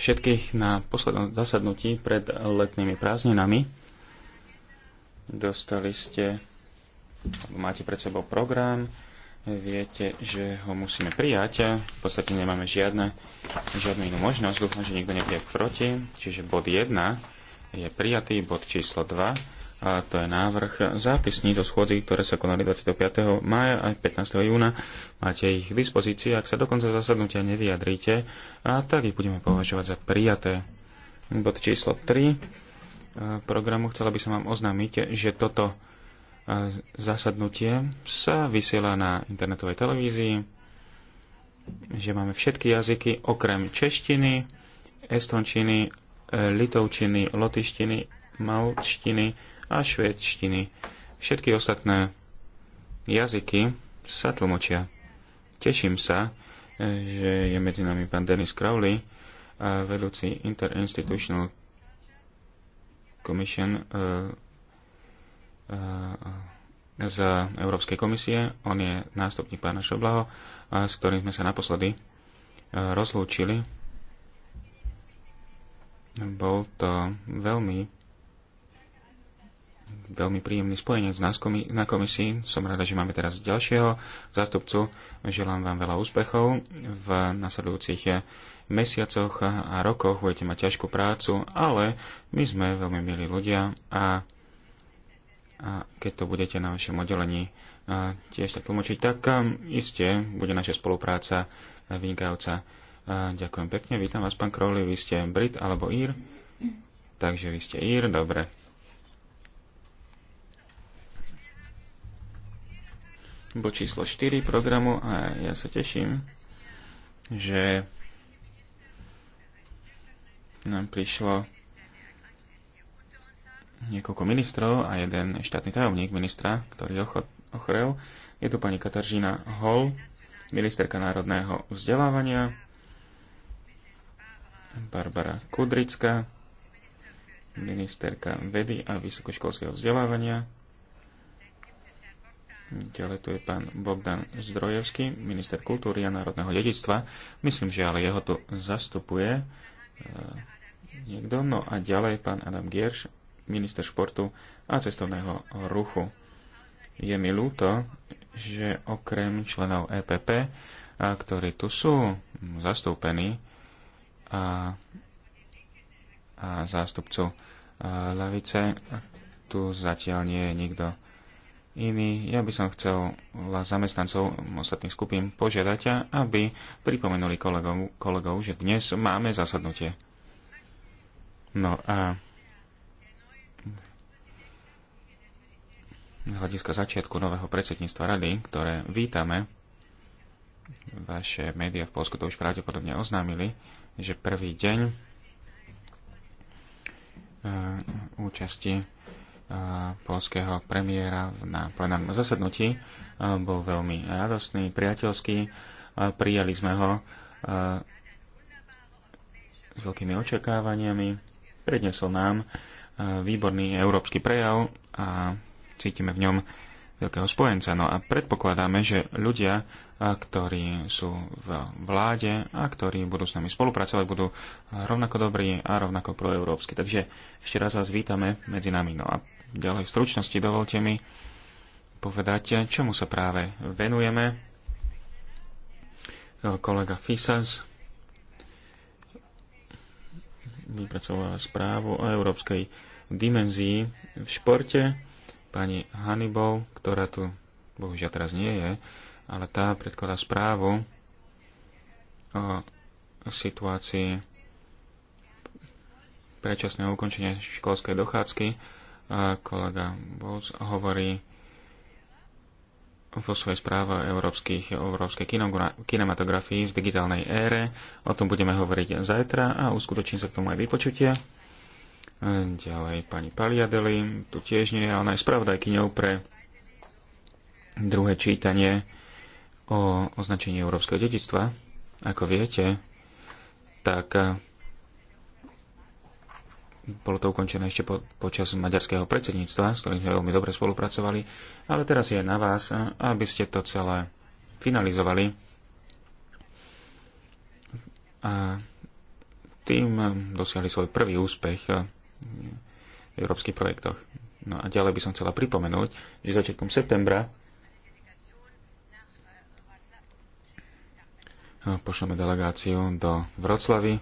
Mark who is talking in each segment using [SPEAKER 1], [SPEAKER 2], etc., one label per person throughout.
[SPEAKER 1] všetkých na poslednom zasadnutí pred letnými prázdninami. Dostali ste, máte pred sebou program, viete, že ho musíme prijať. V podstate nemáme žiadne, žiadnu inú možnosť. Dúfam, že nikto nebude proti. Čiže bod 1 je prijatý, bod číslo 2 a to je návrh zápisní zo schôdzi, ktoré sa konali 25. mája a 15. júna. Máte ich k dispozícii. Ak sa do konca zasadnutia nevyjadríte, a tak ich budeme považovať za prijaté. Bod číslo 3 programu chcela by som vám oznámiť, že toto e, zasadnutie sa vysiela na internetovej televízii, že máme všetky jazyky okrem češtiny, estončiny, litovčiny, lotištiny, malčtiny a švédštiny. Všetky ostatné jazyky sa tlmočia. Teším sa, e, že je medzi nami pán Denis Crowley, e, vedúci Interinstitutional Commission e, z Európskej komisie. On je nástupník pána Šoblaho, s ktorým sme sa naposledy rozlúčili. Bol to veľmi veľmi príjemný spojenec na komisii. Som rada, že máme teraz ďalšieho zástupcu. Želám vám veľa úspechov v nasledujúcich mesiacoch a rokoch. Budete mať ťažkú prácu, ale my sme veľmi milí ľudia a, a keď to budete na vašom oddelení a tiež tak tlmočiť, tak um, iste bude naša spolupráca vynikajúca. A ďakujem pekne, vítam vás, pán Crowley, vy ste Brit alebo Ír? Takže vy ste Ír, dobre. bod číslo 4 programu a ja sa teším, že nám prišlo niekoľko ministrov a jeden štátny tajomník ministra, ktorý ochorel. Je tu pani Kataržina Hol, ministerka národného vzdelávania, Barbara Kudrická, ministerka vedy a vysokoškolského vzdelávania, Ďalej tu je pán Bogdan Zdrojevský, minister kultúry a národného dedictva. Myslím, že ale jeho tu zastupuje e, niekto. No a ďalej pán Adam Gierš, minister športu a cestovného ruchu. Je mi ľúto, že okrem členov EPP, ktorí tu sú zastúpení, a, a zástupcu lavice, e, tu zatiaľ nie je nikto iný. Ja by som chcel zamestnancov ostatných skupín požiadať, aby pripomenuli kolegov, kolegov, že dnes máme zasadnutie. No a z hľadiska začiatku nového predsedníctva rady, ktoré vítame, vaše médiá v Polsku to už pravdepodobne oznámili, že prvý deň e, účasti polského premiéra na plenárnom zasadnutí. E, bol veľmi radostný, priateľský. E, prijali sme ho e, s veľkými očakávaniami. Prednesol nám výborný európsky prejav a cítime v ňom veľkého spojenca. No a predpokladáme, že ľudia, ktorí sú v vláde a ktorí budú s nami spolupracovať, budú rovnako dobrí a rovnako proeurópsky. Takže ešte raz vás vítame medzi nami. No a ďalej v stručnosti dovolte mi povedať, čomu sa práve venujeme. Kolega Fisas vypracovala správu o európskej dimenzii v športe pani Hannibal, ktorá tu bohužiaľ teraz nie je, ale tá predkladá správu o situácii predčasného ukončenia školskej dochádzky. A kolega Bolz hovorí vo svojej správe o európskych, európskej kinematografii v digitálnej ére. O tom budeme hovoriť zajtra a uskutočním sa k tomu aj vypočutie. Ďalej pani Paliadeli, tu tiež nie je, ona je spravodajkyňou pre druhé čítanie o označení európskeho dedictva. Ako viete, tak eh, bolo to ukončené ešte po, počas maďarského predsedníctva, s ktorým sme veľmi dobre spolupracovali, ale teraz je na vás, eh, aby ste to celé finalizovali. A tým eh, dosiahli svoj prvý úspech v európskych projektoch. No a ďalej by som chcela pripomenúť, že začiatkom septembra no, pošleme delegáciu do Vroclavy.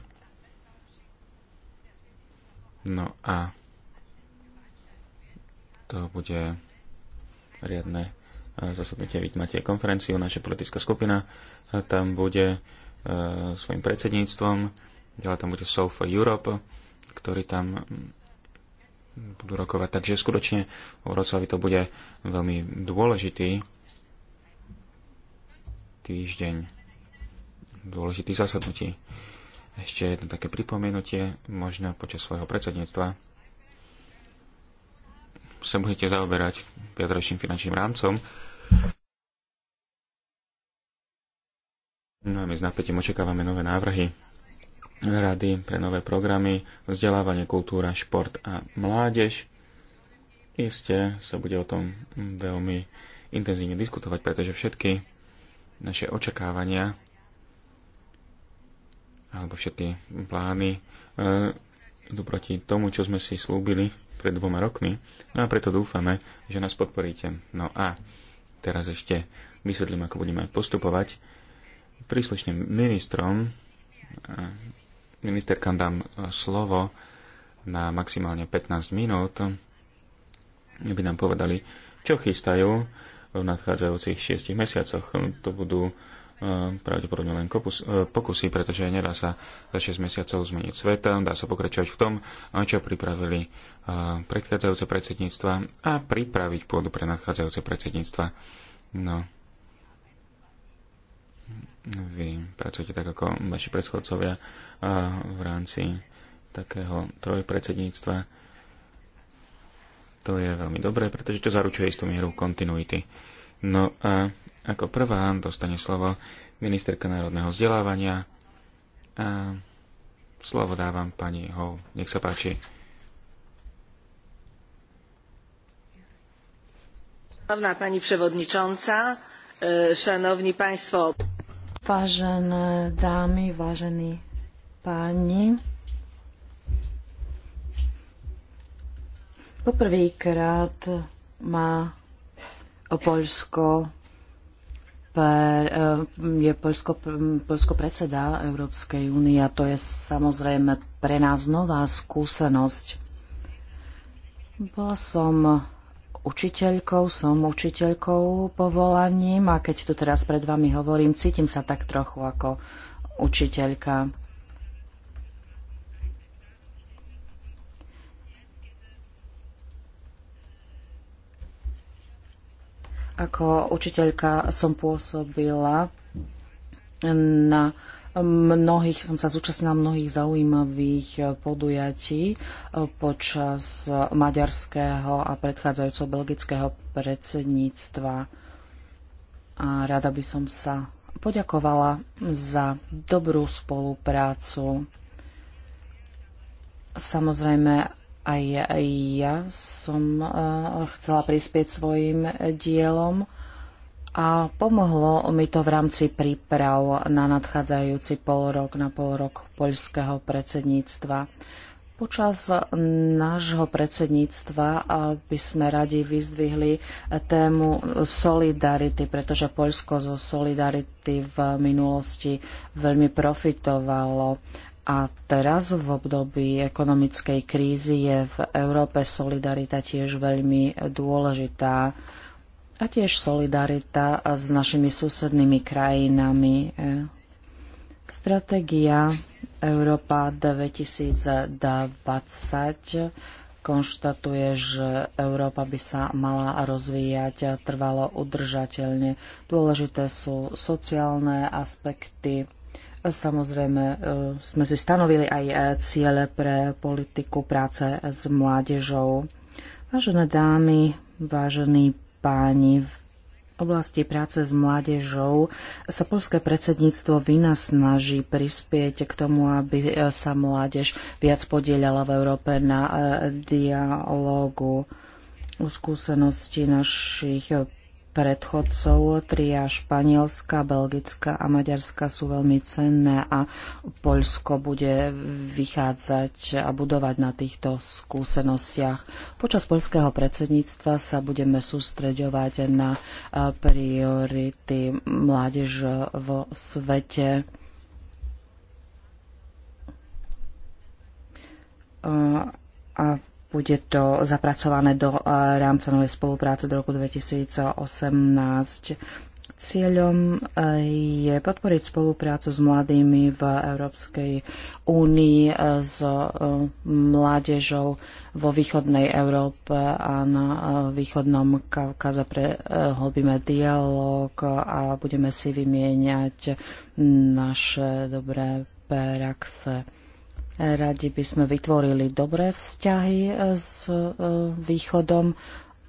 [SPEAKER 1] No a to bude riadne e, zasadnutie. Vy máte konferenciu, naša politická skupina e, tam bude e, svojim predsedníctvom, ďalej tam bude Soul for Europe, ktorí tam mm, budú rokovať. Takže skutočne Vroclavi to bude veľmi dôležitý týždeň, dôležitý zasadnutí. Ešte jedno také pripomenutie, možno počas svojho predsedníctva sa budete zaoberať viacročným finančným rámcom. No a my s napätím očakávame nové návrhy rady pre nové programy, vzdelávanie, kultúra, šport a mládež. Isté sa bude o tom veľmi intenzívne diskutovať, pretože všetky naše očakávania alebo všetky plány e, idú proti tomu, čo sme si slúbili pred dvoma rokmi. No a preto dúfame, že nás podporíte. No a teraz ešte vysvetlím, ako budeme postupovať. Príslušným ministrom ministerkám dám e, slovo na maximálne 15 minút, aby nám povedali, čo chystajú v nadchádzajúcich 6 mesiacoch. To budú e, pravdepodobne len e, pokusy, pretože nedá sa za 6 mesiacov zmeniť svet, dá sa pokračovať v tom, čo pripravili predchádzajúce predsedníctva a pripraviť pôdu pre nadchádzajúce predsedníctva. No, vy pracujete tak ako vaši predchodcovia v rámci takého trojpredsedníctva. To je veľmi dobré, pretože to zaručuje istú mieru kontinuity. No a ako prvá dostane slovo ministerka národného vzdelávania a slovo dávam pani Hov. Nech sa páči.
[SPEAKER 2] Hlavná Pani Przewodnicząca, e, Szanowni Państwo.
[SPEAKER 3] Vážené dámy, vážení páni, poprvýkrát má Polsko e, je Polsko, Polsko predseda Európskej únie a to je samozrejme pre nás nová skúsenosť. Bola som učiteľkou, som učiteľkou povolaním a keď tu teraz pred vami hovorím, cítim sa tak trochu ako učiteľka. Ako učiteľka som pôsobila na uh, mnohých, som sa zúčastnila mnohých zaujímavých eh, podujatí eh, počas eh, maďarského a predchádzajúceho belgického predsedníctva. A rada by som sa poďakovala za dobrú spoluprácu. Samozrejme, aj ja som chcela prispieť svojim dielom a pomohlo mi to v rámci príprav na nadchádzajúci rok na polrok poľského predsedníctva. Počas nášho predsedníctva by sme radi vyzdvihli tému solidarity, pretože Poľsko zo solidarity v minulosti veľmi profitovalo. A teraz v období ekonomickej krízy je v Európe solidarita tiež veľmi dôležitá a tiež solidarita s našimi susednými krajinami. Stratégia Európa 2020 konštatuje, že Európa by sa mala rozvíjať trvalo udržateľne. Dôležité sú sociálne aspekty. Samozrejme, e, sme si stanovili aj e, ciele pre politiku práce s mládežou. Vážené dámy, vážení páni, v oblasti práce s mládežou sa polské predsedníctvo vynasnaží prispieť k tomu, aby e, sa mládež viac podielala v Európe na e, dialógu skúsenosti našich predchodcov. Tria Španielska, Belgická a Maďarska sú veľmi cenné a Poľsko bude vychádzať a budovať na týchto skúsenostiach. Počas poľského predsedníctva sa budeme sústreďovať na priority mládež vo svete. A bude to zapracované do e, rámca novej spolupráce do roku 2018. Cieľom e, je podporiť spoluprácu s mladými v Európskej únii, e, s mládežou vo východnej Európe a na východnom Kaukaze prehlbíme dialog a budeme si vymieňať naše dobré praxe. Radi by sme vytvorili dobré vzťahy s e, východom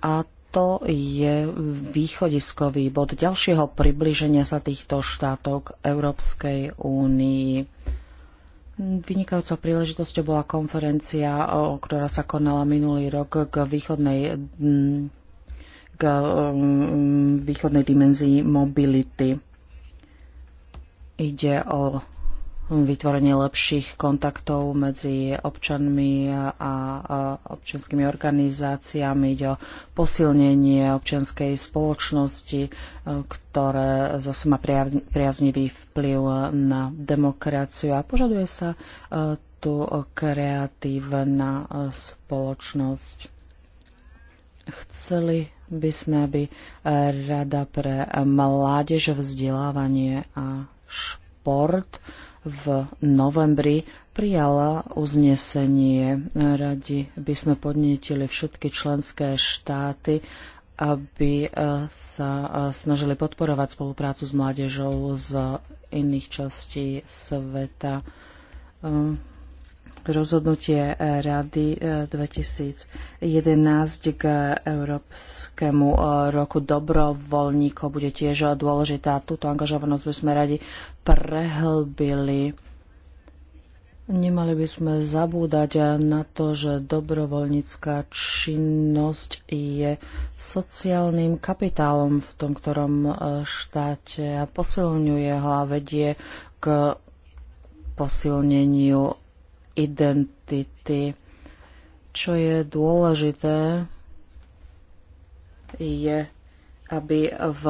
[SPEAKER 3] a to je východiskový bod ďalšieho približenia sa týchto štátov k Európskej únii. Vynikajúcou príležitosťou bola konferencia, e, ktorá sa konala minulý rok k východnej, mm, k mm, východnej dimenzii mobility. Ide o vytvorenie lepších kontaktov medzi občanmi a občianskými organizáciami. Ide o posilnenie občianskej spoločnosti, e, ktoré zase má priaznivý vplyv na demokraciu a požaduje sa e, tu kreatívna e, spoločnosť. Chceli by sme, aby Rada pre mládež, vzdelávanie a šport v novembri prijala uznesenie. Radi by sme podnietili všetky členské štáty, aby e, sa e, snažili podporovať spoluprácu s mládežou z iných častí sveta. Ehm, rozhodnutie e, Rady 2011 e, k Európskemu e, roku dobrovoľníkov bude tiež dôležitá. Túto angažovanosť by sme radi prehlbili. Nemali by sme zabúdať na to, že dobrovoľnícká činnosť je sociálnym kapitálom v tom, ktorom štáte posilňuje ho a vedie k posilneniu identity. Čo je dôležité, je, aby v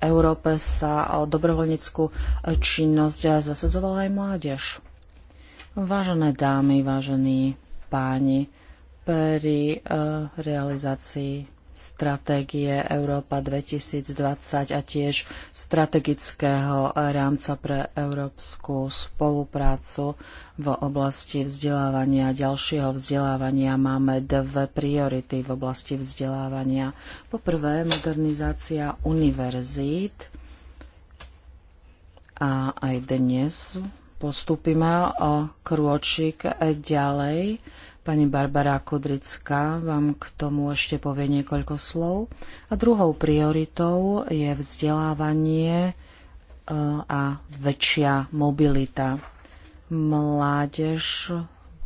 [SPEAKER 3] Európe sa o dobrovoľníckú činnosť zasadzovala aj mládež. Vážené dámy, vážení páni, pri eh, realizácii stratégie Európa 2020 a tiež strategického rámca pre európsku spoluprácu v oblasti vzdelávania. Ďalšieho vzdelávania máme dve priority v oblasti vzdelávania. Poprvé, modernizácia univerzít. A aj dnes postupíme o krôčik ďalej Pani Barbara Kudrická vám k tomu ešte povie niekoľko slov. A druhou prioritou je vzdelávanie e, a väčšia mobilita. Mládež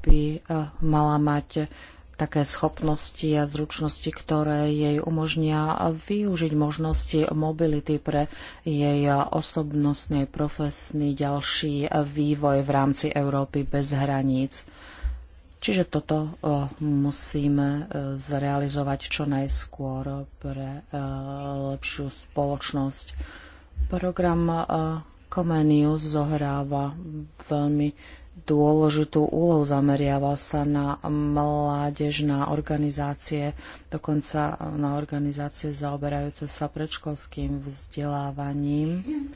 [SPEAKER 3] by e, mala mať také schopnosti a zručnosti, ktoré jej umožnia využiť možnosti mobility pre jej osobnostný, profesný ďalší vývoj v rámci Európy bez hraníc. Čiže toto musíme e, zrealizovať čo najskôr pre e, lepšiu spoločnosť. Program e, Comenius zohráva veľmi dôležitú úlohu. Zameriava sa na mládež, na organizácie, dokonca na organizácie zaoberajúce sa predškolským vzdelávaním.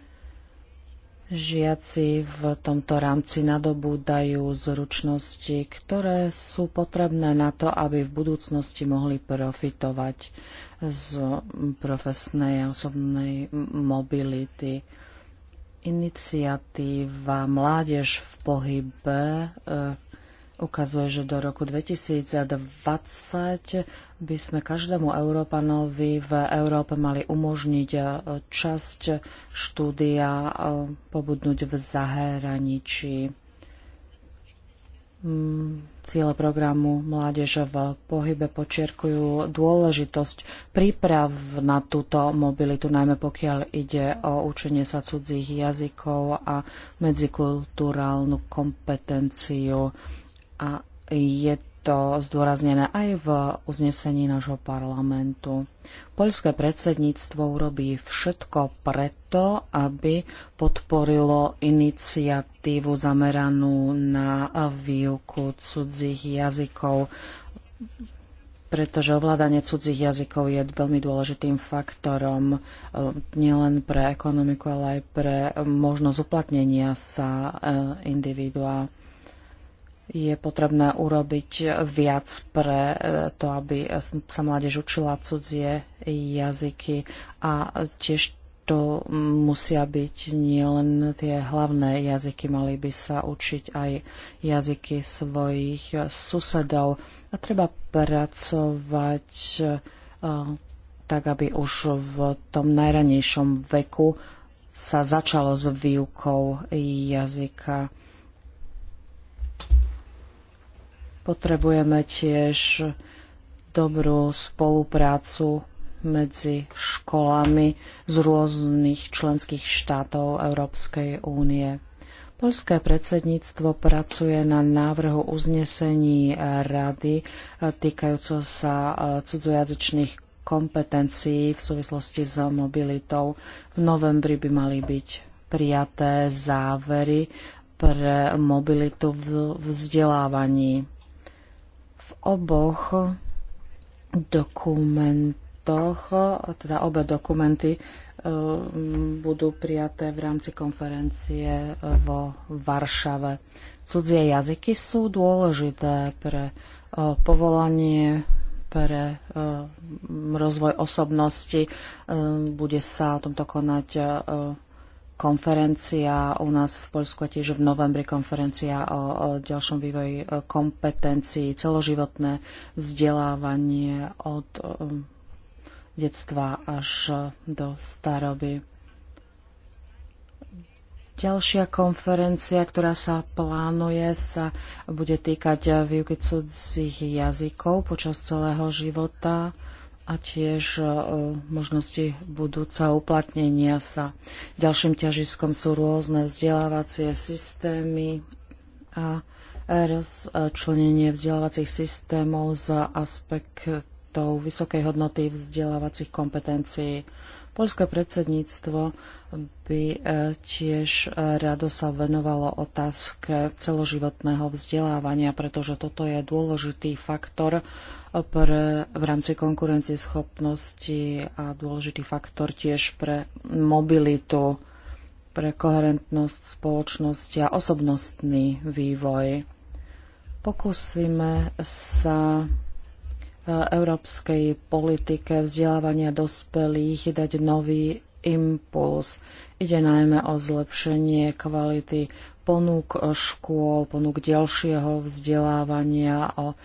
[SPEAKER 3] Žiaci v tomto rámci nadobúdajú zručnosti, ktoré sú potrebné na to, aby v budúcnosti mohli profitovať z profesnej a osobnej mobility. Iniciatíva Mládež v pohybe e, ukazuje, že do roku 2020 by sme každému Európanovi v Európe mali umožniť e, časť štúdia e, pobudnúť v zahraničí. Mm, ciele programu Mládež v pohybe počiarkujú dôležitosť príprav na túto mobilitu, najmä pokiaľ ide o učenie sa cudzích jazykov a medzikulturálnu kompetenciu a je to zdôraznené aj v uznesení nášho parlamentu. Poľské predsedníctvo urobí všetko preto, aby podporilo iniciatívu zameranú na výuku cudzích jazykov pretože ovládanie cudzích jazykov je veľmi dôležitým faktorom e, nielen pre ekonomiku, ale aj pre možnosť uplatnenia sa e, individua je potrebné urobiť viac pre e, to, aby sa mládež učila cudzie jazyky a tiež to musia byť nielen tie hlavné jazyky, mali by sa učiť aj jazyky svojich susedov. A treba pracovať e, tak, aby už v tom najranejšom veku sa začalo s výukou jazyka. Potrebujeme tiež dobrú spoluprácu medzi školami z rôznych členských štátov Európskej únie. Polské predsedníctvo pracuje na návrhu uznesení rady e, týkajúco sa e, cudzojazyčných kompetencií v súvislosti s mobilitou. V novembri by mali byť prijaté závery pre mobilitu v vzdelávaní v oboch dokumentoch, teda obe dokumenty e, budú prijaté v rámci konferencie vo Varšave. Cudzie jazyky sú dôležité pre e, povolanie pre e, rozvoj osobnosti. Bude sa o tomto konať konferencia u nás v Poľsku a tiež v novembri konferencia o, o ďalšom vývoji e, kompetencií, celoživotné vzdelávanie od um, detstva až do staroby. Ďalšia konferencia, ktorá sa plánuje, sa bude týkať výuky cudzích jazykov počas celého života a tiež e, možnosti budúca uplatnenia sa. Ďalším ťažiskom sú rôzne vzdelávacie systémy a rozčlenenie vzdelávacích systémov z aspektov vysokej hodnoty vzdelávacích kompetencií. Polské predsedníctvo by e, tiež e, rado sa venovalo otázke celoživotného vzdelávania, pretože toto je dôležitý faktor pre, eh, v rámci konkurencieschopnosti a dôležitý faktor tiež pre mobilitu, pre koherentnosť spoločnosti a osobnostný vývoj. Pokúsime sa eh, európskej politike vzdelávania dospelých dať nový impuls. Ide najmä o zlepšenie kvality ponúk škôl, ponúk ďalšieho vzdelávania, o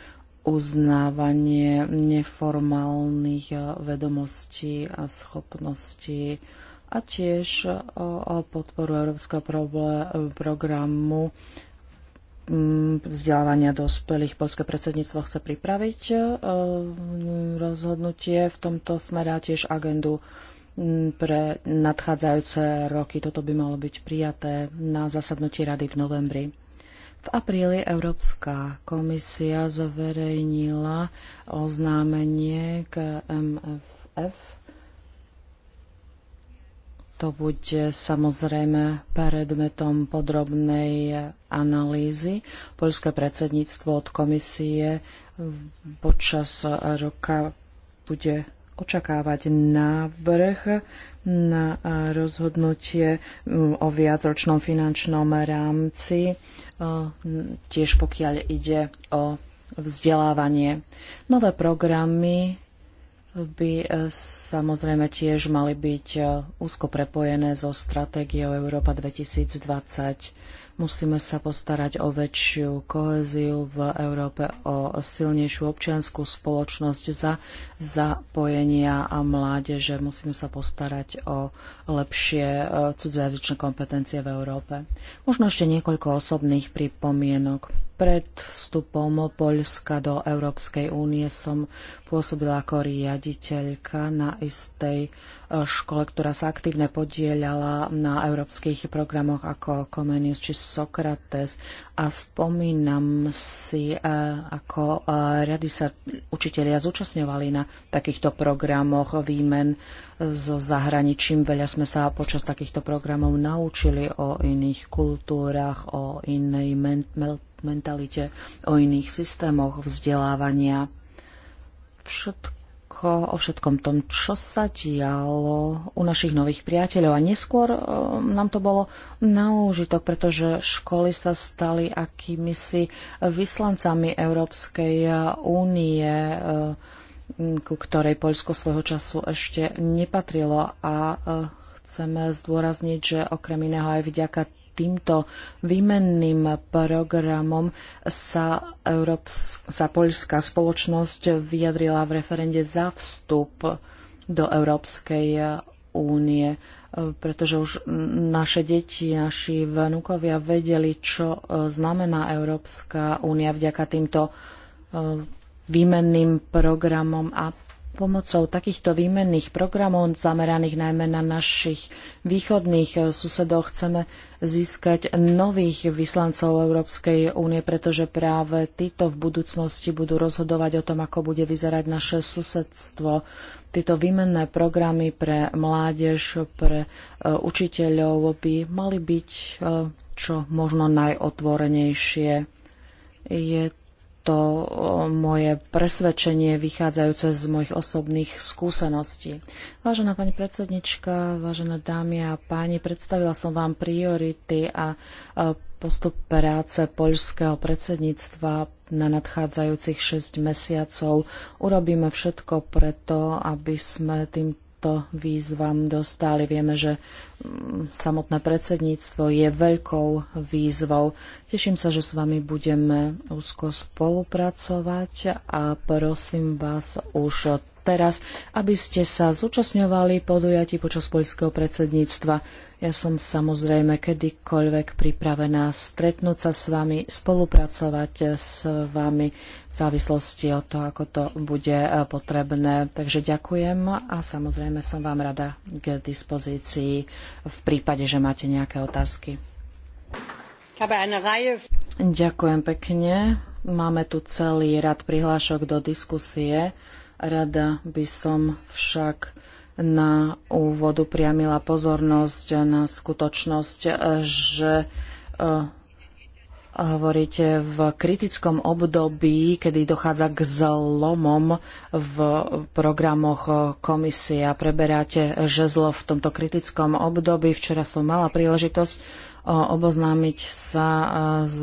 [SPEAKER 3] uznávanie neformálnych eh, vedomostí a schopností a tiež o eh, podporu Európskeho programu mm, vzdelávania dospelých. Polské predsedníctvo chce pripraviť eh, mm, rozhodnutie v tomto smere a tiež agendu mm, pre nadchádzajúce roky. Toto by malo byť prijaté na zasadnutí rady v novembri. V apríli Európska komisia zoverejnila oznámenie k MFF. To bude samozrejme predmetom podrobnej analýzy. Poľské predsedníctvo od komisie počas roka bude očakávať návrh na rozhodnutie mm, o viacročnom finančnom rámci, e, tiež pokiaľ ide o vzdelávanie. Nové programy by e, samozrejme tiež mali byť e, úzko prepojené so stratégiou Európa 2020. Musíme sa postarať o väčšiu koheziu v Európe, o silnejšiu občianskú spoločnosť za zapojenia a mládeže. Musíme sa postarať o lepšie e, cudzojazyčné kompetencie v Európe. Možno ešte niekoľko osobných pripomienok. Pred vstupom Poľska do Európskej únie som pôsobila ako riaditeľka na istej e, škole, ktorá sa aktívne podielala na európskych programoch ako Comenius či Sokrates a spomínam si, e, ako rady sa učitelia zúčastňovali na takýchto programoch výmen s zahraničím. Veľa sme sa počas takýchto programov naučili o iných kultúrach, o inej mentalite, o iných systémoch vzdelávania. Všetko, o všetkom tom, čo sa dialo u našich nových priateľov. A neskôr e, nám to bolo na úžitok, pretože školy sa stali akýmisi vyslancami Európskej únie e, ku ktorej Poľsko svojho času ešte nepatrilo a e, chceme zdôrazniť, že okrem iného aj vďaka týmto výmenným programom sa, Európs- sa poľská spoločnosť vyjadrila v referende za vstup do Európskej únie, e, pretože už naše deti, naši vnúkovia vedeli, čo e, znamená Európska únia vďaka týmto výmenným programom a pomocou takýchto výmenných programov zameraných najmä na našich východných eh, susedov chceme získať nových vyslancov Európskej únie, pretože práve títo v budúcnosti budú rozhodovať o tom, ako bude vyzerať naše susedstvo. Tieto výmenné programy pre mládež, pre eh, učiteľov by mali byť eh, čo možno najotvorenejšie. Je to moje presvedčenie vychádzajúce z mojich osobných skúseností. Vážená pani predsednička, vážené dámy a páni, predstavila som vám priority a postup práce poľského predsedníctva na nadchádzajúcich 6 mesiacov. Urobíme všetko preto, aby sme tým týmto výzvam dostali. Vieme, že mm, samotné predsedníctvo je veľkou výzvou. Teším sa, že s vami budeme úzko spolupracovať a prosím vás už teraz, aby ste sa zúčastňovali podujatí počas poľského predsedníctva ja som samozrejme kedykoľvek pripravená stretnúť sa s vami, spolupracovať s vami v závislosti od toho, ako to bude eh, potrebné. Takže ďakujem a samozrejme som vám rada k dispozícii v prípade, že máte nejaké otázky. Ďakujem pekne. Máme tu celý rad prihlášok do diskusie. Rada by som však na úvodu priamila pozornosť na skutočnosť, že e, hovoríte v kritickom období, kedy dochádza k zlomom v programoch komisie a preberáte žezlo v tomto kritickom období. Včera som mala príležitosť e, oboznámiť sa e, s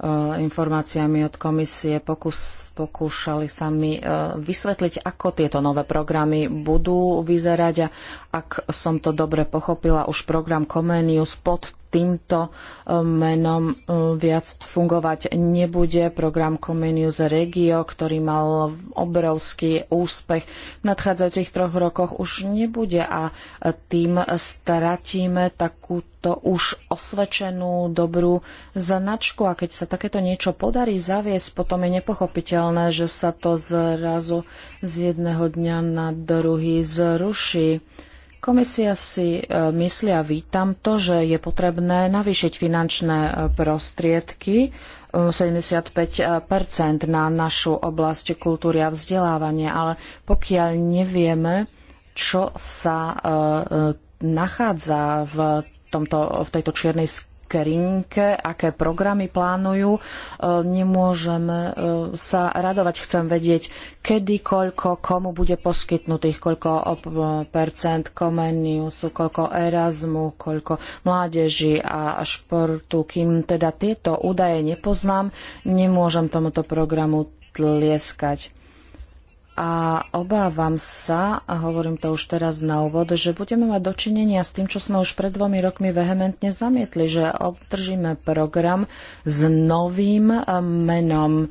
[SPEAKER 3] Eh, informáciami od komisie. Pokus, pokúšali sa mi eh, vysvetliť, ako tieto nové programy budú vyzerať a ak som to dobre pochopila, už program Comenius pod týmto eh, menom eh, viac fungovať nebude. Program Comenius Regio, ktorý mal obrovský úspech v nadchádzajúcich troch rokoch, už nebude a eh, tým stratíme takúto už osvečenú dobrú značku. A keď sa takéto niečo podarí zaviesť, potom je nepochopiteľné, že sa to zrazu z jedného dňa na druhý zruší. Komisia si e, myslia a vítam to, že je potrebné navýšiť finančné e, prostriedky 75 e, na našu oblasť kultúry a vzdelávania, ale pokiaľ nevieme, čo sa nachádza v, tomto, v tejto čiernej skrinke, aké programy plánujú. E, nemôžeme e, sa radovať, chcem vedieť, kedy, koľko, komu bude poskytnutých, koľko e, percent Komeniusu, koľko Erasmu, koľko mládeži a športu. Kým teda tieto údaje nepoznám, nemôžem tomuto programu tlieskať a obávam sa, a hovorím to už teraz na úvod, že budeme mať dočinenia s tým, čo sme už pred dvomi rokmi vehementne zamietli, že obdržíme program s novým e, menom e,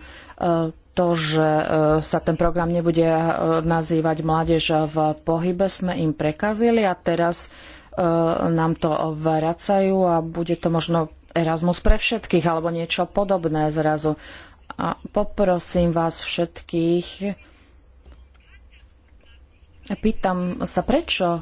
[SPEAKER 3] to, že e, sa ten program nebude nazývať Mládež v pohybe, sme im prekazili a teraz nám to vracajú a bude to možno Erasmus pre všetkých alebo niečo podobné zrazu. A poprosím vás všetkých, Pýtam sa, prečo e,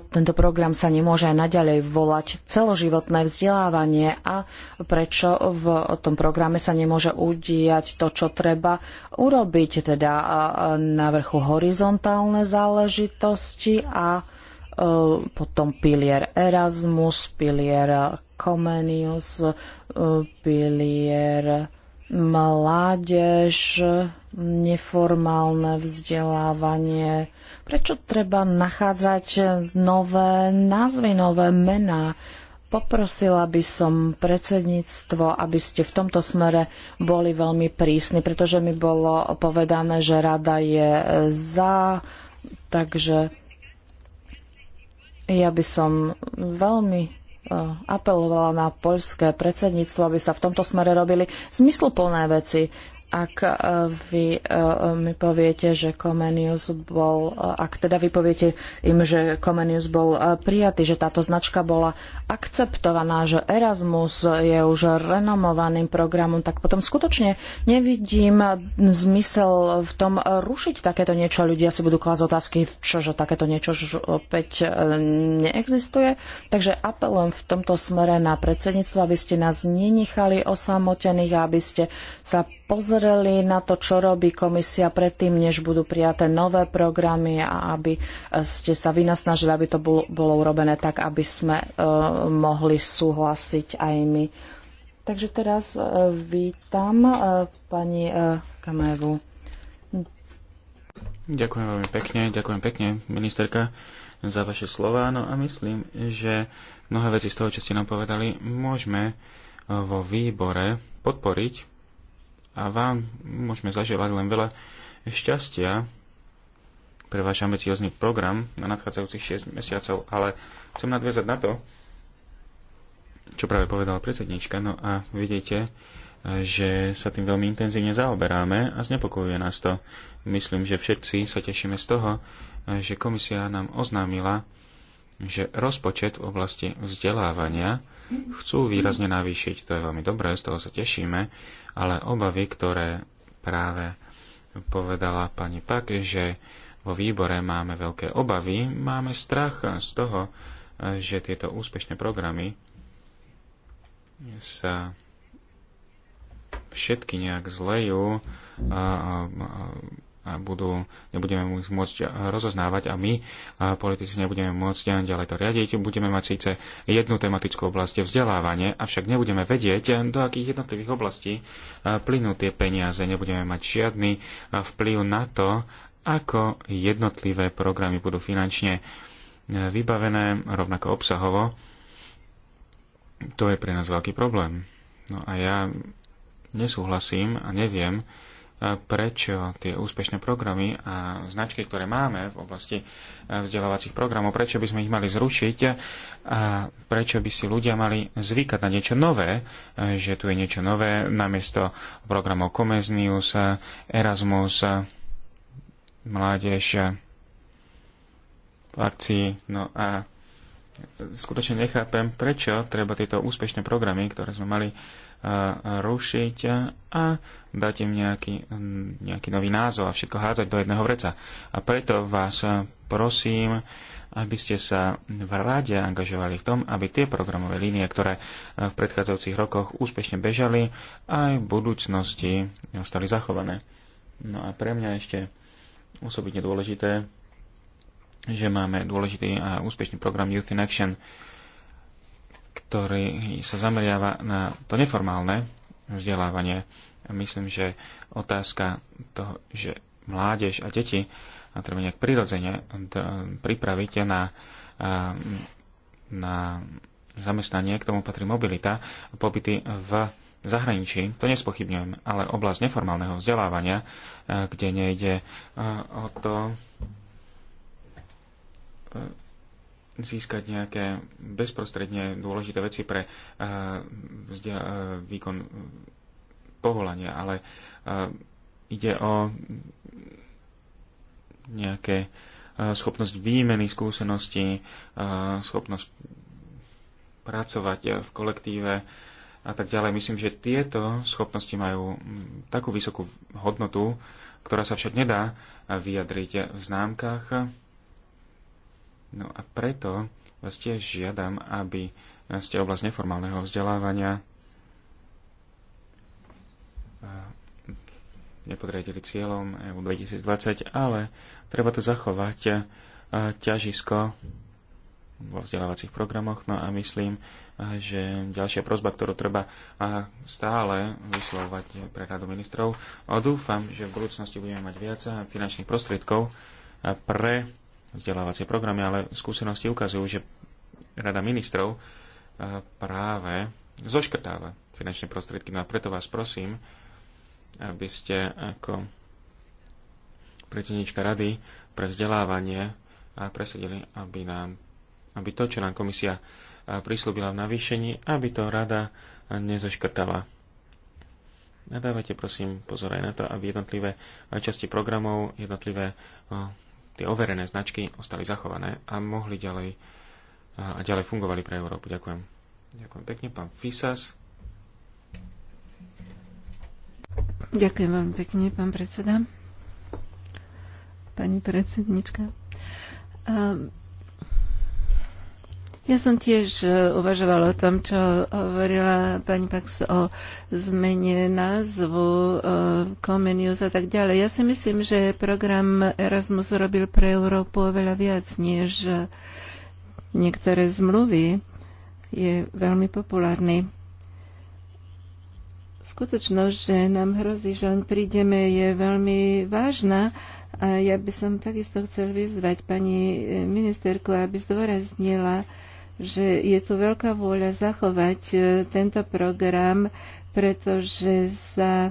[SPEAKER 3] tento program sa nemôže aj naďalej volať celoživotné vzdelávanie a prečo v tom programe sa nemôže udiať to, čo treba urobiť, teda na vrchu horizontálne záležitosti a e, potom pilier Erasmus, pilier Comenius, e, pilier mládež, neformálne vzdelávanie. Prečo treba nachádzať nové názvy, nové mená? Poprosila by som predsedníctvo, aby ste v tomto smere boli veľmi prísni, pretože mi bolo povedané, že rada je za, takže ja by som veľmi apelovala na poľské predsedníctvo, aby sa v tomto smere robili zmysluplné veci ak e, vy e, mi poviete, že Comenius bol, e, ak teda vy poviete im, že Comenius bol prijatý, že táto značka bola akceptovaná, že Erasmus je už renomovaným programom, tak potom skutočne nevidím zmysel v tom rušiť takéto niečo. Ľudia si budú klásť otázky, že takéto niečo už opäť neexistuje. Takže apelujem v tomto smere na predsedníctvo, aby ste nás nenechali osamotených, a aby ste sa pozreli pozreli na to, čo robí komisia predtým, než budú prijaté nové programy a aby e, ste sa vynasnažili, aby to bolo, urobené tak, aby sme e, mohli súhlasiť aj my. Takže teraz e, vítam pani Kamevu.
[SPEAKER 1] Ďakujem veľmi pekne, ďakujem pekne, ministerka, za vaše slova. No a myslím, že mnohé veci z toho, čo ste nám povedali, môžeme vo výbore podporiť a vám môžeme zaželať len veľa šťastia pre váš ambiciózny program na nadchádzajúcich 6 mesiacov, ale chcem nadviazať na to, čo práve povedala predsednička, no a vidíte, že sa tým veľmi intenzívne zaoberáme a znepokojuje nás to. Myslím, že všetci sa tešíme z toho, že komisia nám oznámila, že rozpočet v oblasti vzdelávania chcú výrazne navýšiť. To je veľmi dobré, z toho sa tešíme, ale obavy, ktoré práve povedala pani Pak, že vo výbore máme veľké obavy, máme strach z toho, že tieto úspešné programy sa všetky nejak zlejú, a, a, a, budú, nebudeme môcť rozoznávať a my, a politici, nebudeme môcť ďalej to riadiť. Budeme mať síce jednu tematickú oblasť vzdelávanie, avšak nebudeme vedieť, do akých jednotlivých oblastí plynú tie peniaze. Nebudeme mať žiadny vplyv na to, ako jednotlivé programy budú finančne e, vybavené, rovnako obsahovo. To je pre nás veľký problém. No a ja nesúhlasím a neviem, prečo tie úspešné programy a značky, ktoré máme v oblasti eh, vzdelávacích programov, prečo by sme ich mali zrušiť a prečo by si ľudia mali zvykať na niečo nové, eh, že tu je niečo nové namiesto programov Comesnius, eh, Erasmus, mládež v akcii. No a skutočne nechápem, prečo treba tieto úspešné programy, ktoré sme mali rušiť a dať im nejaký, nejaký nový názov a všetko hádzať do jedného vreca. A preto vás prosím, aby ste sa v rade angažovali v tom, aby tie programové línie, ktoré e, v predchádzajúcich rokoch úspešne bežali, aj v budúcnosti ostali zachované. No a pre mňa ešte osobitne dôležité, že máme dôležitý a úspešný program Youth in Action, ktorý sa zameriava na to neformálne vzdelávanie. Myslím, že otázka toho, že mládež a deti a treba nejak prirodzene e, pripraviť na, e, na zamestnanie, k tomu patrí mobilita, pobyty v zahraničí, to nespochybňujem, ale oblasť neformálneho vzdelávania, e, kde nejde o to získať nejaké bezprostredne dôležité veci pre eh, eh, výkon eh, povolania, ale ide o nejaké schopnosť výmeny skúseností, schopnosť pracovať v kolektíve a tak ďalej. Myslím, že tieto schopnosti majú hm, takú vysokú hodnotu, ktorá sa však nedá vyjadriť v známkach No a preto vás tiež žiadam, aby ste oblasť neformálneho vzdelávania nepodriadili cieľom EU 2020, ale treba to zachovať ťažisko vo vzdelávacích programoch. No a myslím, že ďalšia prozba, ktorú treba stále vyslovať pre radu ministrov, dúfam, že v budúcnosti budeme mať viac finančných prostriedkov pre vzdelávacie programy, ale skúsenosti ukazujú, že Rada ministrov eh, práve zoškrtáva finančné prostriedky. No a preto vás prosím, aby ste ako predsednička Rady pre vzdelávanie a eh, presedili, aby, nám, aby to, čo nám komisia eh, prislúbila v navýšení, aby to rada nezoškrtala. Nadávajte prosím pozor aj na to, aby jednotlivé časti programov, jednotlivé tie overené značky ostali zachované a mohli ďalej a ďalej fungovali pre Európu. Ďakujem. Ďakujem pekne, pán Fisas.
[SPEAKER 2] Ďakujem veľmi pekne, pán predseda. Pani predsednička. Um ja som tiež e, uvažovala o tom, čo hovorila pani Pax o zmene názvu, e, Comenius a tak ďalej. Ja si myslím, že program Erasmus robil pre Európu oveľa viac, než niektoré zmluvy. Je veľmi populárny. Skutočnosť, že nám hrozí, že on prídeme, je veľmi vážna. A ja by som takisto chcel vyzvať pani e, ministerku, aby zdôraznila, že je tu veľká vôľa zachovať e, tento program, pretože sa e,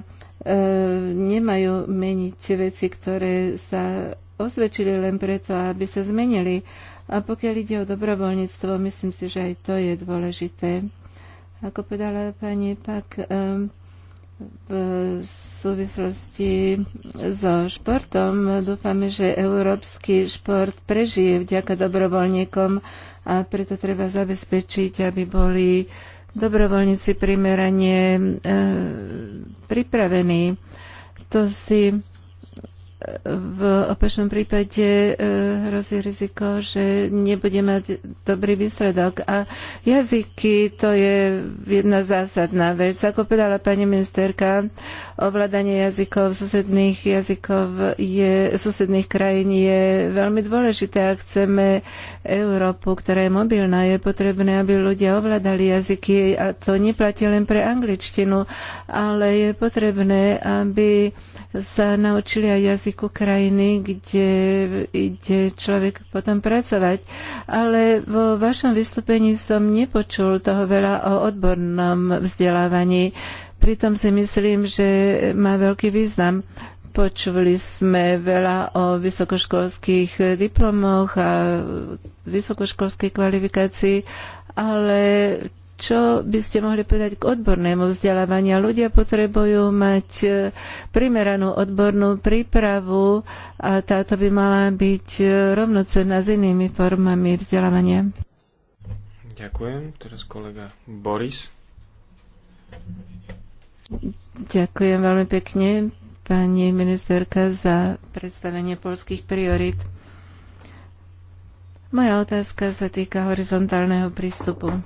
[SPEAKER 2] nemajú meniť veci, ktoré sa osvedčili len preto, aby sa zmenili. A pokiaľ ide o dobrovoľníctvo, myslím si, že aj to je dôležité. Ako povedala pani Pak, e, v súvislosti so športom. Dúfame, že európsky šport prežije vďaka dobrovoľníkom a preto treba zabezpečiť, aby boli dobrovoľníci primerane e, pripravení. To si v opačnom prípade e, hrozí riziko, že nebude mať dobrý výsledok. A jazyky to je jedna zásadná vec. Ako povedala pani ministerka, ovládanie jazykov susedných jazykov je, susedných krajín je veľmi dôležité. Ak chceme Európu, ktorá je mobilná, je potrebné, aby ľudia ovládali jazyky a to neplatí len pre angličtinu, ale je potrebné, aby sa naučili aj jazyky jazyku krajiny, kde ide človek potom pracovať. Ale vo vašom vystúpení som nepočul toho veľa o odbornom vzdelávaní. Pritom si myslím, že má veľký význam. Počuli sme veľa o vysokoškolských diplomoch a vysokoškolskej kvalifikácii, ale čo by ste mohli povedať k odbornému vzdelávaniu? Ľudia potrebujú mať e, primeranú odbornú prípravu a táto by mala byť e, rovnocenná s inými formami vzdelávania.
[SPEAKER 1] Ďakujem. Teraz kolega Boris.
[SPEAKER 2] Ďakujem veľmi pekne, pani ministerka, za predstavenie polských priorit. Moja otázka sa týka horizontálneho prístupu.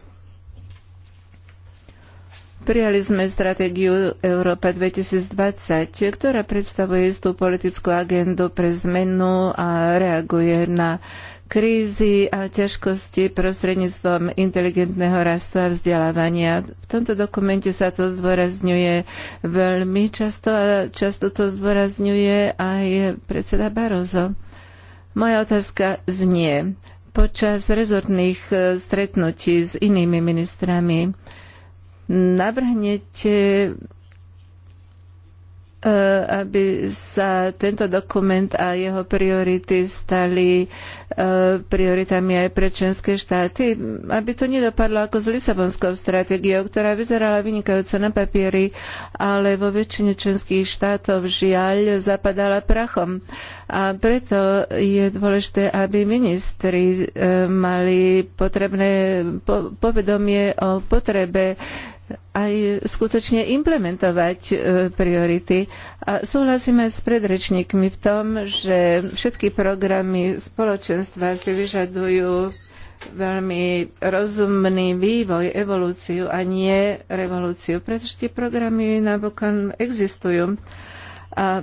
[SPEAKER 2] Prijali sme stratégiu Európa 2020, ktorá predstavuje istú politickú agendu pre zmenu a reaguje na krízy a ťažkosti prostredníctvom inteligentného rastu a vzdelávania. V tomto dokumente sa to zdôrazňuje veľmi často a často to zdôrazňuje aj predseda Barozo. Moja otázka znie. Počas rezortných stretnutí s inými ministrami navrhnete e, aby sa tento dokument a jeho priority stali e, prioritami aj pre členské štáty, aby to nedopadlo ako s Lisabonskou stratégiou, ktorá vyzerala vynikajúco na papieri, ale vo väčšine členských štátov žiaľ zapadala prachom. A preto je dôležité, aby ministri e, mali potrebné povedomie o potrebe aj skutočne implementovať e, priority. A súhlasíme s predrečníkmi v tom, že všetky programy spoločenstva si vyžadujú veľmi rozumný vývoj, evolúciu a nie revolúciu, pretože tie programy napokon existujú. A e,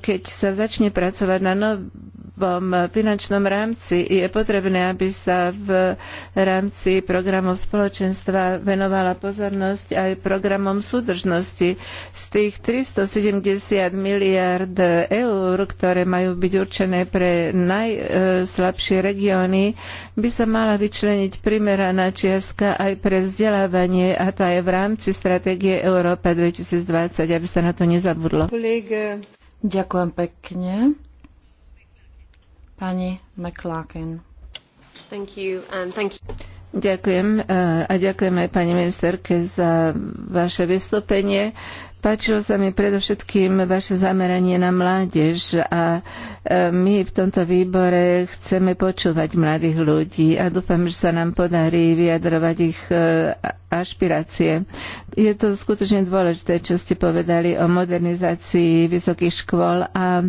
[SPEAKER 2] keď sa začne pracovať na nov- novom finančnom rámci je potrebné, aby sa v rámci programov spoločenstva venovala pozornosť aj programom súdržnosti. Z tých 370 miliard eur, ktoré majú byť určené pre najslabšie regióny, by sa mala vyčleniť primeraná čiastka aj pre vzdelávanie a to aj v rámci stratégie Európa 2020, aby sa na to nezabudlo. Ďakujem pekne. Pani McLaughlin. Thank you, and thank you. Ďakujem eh, a ďakujem aj pani ministerke za vaše vystúpenie. Páčilo sa mi predovšetkým vaše zameranie na mládež a eh, my v tomto výbore chceme počúvať mladých ľudí a dúfam, že sa nám podarí vyjadrovať ich eh, ašpirácie. Je to skutočne dôležité, čo ste povedali o modernizácii vysokých škôl a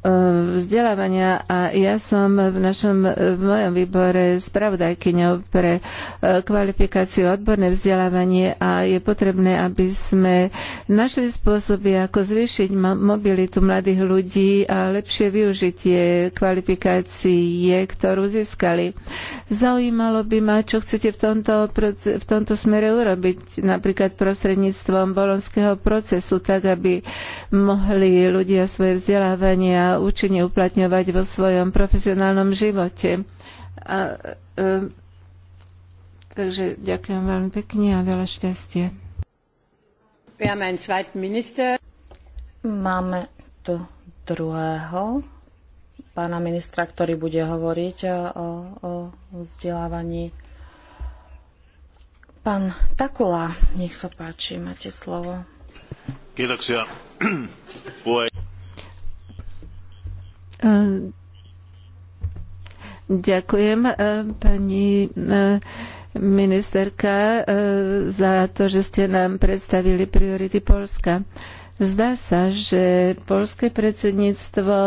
[SPEAKER 2] Eh, vzdelávania a ja som v našom v mojom výbore spravodajkyňou pre eh, kvalifikáciu odborné vzdelávanie a je potrebné, aby sme našli spôsoby, ako zvýšiť mobilitu mladých ľudí a lepšie využitie kvalifikácie, ktorú získali. Zaujímalo by ma, čo chcete v tomto, v tomto smere urobiť, napríklad prostredníctvom bolonského procesu, tak aby mohli ľudia svoje vzdelávania účinne uplatňovať vo svojom profesionálnom živote. A, e, takže ďakujem veľmi pekne a veľa šťastie. Máme tu druhého
[SPEAKER 3] pána ministra, ktorý bude hovoriť o, o vzdelávaní. Pán Takula, nech sa páči, máte slovo.
[SPEAKER 4] Kiitoksia.
[SPEAKER 2] Ehm, ďakujem ehm, pani ehm, ministerka za to, že ste nám predstavili priority Polska. Zdá sa, že polské predsedníctvo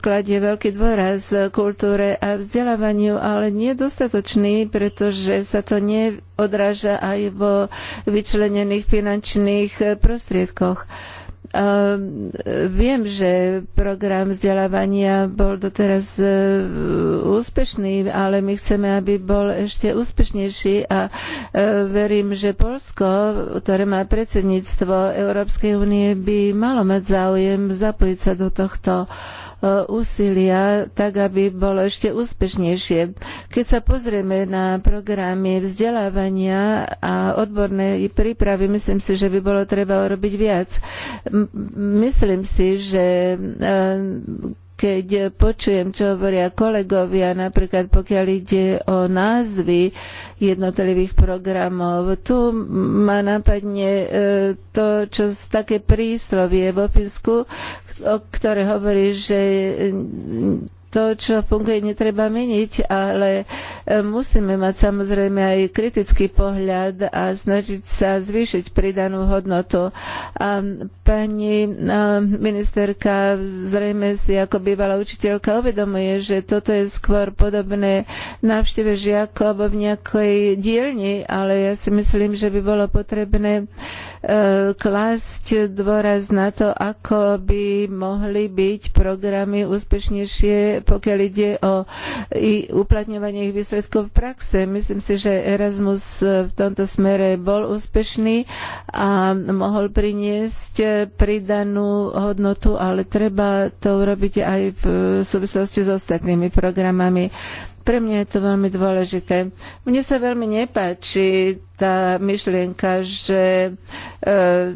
[SPEAKER 2] kladie veľký dôraz kultúre a vzdelávaniu, ale nie dostatočný, pretože sa to neodráža aj vo vyčlenených finančných prostriedkoch. Ehm, viem, že program vzdelávania bol doteraz e, úspešný, ale my chceme, aby bol ešte úspešnejší a e, verím, že Polsko, ktoré má predsedníctvo Európskej únie, by malo mať záujem zapojiť sa do tohto e, úsilia, tak aby bolo ešte úspešnejšie. Keď sa pozrieme na programy vzdelávania a odbornej prípravy, myslím si, že by bolo treba urobiť viac Myslím si, že eh, keď počujem, čo hovoria kolegovia, napríklad pokiaľ ide o názvy jednotlivých programov, tu ma napadne eh, to, čo také príslovie vo Fínsku, o ktoré hovorí, že to, čo funguje, netreba meniť, ale e, musíme mať samozrejme aj kritický pohľad a snažiť sa zvýšiť pridanú hodnotu. A pani e, ministerka zrejme si ako bývalá učiteľka uvedomuje, že toto je skôr podobné návšteve žiakov alebo v nejakej dielni, ale ja si myslím, že by bolo potrebné e, klásť dôraz na to, ako by mohli byť programy úspešnejšie pokiaľ ide o i uplatňovanie ich výsledkov v praxe. Myslím si, že Erasmus v tomto smere bol úspešný a mohol priniesť pridanú hodnotu, ale treba to urobiť aj v súvislosti s ostatnými programami. Pre mňa je to veľmi dôležité. Mne sa veľmi nepáči tá myšlienka, že e,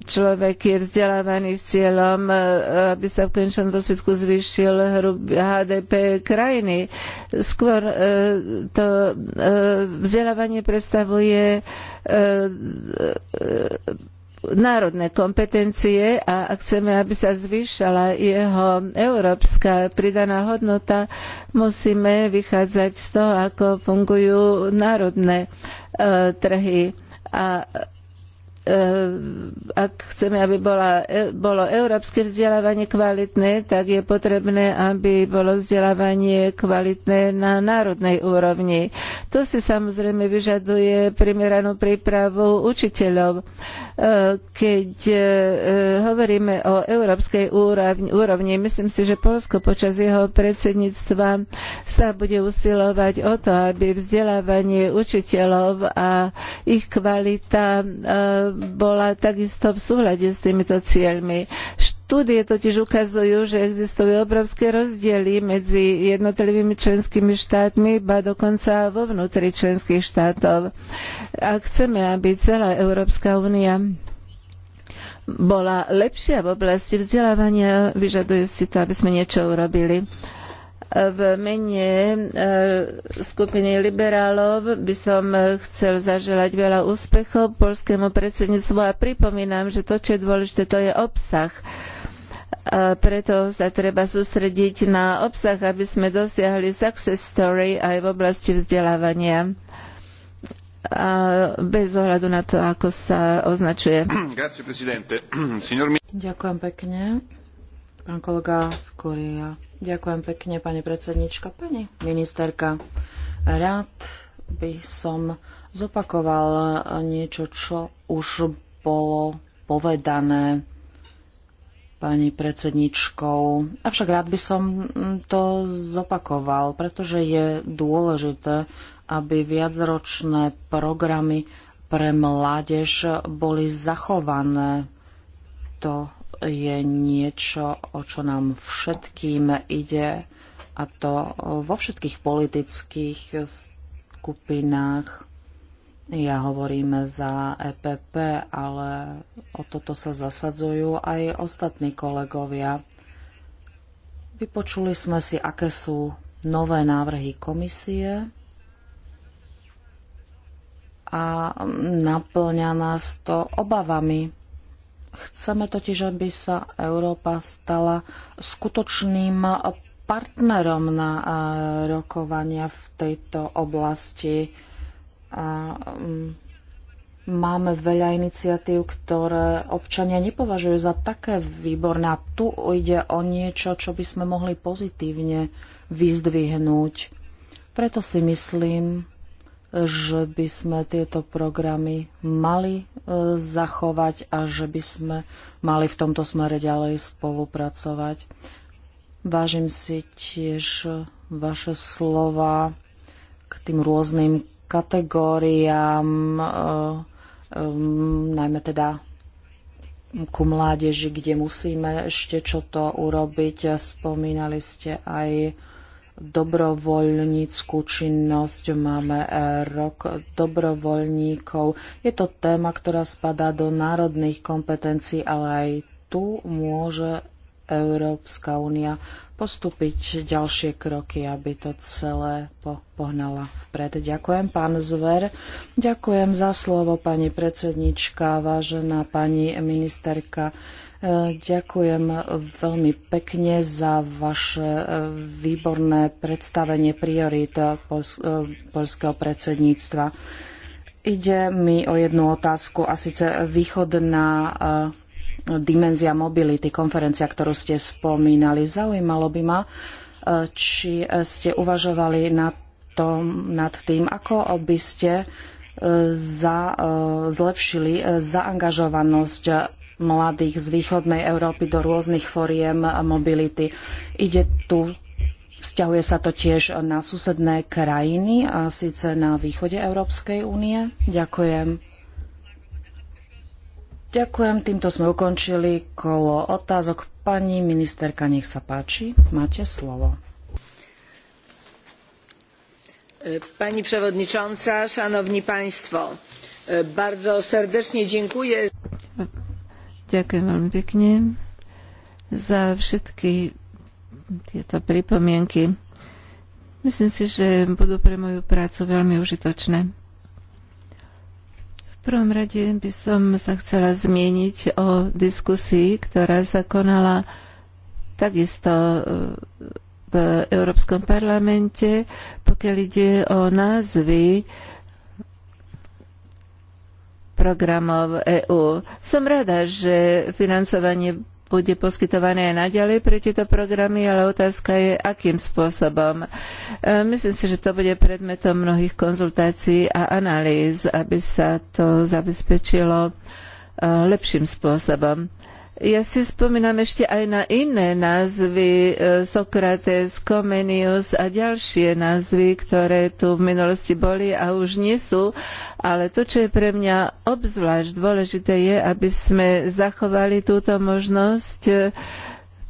[SPEAKER 2] človek je vzdelávaný s cieľom, e, aby sa v končnom dôsledku zvýšil HDP krajiny. Skôr e, to vzdelávanie predstavuje národné kompetencie a ak chceme, aby sa zvýšala jeho európska pridaná hodnota, musíme vychádzať z toho, ako fungujú národné e, trhy. A E, ak chceme, aby bola, e, bolo európske vzdelávanie kvalitné, tak je potrebné, aby bolo vzdelávanie kvalitné na národnej úrovni. To si samozrejme vyžaduje primeranú prípravu učiteľov. E, keď hovoríme o európskej úrovni, úrovni myslím si, že Polsko počas jeho predsedníctva sa bude usilovať o to, aby vzdelávanie učiteľov a ich kvalita bola takisto v súhľade s týmito cieľmi. Štúdie totiž ukazujú, že existujú obrovské rozdiely medzi jednotlivými členskými štátmi, ba dokonca vo vnútri členských štátov. Ak chceme, aby celá Európska únia bola lepšia v oblasti vzdelávania, vyžaduje si to, aby sme niečo urobili v mene e, skupiny liberálov by som chcel zaželať veľa úspechov polskému predsedníctvu a pripomínam, že to, čo je dôležité, to je obsah. A e, preto sa treba sústrediť na obsah, aby sme dosiahli success story aj v oblasti vzdelávania. A bez ohľadu na to, ako sa označuje. Ďakujem pekne. Pán kolega Skoria. Ďakujem pekne, pani
[SPEAKER 3] predsednička. Pani ministerka, rád by som zopakoval niečo, čo už bolo povedané pani predsedničkou. Avšak rád by som to zopakoval, pretože je dôležité, aby viacročné programy pre mládež boli zachované. To je niečo, o čo nám všetkým ide a to vo všetkých politických skupinách. Ja hovorím za EPP, ale o toto sa zasadzujú aj ostatní kolegovia. Vypočuli sme si, aké sú nové návrhy komisie a naplňa nás to obavami Chceme totiž, aby sa Európa stala skutočným partnerom na eh, rokovania v tejto oblasti. Mm, máme veľa iniciatív, ktoré občania nepovažujú za také výborné. A tu ide o niečo, čo by sme mohli pozitívne vyzdvihnúť. Preto si myslím, že by sme tieto programy mali e, zachovať a že by sme mali v tomto smere ďalej spolupracovať. Vážim si tiež vaše slova k tým rôznym kategóriám, e, e, najmä teda ku mládeži, kde musíme ešte čo to urobiť. Spomínali ste aj dobrovoľníckú činnosť, máme e, rok dobrovoľníkov. Je to téma, ktorá spadá do národných kompetencií, ale aj tu môže Európska únia postúpiť ďalšie kroky, aby to celé po- pohnala vpred. Ďakujem, pán Zver. Ďakujem za slovo, pani predsednička, vážená pani ministerka. E, ďakujem veľmi pekne za vaše e, výborné predstavenie priorít e, polského predsedníctva. Ide mi o jednu otázku a síce východná dimenzia mobility, konferencia, ktorú ste spomínali. Zaujímalo by ma, e, či ste uvažovali nad, tom, nad tým, ako by ste e, za, e, zlepšili zaangažovanosť mladých z východnej Európy do rôznych foriem mobility. Ide tu, vzťahuje sa to tiež na susedné krajiny, a síce na východe Európskej únie. Ďakujem. Ďakujem, týmto sme ukončili kolo otázok. Pani ministerka, nech sa páči, máte slovo.
[SPEAKER 2] E, pani przewodnicząca, szanowni państwo, e, bardzo serdecznie dziękuję. Ďakujem veľmi pekne za všetky tieto pripomienky. Myslím si, že budú pre moju prácu veľmi užitočné prvom rade by som sa chcela zmieniť o diskusii, ktorá sa konala takisto e, v Európskom parlamente, pokiaľ ide o názvy programov EÚ. Som rada, že financovanie bude poskytované aj naďalej pre tieto programy, ale otázka je, akým spôsobom. E, myslím si, že to bude predmetom mnohých konzultácií a analýz, aby sa to zabezpečilo e, lepším spôsobom. Ja si spomínam ešte aj na iné názvy, e, Sokrates, Comenius a ďalšie názvy, ktoré tu v minulosti boli a už nie sú. Ale to, čo je pre mňa obzvlášť dôležité, je, aby sme zachovali túto možnosť e,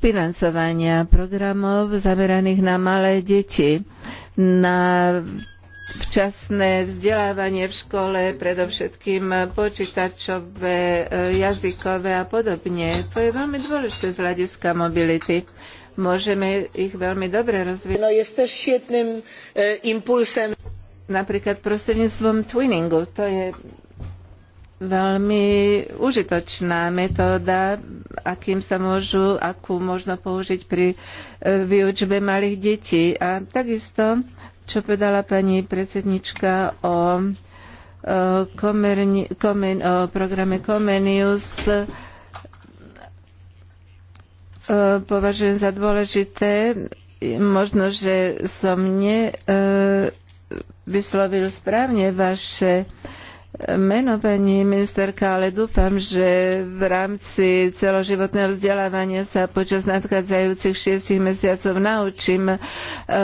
[SPEAKER 2] financovania programov zameraných na malé deti, na včasné vzdelávanie v škole, predovšetkým počítačové, e, jazykové a podobne. To je veľmi dôležité z hľadiska mobility. Môžeme ich veľmi dobre rozvíjať. No, je tiež e, impulsem. Napríklad prostredníctvom twinningu. To je veľmi užitočná metóda, akým sa môžu, akú možno použiť pri e, výučbe malých detí. A takisto čo povedala pani predsednička o, komerni, komen, o programe Comenius, e, považujem za dôležité. Možno, že som nevyslovil e, vyslovil správne vaše menovaní ministerka, ale dúfam, že v rámci celoživotného vzdelávania sa počas nadchádzajúcich šiestich mesiacov naučím e,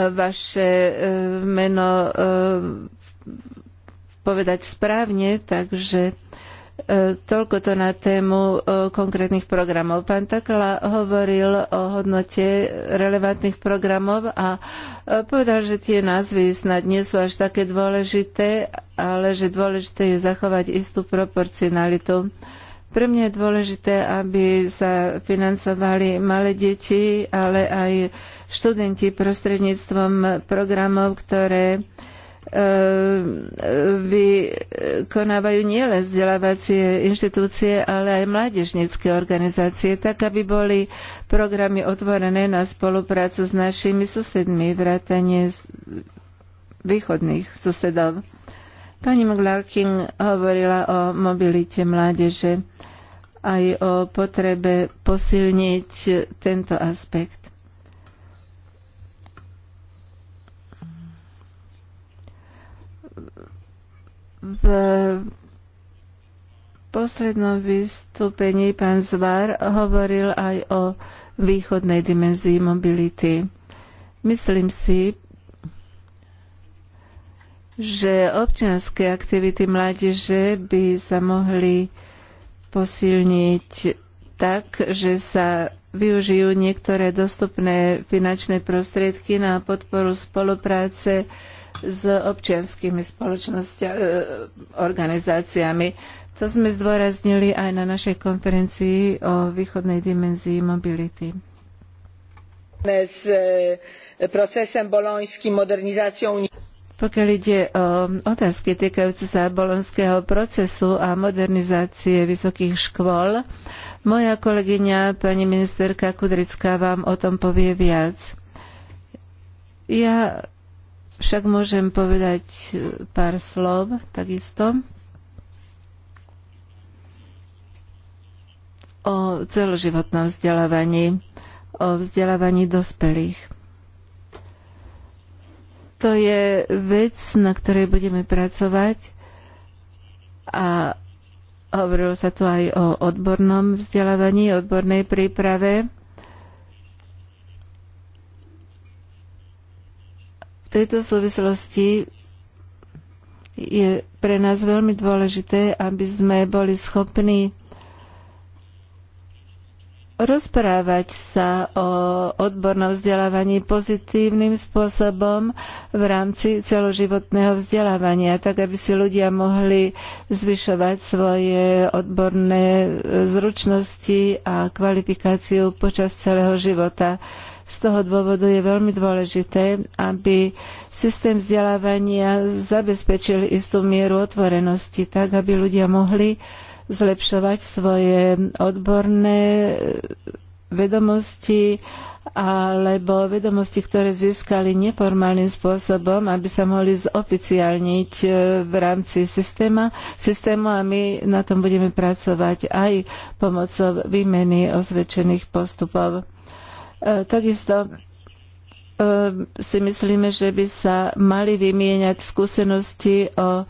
[SPEAKER 2] vaše e, meno e, povedať správne, takže E, toľko to na tému e, konkrétnych programov. Pán Takla hovoril o hodnote relevantných programov a e, povedal, že tie názvy snad nie sú až také dôležité, ale že dôležité je zachovať istú proporcionalitu. Pre mňa je dôležité, aby sa financovali malé deti, ale aj študenti prostredníctvom programov, ktoré E, e, vykonávajú nielen vzdelávacie inštitúcie, ale aj mládežnické organizácie, tak aby boli programy otvorené na spoluprácu s našimi susedmi, vrátane východných susedov. Pani McLarkin hovorila o mobilite mládeže aj o potrebe posilniť tento aspekt. V poslednom vystúpení pán Zvar hovoril aj o východnej dimenzii mobility. Myslím si, že občianské aktivity mládeže by sa mohli posilniť tak, že sa využijú niektoré dostupné finančné prostriedky na podporu spolupráce s občianskými e, organizáciami. To sme zdôraznili aj na našej konferencii o východnej dimenzii mobility S e, procesem bolonským modernizáciou Pokiaľ ide o otázky týkajúce sa bolonského procesu a modernizácie vysokých škôl, moja kolegyňa pani ministerka Kudrická vám o tom povie viac. Ja však môžem povedať e, pár slov takisto o celoživotnom vzdelávaní, o vzdelávaní dospelých. To je vec, na ktorej budeme pracovať a hovorilo sa tu aj o odbornom vzdelávaní, odbornej príprave tejto súvislosti je pre nás veľmi dôležité, aby sme boli schopní rozprávať sa o odbornom vzdelávaní pozitívnym spôsobom v rámci celoživotného vzdelávania, tak aby si ľudia mohli zvyšovať svoje odborné zručnosti a kvalifikáciu počas celého života. Z toho dôvodu je veľmi dôležité, aby systém vzdelávania zabezpečil istú mieru otvorenosti, tak aby ľudia mohli zlepšovať svoje odborné vedomosti alebo vedomosti, ktoré získali neformálnym spôsobom, aby sa mohli zoficiálniť e, v rámci systéma, systému a my na tom budeme pracovať aj pomocou výmeny osvedčených postupov. Takisto e, si myslíme, že by sa mali vymieňať skúsenosti o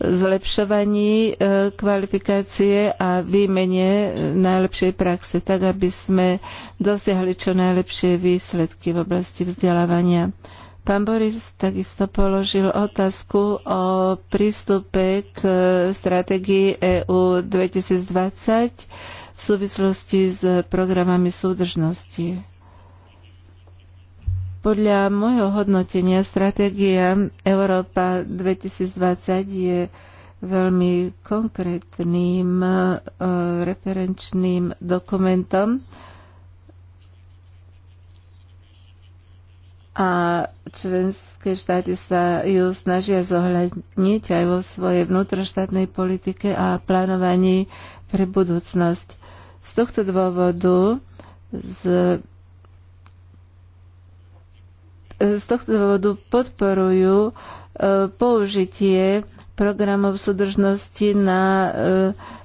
[SPEAKER 2] zlepšovaní e, kvalifikácie a výmene najlepšej praxe, tak aby sme dosiahli čo najlepšie výsledky v oblasti vzdelávania. Pán Boris takisto položil otázku o prístupe k e, stratégii EU 2020 v súvislosti s programami súdržnosti. Podľa môjho hodnotenia stratégia Európa 2020 je veľmi konkrétnym e, referenčným dokumentom a členské štáty sa ju snažia zohľadniť aj vo svojej vnútroštátnej politike a plánovaní pre budúcnosť. Z tohto dôvodu z z tohto dôvodu podporujú e, použitie programov súdržnosti na e,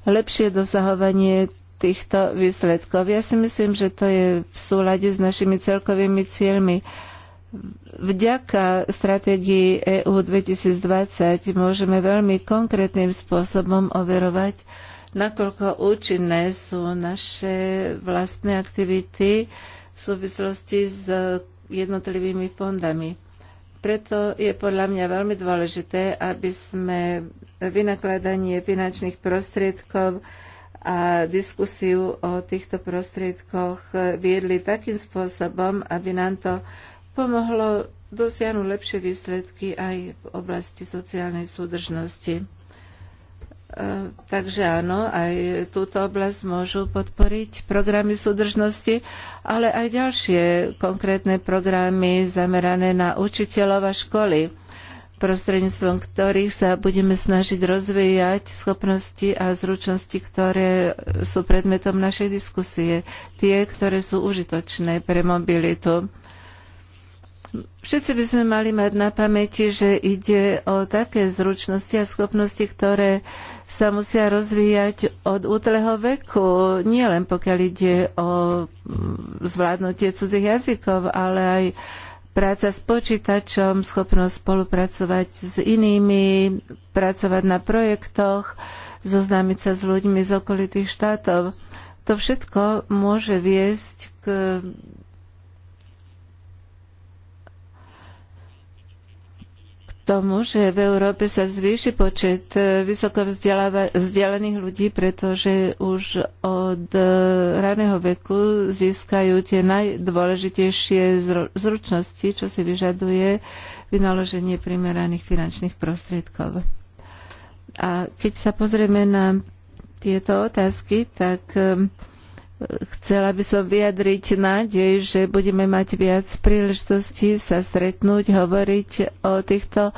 [SPEAKER 2] lepšie dosahovanie týchto výsledkov. Ja si myslím, že to je v súlade s našimi celkovými cieľmi. Vďaka stratégii EU 2020 môžeme veľmi konkrétnym spôsobom overovať, nakoľko účinné sú naše vlastné aktivity v súvislosti s jednotlivými fondami. Preto je podľa mňa veľmi dôležité, aby sme vynakladanie finančných prostriedkov a diskusiu o týchto prostriedkoch viedli takým spôsobom, aby nám to pomohlo dosiahnuť lepšie výsledky aj v oblasti sociálnej súdržnosti. Eh, takže áno, aj túto oblasť môžu podporiť programy súdržnosti, ale aj ďalšie konkrétne programy zamerané na učiteľov a školy, prostredníctvom ktorých sa budeme snažiť rozvíjať schopnosti a zručnosti, ktoré sú predmetom našej diskusie, tie, ktoré sú užitočné pre mobilitu. Všetci by sme mali mať na pamäti, že ide o také zručnosti a schopnosti, ktoré sa musia rozvíjať od útleho veku, nielen pokiaľ ide o mm, zvládnutie cudzích jazykov, ale aj práca s počítačom, schopnosť spolupracovať s inými, pracovať na projektoch, zoznámiť sa s ľuďmi z okolitých štátov. To všetko môže viesť k tomu, že v Európe sa zvýši počet e, vysoko vzdelaných ľudí, pretože už od e, raného veku získajú tie najdôležitejšie zručnosti, čo si vyžaduje vynaloženie primeraných finančných prostriedkov. A keď sa pozrieme na tieto otázky, tak e, Chcela by som vyjadriť nádej, že budeme mať viac príležitostí sa stretnúť, hovoriť o týchto e,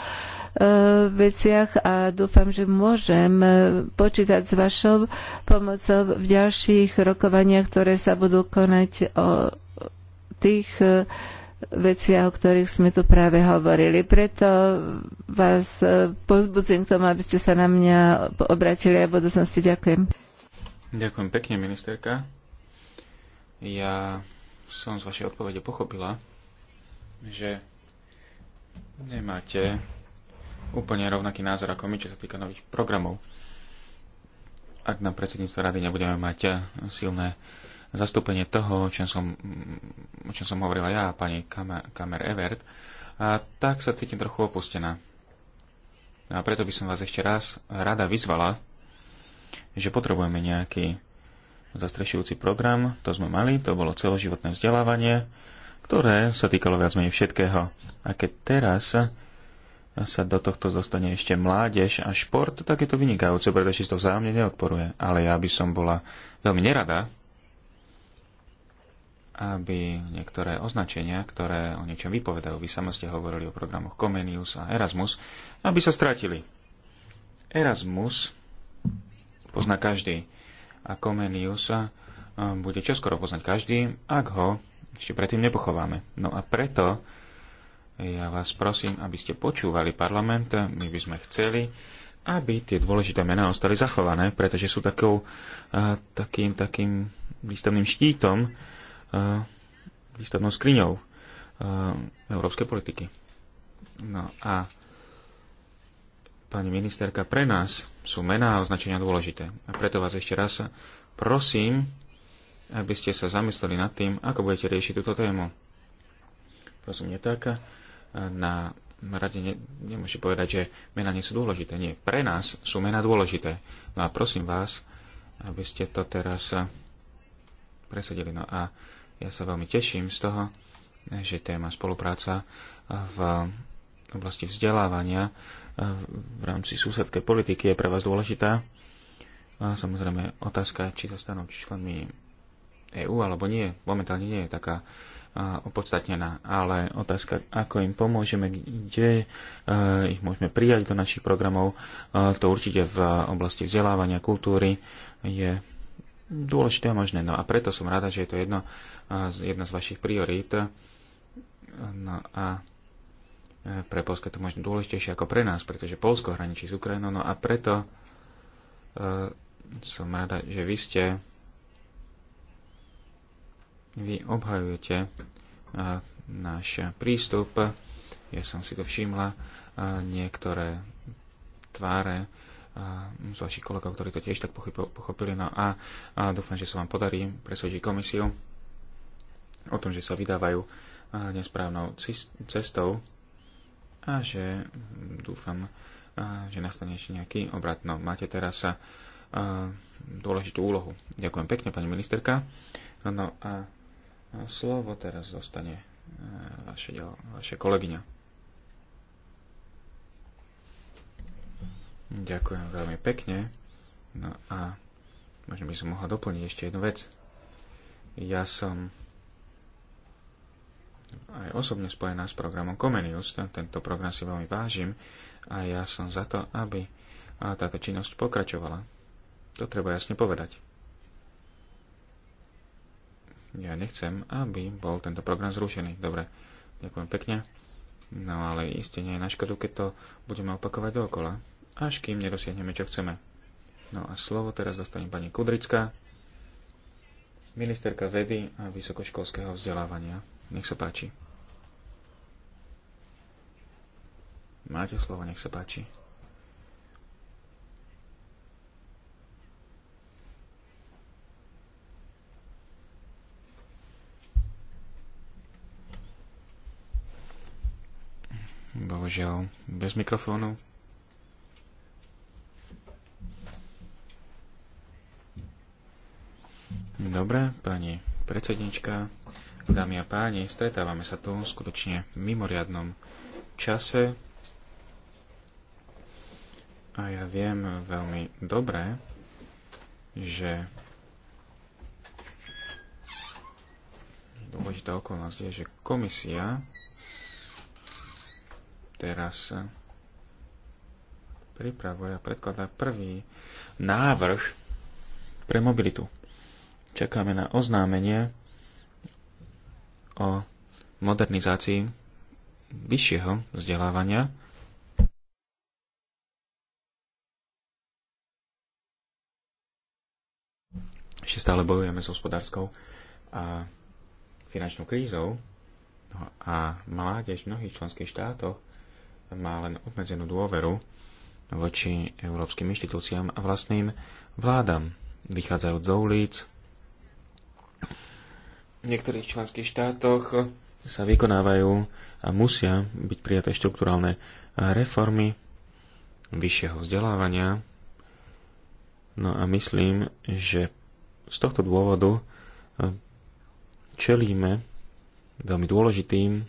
[SPEAKER 2] veciach a dúfam, že môžem e, počítať s vašou pomocou v ďalších rokovaniach, ktoré sa budú konať o tých e, veciach, o ktorých sme tu práve hovorili. Preto vás pozbudzím k tomu, aby ste sa na mňa obratili a v budúcnosti ďakujem.
[SPEAKER 1] Ďakujem pekne, ministerka. Ja som z vašej odpovede pochopila, že nemáte úplne rovnaký názor ako my, čo sa týka nových programov. Ak na predsedníctve rady nebudeme mať silné zastúpenie toho, o čom som, o čom som hovorila ja a pani Kamer Evert, a tak sa cítim trochu opustená. A preto by som vás ešte raz rada vyzvala, že potrebujeme nejaký zastrešujúci program, to sme mali, to bolo celoživotné vzdelávanie, ktoré sa týkalo viac menej všetkého. A keď teraz sa do tohto zostane ešte mládež a šport, tak je to vynikajúce, pretože si to vzájomne neodporuje. Ale ja by som bola veľmi nerada, aby niektoré označenia, ktoré o niečom vypovedajú, vy sama ste hovorili o programoch Comenius a Erasmus, aby sa stratili. Erasmus pozná každý a Komeniusa bude čoskoro poznať každý, ak ho ešte predtým nepochováme. No a preto ja vás prosím, aby ste počúvali parlament, my by sme chceli, aby tie dôležité mená ostali zachované, pretože sú takou, takým, takým výstavným štítom, výstavnou skriňou európskej politiky. No a pani ministerka, pre nás sú mená a označenia dôležité. A preto vás ešte raz prosím, aby ste sa zamysleli nad tým, ako budete riešiť túto tému. Prosím, nie tak. Na rade ne, nemôžete povedať, že mená nie sú dôležité. Nie, pre nás sú mená dôležité. No a prosím vás, aby ste to teraz presadili. No a ja sa veľmi teším z toho, že téma spolupráca v oblasti vzdelávania v rámci susedskej politiky je pre vás dôležitá. A samozrejme otázka, či sa stanú členmi EÚ alebo nie, momentálne nie je taká opodstatnená, ale otázka, ako im pomôžeme, kde e, ich môžeme prijať do našich programov, e, to určite v oblasti vzdelávania, kultúry je dôležité a možné. No a preto som rada, že je to jedno, jedna z vašich priorít. No a pre Polsko je to možno dôležitejšie ako pre nás, pretože Polsko hraničí s Ukrajinou, no a preto uh, som rada, že vy ste vy obhajujete uh, náš prístup. Ja som si to všimla. Uh, niektoré tváre z vašich kolegov, ktorí to tiež tak pochopili. No a, a dúfam, že sa vám podarí presvedčiť komisiu o tom, že sa vydávajú nesprávnou cestou a že mm, dúfam, že nastane ešte nejaký obrat. No, máte teraz sa dôležitú úlohu. Ďakujem pekne, pani ministerka. No a slovo teraz dostane vaše, vaše kolegyňa. Ďakujem veľmi pekne. No a možno by som mohla doplniť ešte jednu vec. Ja som aj osobne spojená s programom Comenius. Tento program si veľmi vážim a ja som za to, aby táto činnosť pokračovala. To treba jasne povedať. Ja nechcem, aby bol tento program zrušený. Dobre, ďakujem pekne. No ale iste nie je na škodu, keď to budeme opakovať dookola, až kým nedosiahneme, čo chceme. No a slovo teraz dostane pani Kudrická, ministerka vedy a vysokoškolského vzdelávania. Nech sa páči. Máte slovo, nech sa páči. Bohužiaľ, bez mikrofónu. Dobre, pani predsednička. Dámy a páni, stretávame sa tu skutočne v mimoriadnom čase a ja viem veľmi dobre, že dôležitá okolnosť je, že komisia teraz pripravuje a predkladá prvý návrh pre mobilitu. Čakáme na oznámenie o modernizácii vyššieho vzdelávania. Ešte stále bojujeme s hospodárskou a finančnou krízou no a mládež v mnohých členských štátoch má len obmedzenú dôveru voči európskym inštitúciám a vlastným vládam. Vychádzajú do ulic, v niektorých členských štátoch sa vykonávajú a musia byť prijaté štruktúralne reformy vyššieho vzdelávania. No a myslím, že z tohto dôvodu eh, čelíme veľmi dôležitým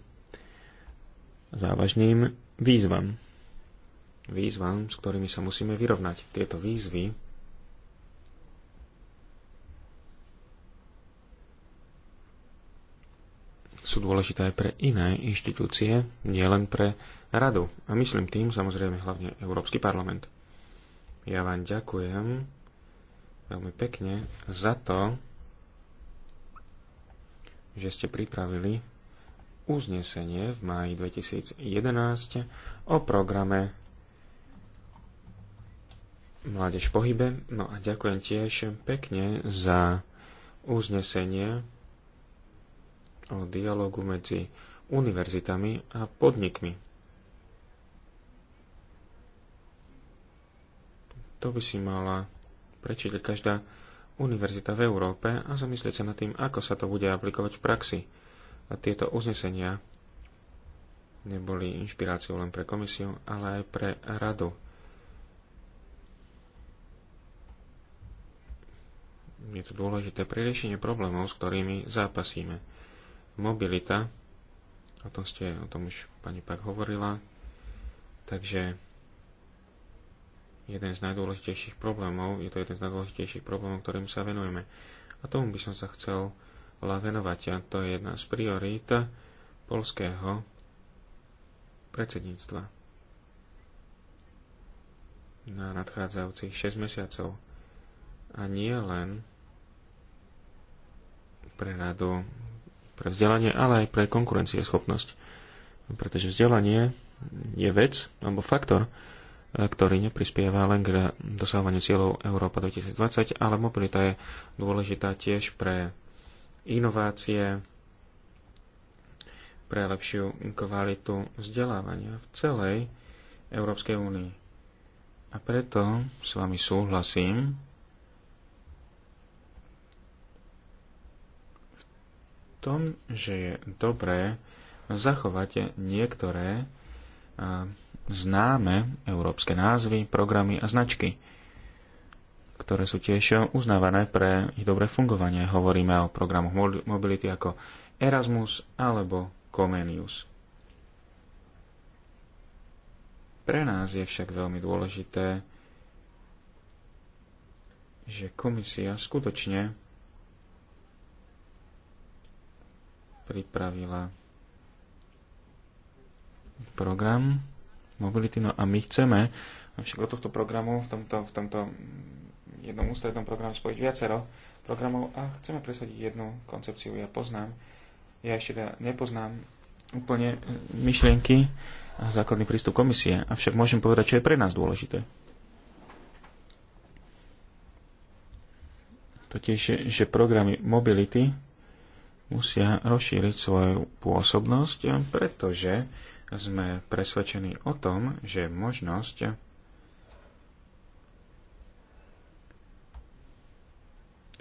[SPEAKER 1] závažným výzvam. Výzvam, s ktorými sa musíme vyrovnať. Tieto výzvy sú dôležité aj pre iné inštitúcie, nielen pre radu. A myslím tým samozrejme hlavne Európsky parlament. Ja vám ďakujem veľmi pekne za to, že ste pripravili uznesenie v máji 2011 o programe Mládež v pohybe. No a ďakujem tiež pekne za uznesenie o dialogu medzi univerzitami a podnikmi. To by si mala prečiť každá univerzita v Európe a zamyslieť sa nad tým, ako sa to bude aplikovať v praxi. A tieto uznesenia neboli inšpiráciou len pre komisiu, ale aj pre radu. Je to dôležité pri riešení problémov, s ktorými zápasíme mobilita, o tom, ste, o tom už pani Pak hovorila, takže jeden z najdôležitejších problémov, je to jeden z najdôležitejších problémov, ktorým sa venujeme. A tomu by som sa chcel venovať a to je jedna z priorít polského predsedníctva na nadchádzajúcich 6 mesiacov. A nie len pre radu pre vzdelanie, ale aj pre konkurencieschopnosť. Pretože vzdelanie je vec alebo faktor, e, ktorý neprispieva len k dosahovaniu cieľov Európa 2020, ale mobilita je dôležitá tiež pre inovácie, pre lepšiu kvalitu vzdelávania v celej Európskej únii. A preto s vami súhlasím, tom, že je dobré zachovať niektoré známe európske názvy, programy a značky, ktoré sú tiež uznávané pre ich dobré fungovanie. Hovoríme o programoch mobility ako Erasmus alebo Comenius. Pre nás je však veľmi dôležité, že komisia skutočne pripravila program mobility. No a my chceme však do tohto programu, v tomto, v tomto jednom ústrednom programu spojiť viacero programov a chceme presadiť jednu koncepciu. Ja poznám, ja ešte teda nepoznám úplne e, myšlienky a základný prístup komisie, avšak môžem povedať, čo je pre nás dôležité. Totiž, že programy mobility musia rozšíriť svoju pôsobnosť, pretože sme presvedčení o tom, že možnosť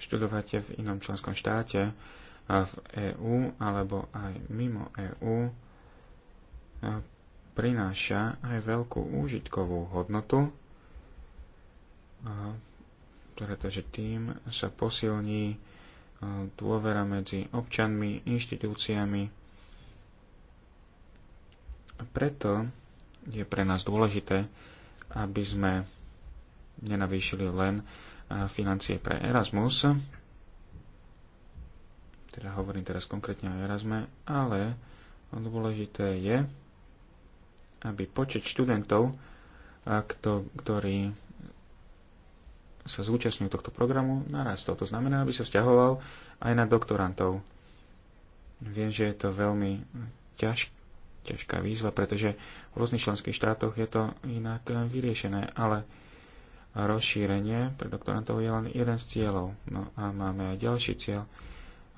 [SPEAKER 1] študovať v inom členskom štáte v EÚ alebo aj mimo EÚ prináša aj veľkú úžitkovú hodnotu, pretože tým sa posilní dôvera medzi občanmi, inštitúciami. A preto je pre nás dôležité, aby sme nenavýšili len financie pre Erasmus, teda hovorím teraz konkrétne o Erasme, ale dôležité je, aby počet študentov, kto, ktorí sa zúčastňujú tohto programu, narastol. To znamená, aby sa vzťahoval aj na doktorantov. Viem, že je to veľmi ťaž, ťažká výzva, pretože v rôznych členských štátoch je to inak vyriešené, ale rozšírenie pre doktorantov je len jeden z cieľov. No a máme aj ďalší cieľ.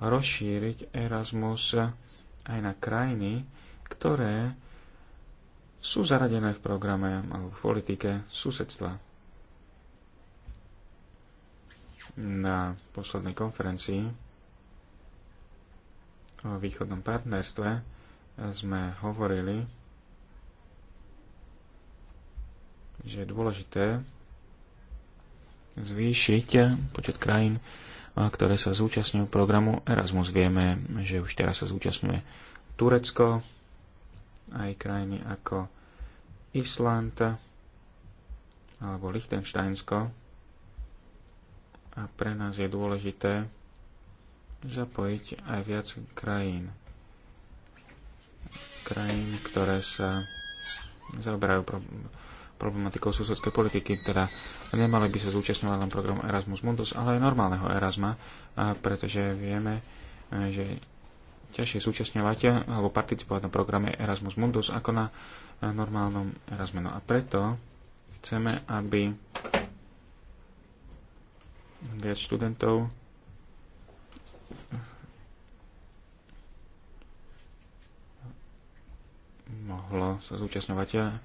[SPEAKER 1] Rozšíriť Erasmus aj na krajiny, ktoré sú zaradené v programe alebo v politike susedstva na poslednej konferencii o východnom partnerstve sme hovorili, že je dôležité zvýšiť počet krajín, ktoré sa zúčastňujú programu Erasmus. Vieme, že už teraz sa zúčastňuje Turecko, aj krajiny ako Island alebo Liechtensteinsko a pre nás je dôležité zapojiť aj viac krajín. Krajín, ktoré sa zaoberajú problematikou susedskej politiky, teda nemali by sa zúčastňovať len program Erasmus Mundus, ale aj normálneho Erasma, pretože vieme, že ťažšie zúčastňovať alebo participovať na programe Erasmus Mundus ako na normálnom Erasmenu. No a preto chceme, aby viac študentov. mohlo sa zúčastňovať a,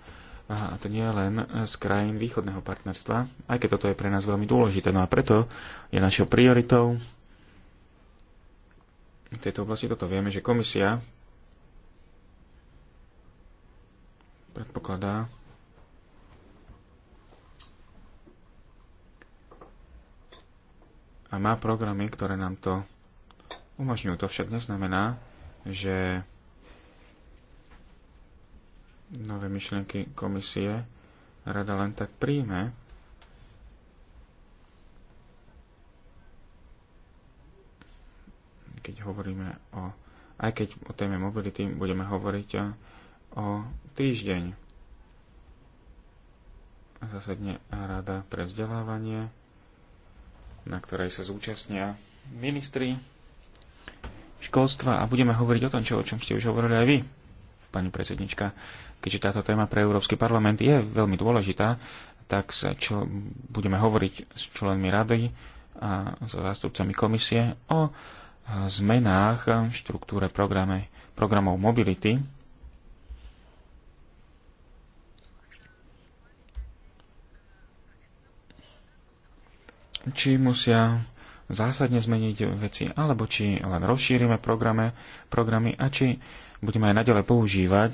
[SPEAKER 1] to nie len z krajín východného partnerstva, aj keď toto je pre nás veľmi dôležité. No a preto je našou prioritou v tejto oblasti toto vieme, že komisia predpokladá a má programy, ktoré nám to umožňujú. To však neznamená, že nové myšlienky komisie rada len tak príjme. Keď hovoríme o, aj keď o téme mobility budeme hovoriť o týždeň. Zasadne rada pre vzdelávanie na ktorej sa zúčastnia ministri školstva a budeme hovoriť o tom, čo, o čom ste už hovorili aj vy, pani predsednička. Keďže táto téma pre Európsky parlament je veľmi dôležitá, tak sa čo, budeme hovoriť s členmi rady a so zástupcami komisie o zmenách v štruktúre programe, programov mobility či musia zásadne zmeniť veci, alebo či len rozšírime programe, programy a či budeme aj naďalej používať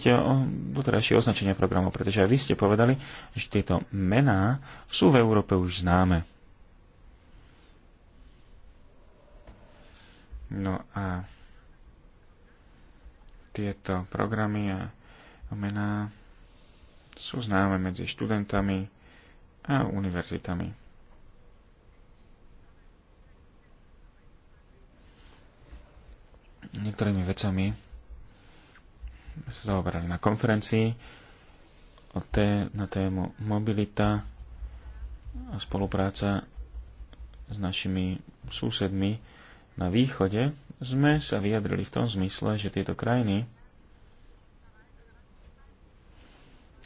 [SPEAKER 1] doterajšie eh, označenia programov, pretože aj vy ste povedali, že tieto mená sú v Európe už známe. No a tieto programy a mená sú známe medzi študentami a univerzitami. niektorými vecami sa zaoberali na konferencii o té, na tému mobilita a spolupráca s našimi susedmi na východe, sme sa vyjadrili v tom zmysle, že tieto krajiny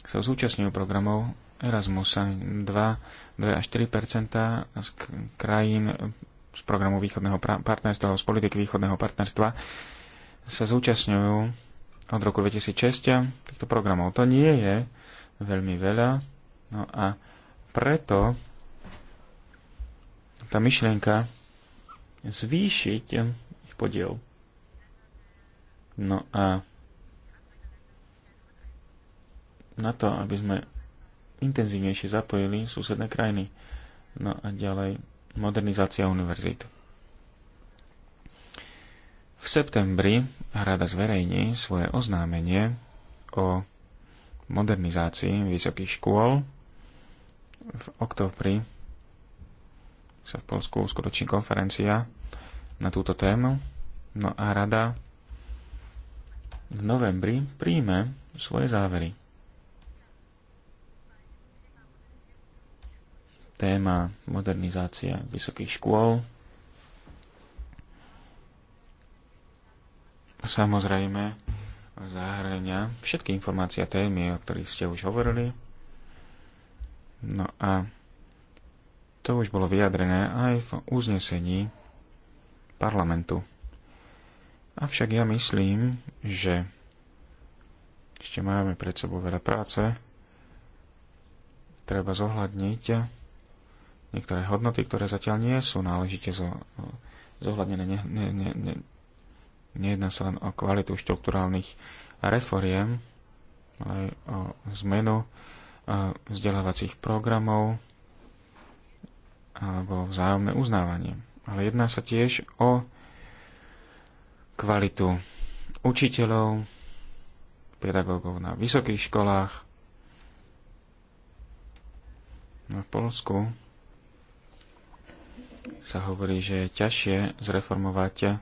[SPEAKER 1] sa zúčastňujú programov Erasmusa 2, 2 až 3 z krajín z programu východného partnerstva, z politiky východného partnerstva sa zúčastňujú od roku 2006 týchto programov. To nie je veľmi veľa, no a preto tá myšlienka zvýšiť ich podiel. No a na to, aby sme intenzívnejšie zapojili susedné krajiny. No a ďalej modernizácia univerzít. V septembri rada zverejní svoje oznámenie o modernizácii vysokých škôl. V oktobri sa v Polsku uskutoční konferencia na túto tému. No a rada v novembri príjme svoje závery. téma modernizácia vysokých škôl. Samozrejme, zahrania všetky informácie a témy, o ktorých ste už hovorili. No a to už bolo vyjadrené aj v uznesení parlamentu. Avšak ja myslím, že ešte máme pred sebou veľa práce. Treba zohľadniť niektoré hodnoty, ktoré zatiaľ nie sú náležite zohľadnené. Ne, ne, ne, ne, nejedná sa len o kvalitu štruktúrálnych reforiem, ale aj o zmenu e, vzdelávacích programov alebo vzájomné uznávanie. Ale jedná sa tiež o kvalitu učiteľov, pedagógov na vysokých školách. No, v Polsku sa hovorí, že je ťažšie zreformovať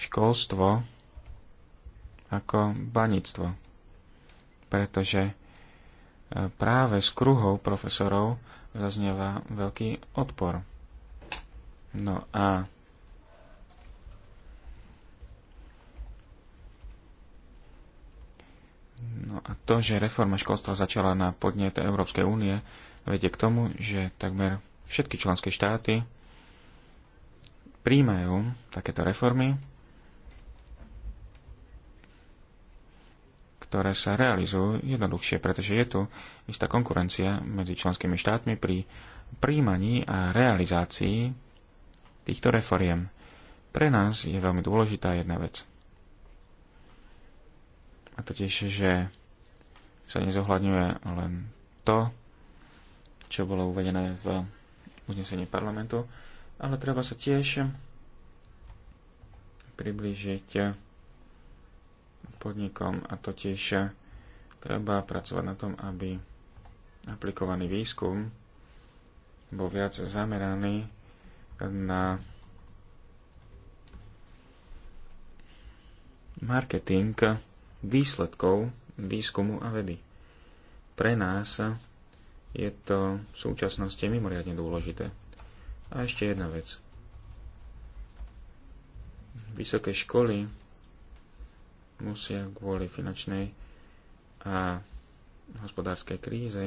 [SPEAKER 1] školstvo ako baníctvo. Pretože e, práve z kruhov profesorov zaznieva veľký odpor. No a No a to, že reforma školstva začala na podnet Európskej únie, vedie k tomu, že takmer všetky členské štáty príjmajú takéto reformy, ktoré sa realizujú jednoduchšie, pretože je tu istá konkurencia medzi členskými štátmi pri príjmaní a realizácii týchto reforiem. Pre nás je veľmi dôležitá jedna vec. A totiž, že sa nezohľadňuje len to, čo bolo uvedené v uznesenie parlamentu, ale treba sa tiež priblížiť podnikom a to tiež treba pracovať na tom, aby aplikovaný výskum bol viac zameraný na marketing výsledkov výskumu a vedy. Pre nás je to v súčasnosti mimoriadne dôležité. A ešte jedna vec. Vysoké školy musia kvôli finančnej a hospodárskej kríze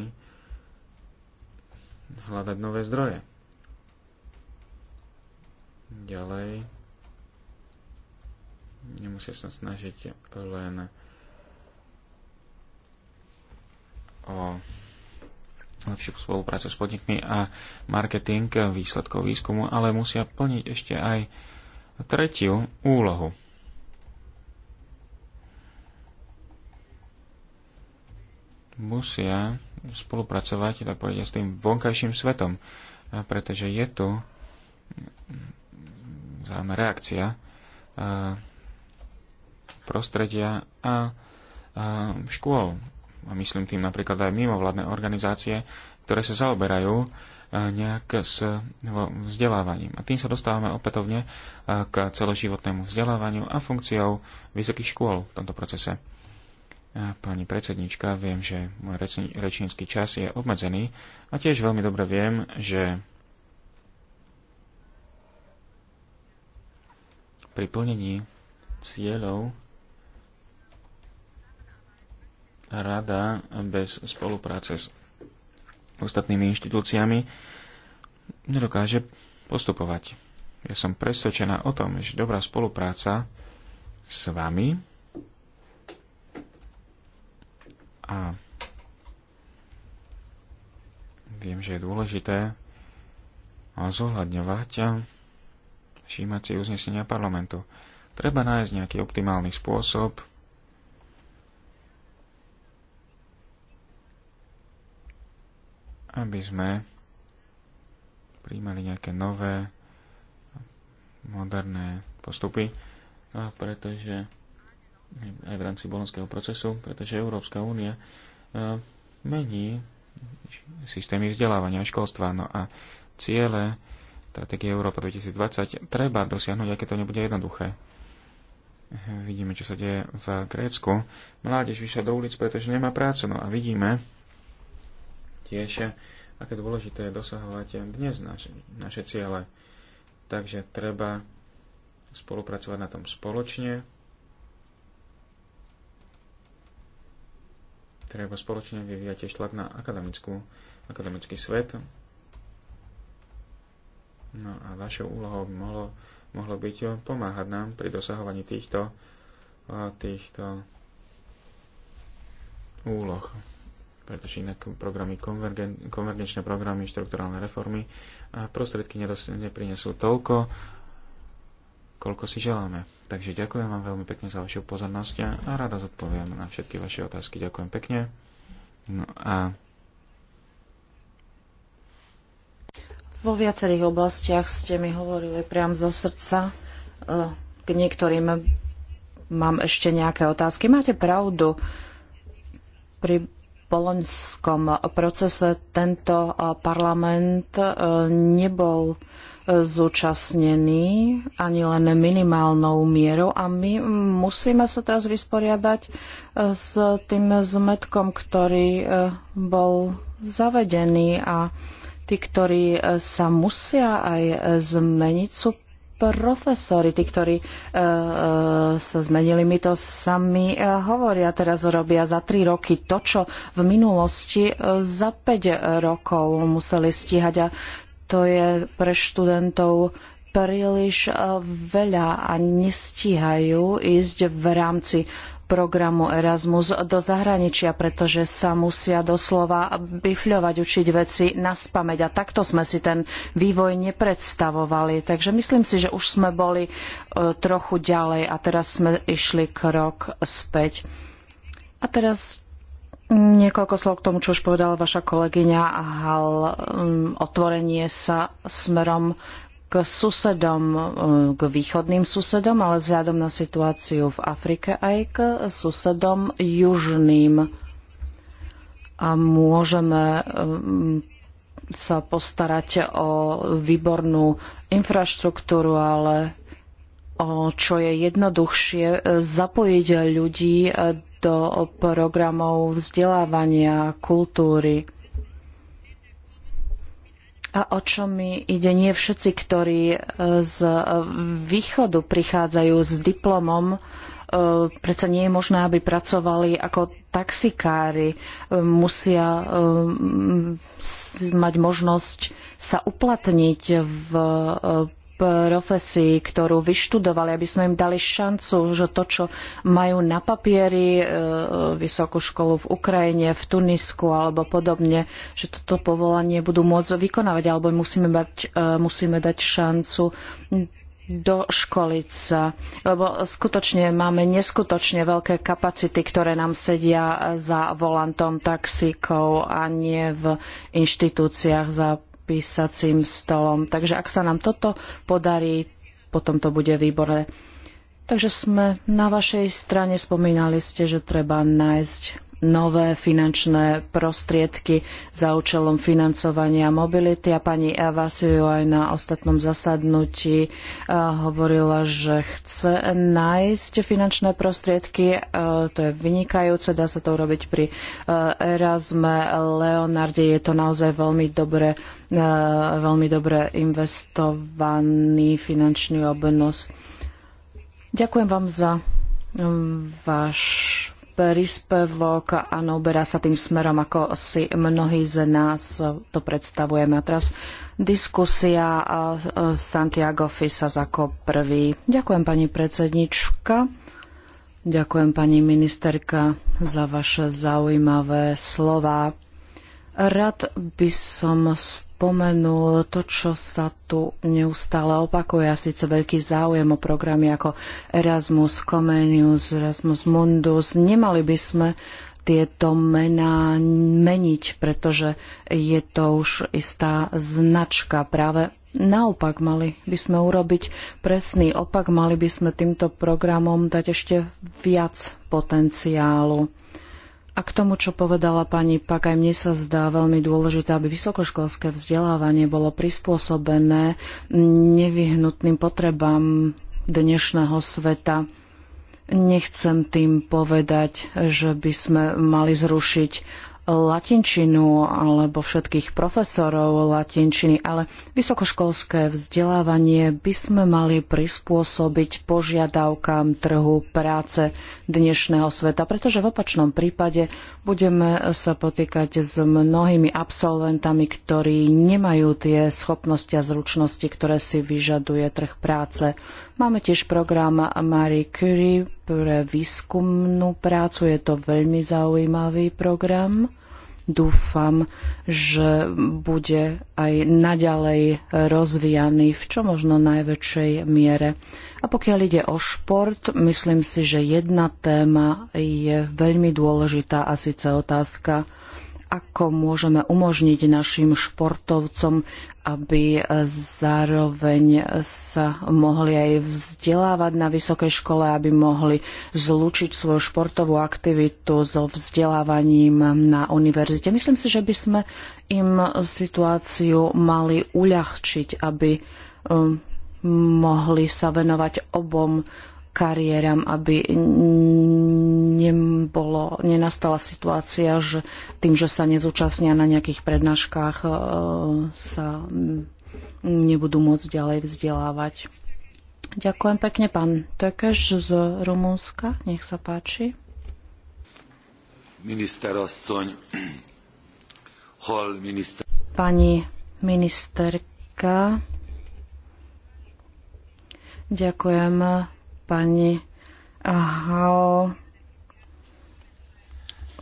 [SPEAKER 1] hľadať nové zdroje. Ďalej nemusia sa snažiť len o lepšiu spoluprácu s podnikmi a marketing výsledkov výskumu, ale musia plniť ešte aj tretiu úlohu. Musia spolupracovať, tak povedia, s tým vonkajším svetom, pretože je tu zájme reakcia prostredia a škôl a myslím tým napríklad aj mimovládne organizácie, ktoré sa zaoberajú e, nejak s vzdelávaním. A tým sa dostávame opätovne e, k celoživotnému vzdelávaniu a funkciou vysokých škôl v tomto procese. Pani predsednička, viem, že môj rečnícky čas je obmedzený a tiež veľmi dobre viem, že pri plnení cieľov rada bez spolupráce s ostatnými inštitúciami nedokáže postupovať. Ja som presvedčená o tom, že dobrá spolupráca s vami a viem, že je dôležité zohľadňovať všímať si uznesenia parlamentu. Treba nájsť nejaký optimálny spôsob, aby sme príjmali nejaké nové, moderné postupy, pretože aj v rámci bolonského procesu, pretože Európska únia mení systémy vzdelávania a školstva. No a ciele stratégie Európa 2020 treba dosiahnuť, aké to nebude jednoduché. Vidíme, čo sa deje v Grécku. Mládež vyšla do ulic, pretože nemá prácu. No a vidíme, tiež, aké dôležité je dosahovať dnes naše, naše ciele. Takže treba spolupracovať na tom spoločne. Treba spoločne vyvíjať tiež tlak na akademickú, akademický svet. No a vašou úlohou by mohlo, mohlo byť pomáhať nám pri dosahovaní týchto, týchto úloh pretože inak programy konvergen- konvergenčné programy, štrukturálne reformy a prostriedky nedos- neprinesú toľko, koľko si želáme. Takže ďakujem vám veľmi pekne za vašu pozornosť a rada zodpoviem na všetky vaše otázky. Ďakujem pekne. No a
[SPEAKER 3] Vo viacerých oblastiach ste mi hovorili priam zo srdca. E, k niektorým mám ešte nejaké otázky. Máte pravdu pri poloňskom procese tento parlament e, nebol e, zúčastnený ani len minimálnou mierou a my musíme sa teraz vysporiadať e, s tým zmetkom, ktorý bol zavedený a tí, ktorí sa musia aj zmeniť, sú profesori, tí, ktorí e, e, sa zmenili, mi to sami e, hovoria. Teraz robia za tri roky to, čo v minulosti e, za 5 rokov museli stíhať a to je pre študentov príliš e, veľa a nestíhajú ísť v rámci programu Erasmus do zahraničia, pretože sa musia doslova bifľovať, učiť veci na spameť. A takto sme si ten vývoj nepredstavovali. Takže myslím si, že už sme boli e, trochu ďalej a teraz sme išli krok späť. A teraz Niekoľko slov k tomu, čo už povedala vaša kolegyňa a hal, um, otvorenie sa smerom k susedom, e, k východným susedom, ale vzhľadom na situáciu v Afrike aj k susedom južným. A môžeme e, sa postarať o výbornú infraštruktúru, ale o čo je jednoduchšie e, zapojiť ľudí do programov vzdelávania kultúry. A o čo mi ide? Nie všetci, ktorí e, z e, východu prichádzajú s diplomom, e, predsa nie je možné, aby pracovali ako taxikári. Musia mať možnosť sa uplatniť v profesii, ktorú vyštudovali, aby sme im dali šancu, že to, čo majú na papieri, e, vysokú školu v Ukrajine, v Tunisku alebo podobne, že toto povolanie budú môcť vykonávať, alebo musíme, mať, e, musíme dať šancu doškoliť sa, lebo skutočne máme neskutočne veľké kapacity, ktoré nám sedia za volantom taxíkov a nie v inštitúciách za písacím stolom. Takže ak sa nám toto podarí, potom to bude výborné. Takže sme na vašej strane spomínali ste, že treba nájsť nové finančné prostriedky za účelom financovania mobility a pani Evasiu aj na ostatnom zasadnutí eh, hovorila, že chce nájsť finančné prostriedky. Eh, to je vynikajúce, dá sa to urobiť pri eh, Erasme, Leonarde. Je to naozaj veľmi dobre, veľmi dobre investovaný finančný obnos. Ďakujem vám za mm, váš príspevok. a uberá sa tým smerom, ako si mnohí z nás to predstavujeme. A teraz diskusia Santiago Fisas ako prvý. Ďakujem, pani predsednička. Ďakujem, pani ministerka, za vaše zaujímavé slova. Rád by som spolu spomenul to, čo sa tu neustále opakuje, a síce veľký záujem o programy ako Erasmus, Comenius, Erasmus Mundus. Nemali by sme tieto mená meniť, pretože je to už istá značka. Práve naopak mali by sme urobiť presný opak, mali by sme týmto programom dať ešte viac potenciálu. A k tomu, čo povedala pani Pak, aj mne sa zdá veľmi dôležité, aby vysokoškolské vzdelávanie bolo prispôsobené nevyhnutným potrebám dnešného sveta. Nechcem tým povedať, že by sme mali zrušiť latinčinu alebo všetkých profesorov latinčiny, ale vysokoškolské vzdelávanie by sme mali prispôsobiť požiadavkám trhu práce dnešného sveta, pretože v opačnom prípade budeme sa potýkať s mnohými absolventami, ktorí nemajú tie schopnosti a zručnosti, ktoré si vyžaduje trh práce. Máme tiež program Marie Curie pre výskumnú prácu. Je to veľmi zaujímavý program dúfam, že bude aj naďalej rozvíjaný v čo možno najväčšej miere. A pokiaľ ide o šport, myslím si, že jedna téma je veľmi dôležitá a síce otázka, ako môžeme umožniť našim športovcom aby zároveň sa mohli aj vzdelávať na vysokej škole, aby mohli zlučiť svoju športovú aktivitu so vzdelávaním na univerzite. Myslím si, že by sme im situáciu mali uľahčiť, aby um, mohli sa venovať obom kariéram, aby nebolo, nenastala situácia, že tým, že sa nezúčastnia na nejakých prednáškach, e, sa nebudú môcť ďalej vzdelávať. Ďakujem pekne, pán Tökeš z Rumúnska. Nech sa páči. Minister asszony, hol minister... Pani ministerka, ďakujem pani Ahal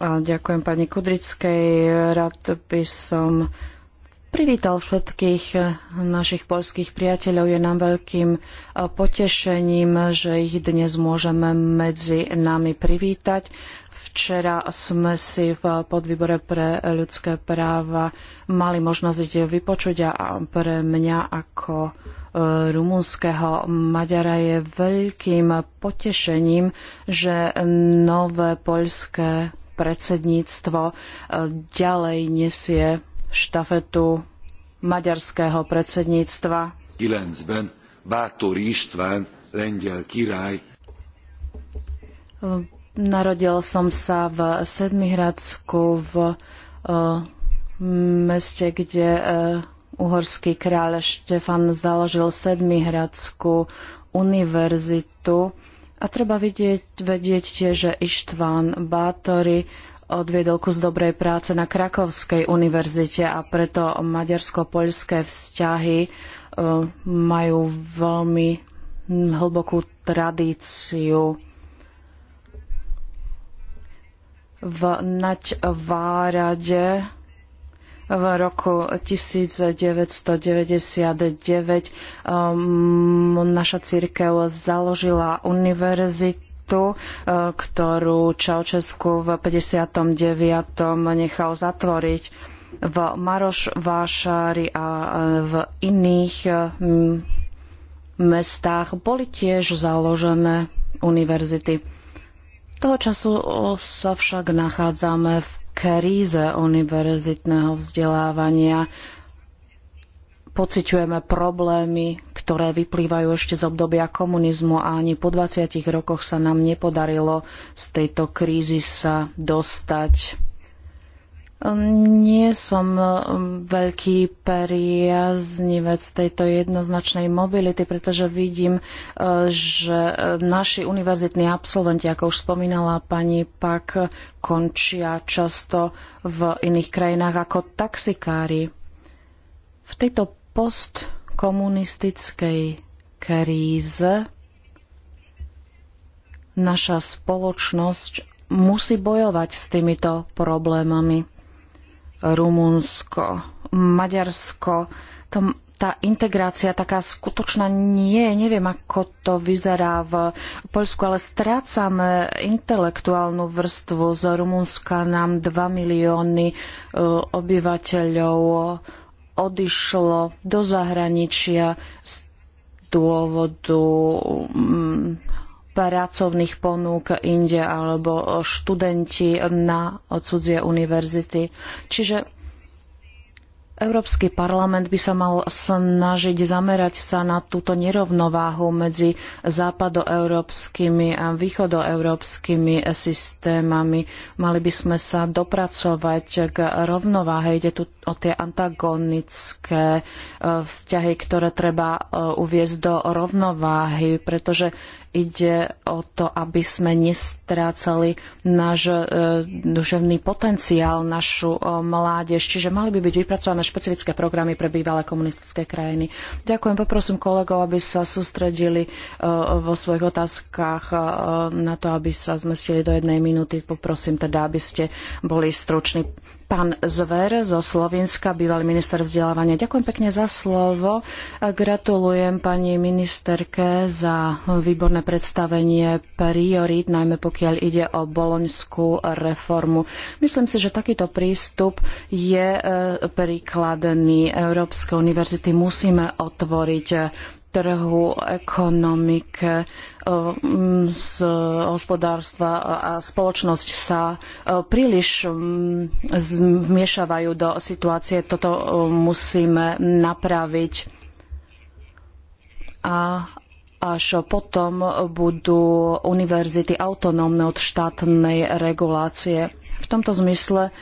[SPEAKER 3] ďakujem pani Kudrickej. Rád by som privítal všetkých našich polských priateľov. Je nám veľkým e, potešením, že ich dnes môžeme medzi nami privítať. Včera sme si v podvýbore pre ľudské práva mali možnosť vypočuť a pre mňa ako e, rumunského Maďara je veľkým potešením, že nové poľské predsedníctvo e, ďalej nesie štafetu maďarského predsedníctva.
[SPEAKER 4] 9-ben Bátor István, lengyel
[SPEAKER 1] király.
[SPEAKER 3] Narodil som sa v Sedmihradsku v e, meste, kde e, uhorský kráľ Štefan založil Sedmihradskú univerzitu a treba vidieť, vedieť tie, že Ištván Bátory odviedol kus dobrej práce na Krakovskej univerzite a preto maďarsko-poľské vzťahy e, majú veľmi hlbokú tradíciu. V Naďvárade v roku 1999 um, naša církev založila univerzitu uh, ktorú Čaučesku v 59. nechal zatvoriť v Maroš Vášári a uh, v iných uh, mestách boli tiež založené univerzity. Toho času sa však nachádzame v kríze univerzitného vzdelávania pociťujeme problémy, ktoré vyplývajú ešte z obdobia komunizmu a ani po 20 rokoch sa nám nepodarilo z tejto krízy sa dostať. Um, nie som um, veľký priaznivec tejto jednoznačnej mobility, pretože vidím, uh, že uh, naši univerzitní absolventi, ako už spomínala pani Pak, končia často v iných krajinách ako taxikári. V tejto postkomunistickej kríze naša spoločnosť musí bojovať s týmito problémami Rumunsko, Maďarsko. to, tá integrácia taká skutočná nie je. Neviem, ako to vyzerá v Poľsku, ale strácame intelektuálnu vrstvu. Z Rumunska nám 2 milióny e, obyvateľov odišlo do zahraničia z dôvodu mm, pracovných ponúk inde alebo študenti na cudzie univerzity. Čiže Európsky parlament by sa mal snažiť zamerať sa na túto nerovnováhu medzi západoeurópskymi a východoeurópskymi systémami. Mali by sme sa dopracovať k rovnováhe. Ide tu o tie antagonické eh, vzťahy, ktoré treba eh, uviezť do rovnováhy, pretože Ide o to, aby sme nestrácali náš e, duševný potenciál, našu e, mládež. Čiže mali by byť vypracované špecifické programy pre bývalé komunistické krajiny. Ďakujem, poprosím kolegov, aby sa sústredili e, vo svojich otázkach na to, aby sa zmestili do jednej minúty. Poprosím teda, aby ste boli struční. Pán Zver zo Slovenska, bývalý minister vzdelávania. Ďakujem pekne za slovo. Gratulujem pani ministerke za výborné predstavenie priorít, najmä pokiaľ ide o boloňskú reformu. Myslím si, že takýto prístup je e, príkladný. Európske univerzity musíme otvoriť trhu, ekonomike, z hospodárstva a spoločnosť sa príliš zmiešavajú do situácie. Toto musíme napraviť. A až potom budú univerzity autonómne od štátnej regulácie. V tomto zmysle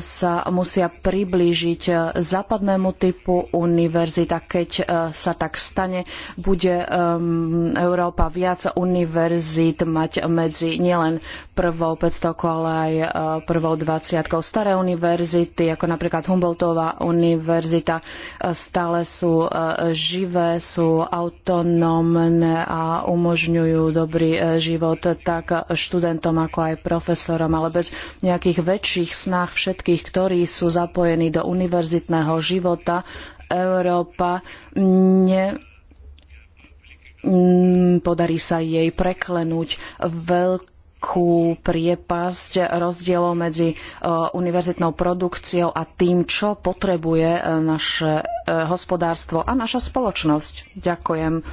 [SPEAKER 3] sa musia priblížiť západnému typu univerzita. Keď e, sa tak stane, bude e, Európa viac univerzít mať medzi nielen prvou 500, ale aj e, prvou 20. Staré univerzity, ako napríklad Humboldtová univerzita, stále sú živé, sú autonómne a umožňujú dobrý život tak študentom, ako aj profesorom, ale bez nejakých väčších snách všetkých, ktorí sú zapojení do univerzitného života. Európa ne, podarí sa jej preklenúť veľkú priepasť rozdielov medzi e, univerzitnou produkciou a tým, čo potrebuje e, naše e, hospodárstvo a naša spoločnosť. Ďakujem,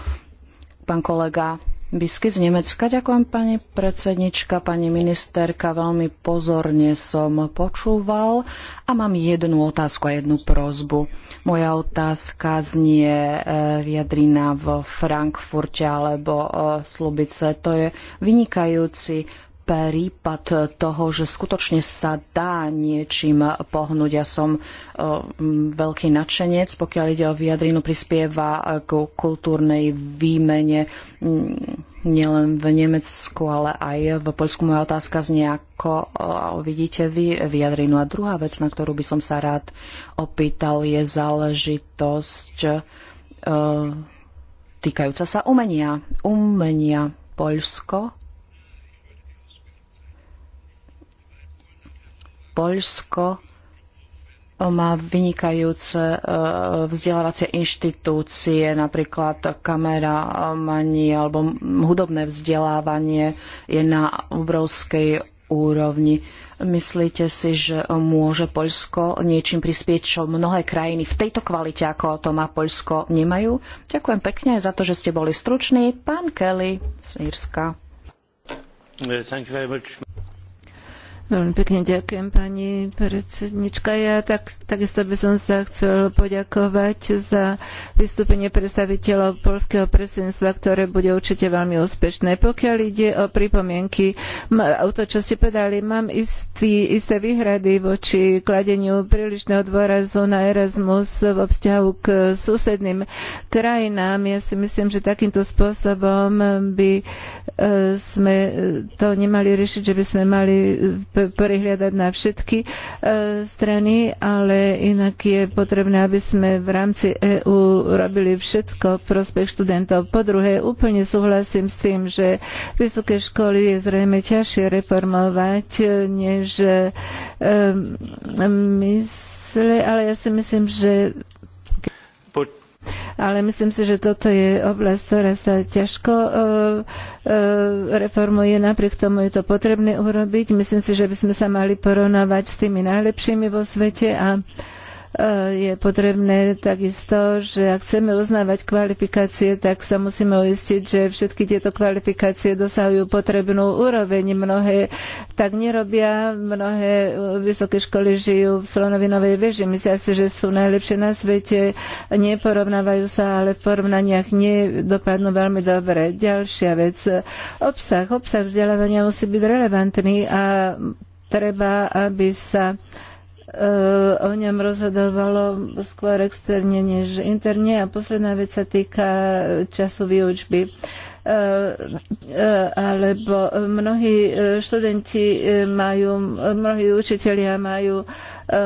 [SPEAKER 3] pán kolega. Bisky z Nemecka. Ďakujem pani predsednička, pani ministerka. Veľmi pozorne som počúval a mám jednu otázku a jednu prozbu. Moja otázka znie e, jadrina v Frankfurte alebo e, Slubice. To je vynikajúci prípad toho, že skutočne sa dá niečím pohnúť. Ja som e, veľký nadšenec, pokiaľ ide o vyjadrinu, prispieva k kultúrnej výmene mm, nielen v Nemecku, ale aj v Poľsku. Moja otázka znie, ako e, vidíte vy vyjadrinu. A druhá vec, na ktorú by som sa rád opýtal, je záležitosť e, týkajúca sa umenia. Umenia Poľsko Poľsko e, má vynikajúce e, vzdelávacie inštitúcie, napríklad kameramanie alebo hudobné vzdelávanie je na obrovskej úrovni. Myslíte si, že môže Poľsko niečím prispieť, čo mnohé krajiny v tejto kvalite, ako to má Poľsko, nemajú? Ďakujem pekne za to, že ste boli struční. Pán Kelly
[SPEAKER 2] z Írska. Veľmi pekne ďakujem, pani predsednička. Ja tak, takisto by som sa chcel poďakovať za vystúpenie predstaviteľov polského predsedníctva, ktoré bude určite veľmi úspešné. Pokiaľ ide o pripomienky, o to, čo ste povedali, mám istý, isté výhrady voči kladeniu prílišného dôrazu na Erasmus vo vzťahu k susedným krajinám. Ja si myslím, že takýmto spôsobom by e, sme to nemali riešiť, že by sme mali prihliadať na všetky e, strany, ale inak je potrebné, aby sme v rámci EÚ robili všetko v prospech študentov. Po druhé, úplne súhlasím s tým, že vysoké školy je zrejme ťažšie reformovať, e, než e, mysle, ale ja si myslím, že ale myslím si, že toto je oblasť, ktorá sa ťažko e, e, reformuje. Napriek tomu je to potrebné urobiť. Myslím si, že by sme sa mali porovnávať s tými najlepšími vo svete a Eh, je potrebné takisto, že ak chceme uznávať kvalifikácie, tak sa musíme uistiť, že všetky tieto kvalifikácie dosahujú potrebnú úroveň. Mnohé tak nerobia, mnohé eh, vysoké školy žijú v slonovinovej veži. Myslia si, že sú najlepšie na svete, neporovnávajú sa, ale v porovnaniach nedopadnú veľmi dobre. Ďalšia vec. Eh, obsah. Obsah vzdelávania musí byť relevantný a treba, aby sa E, o ňom rozhodovalo skôr externe než interne. A posledná vec sa týka času výučby. Eh, eh, alebo mnohí eh, študenti majú, mnohí učitelia majú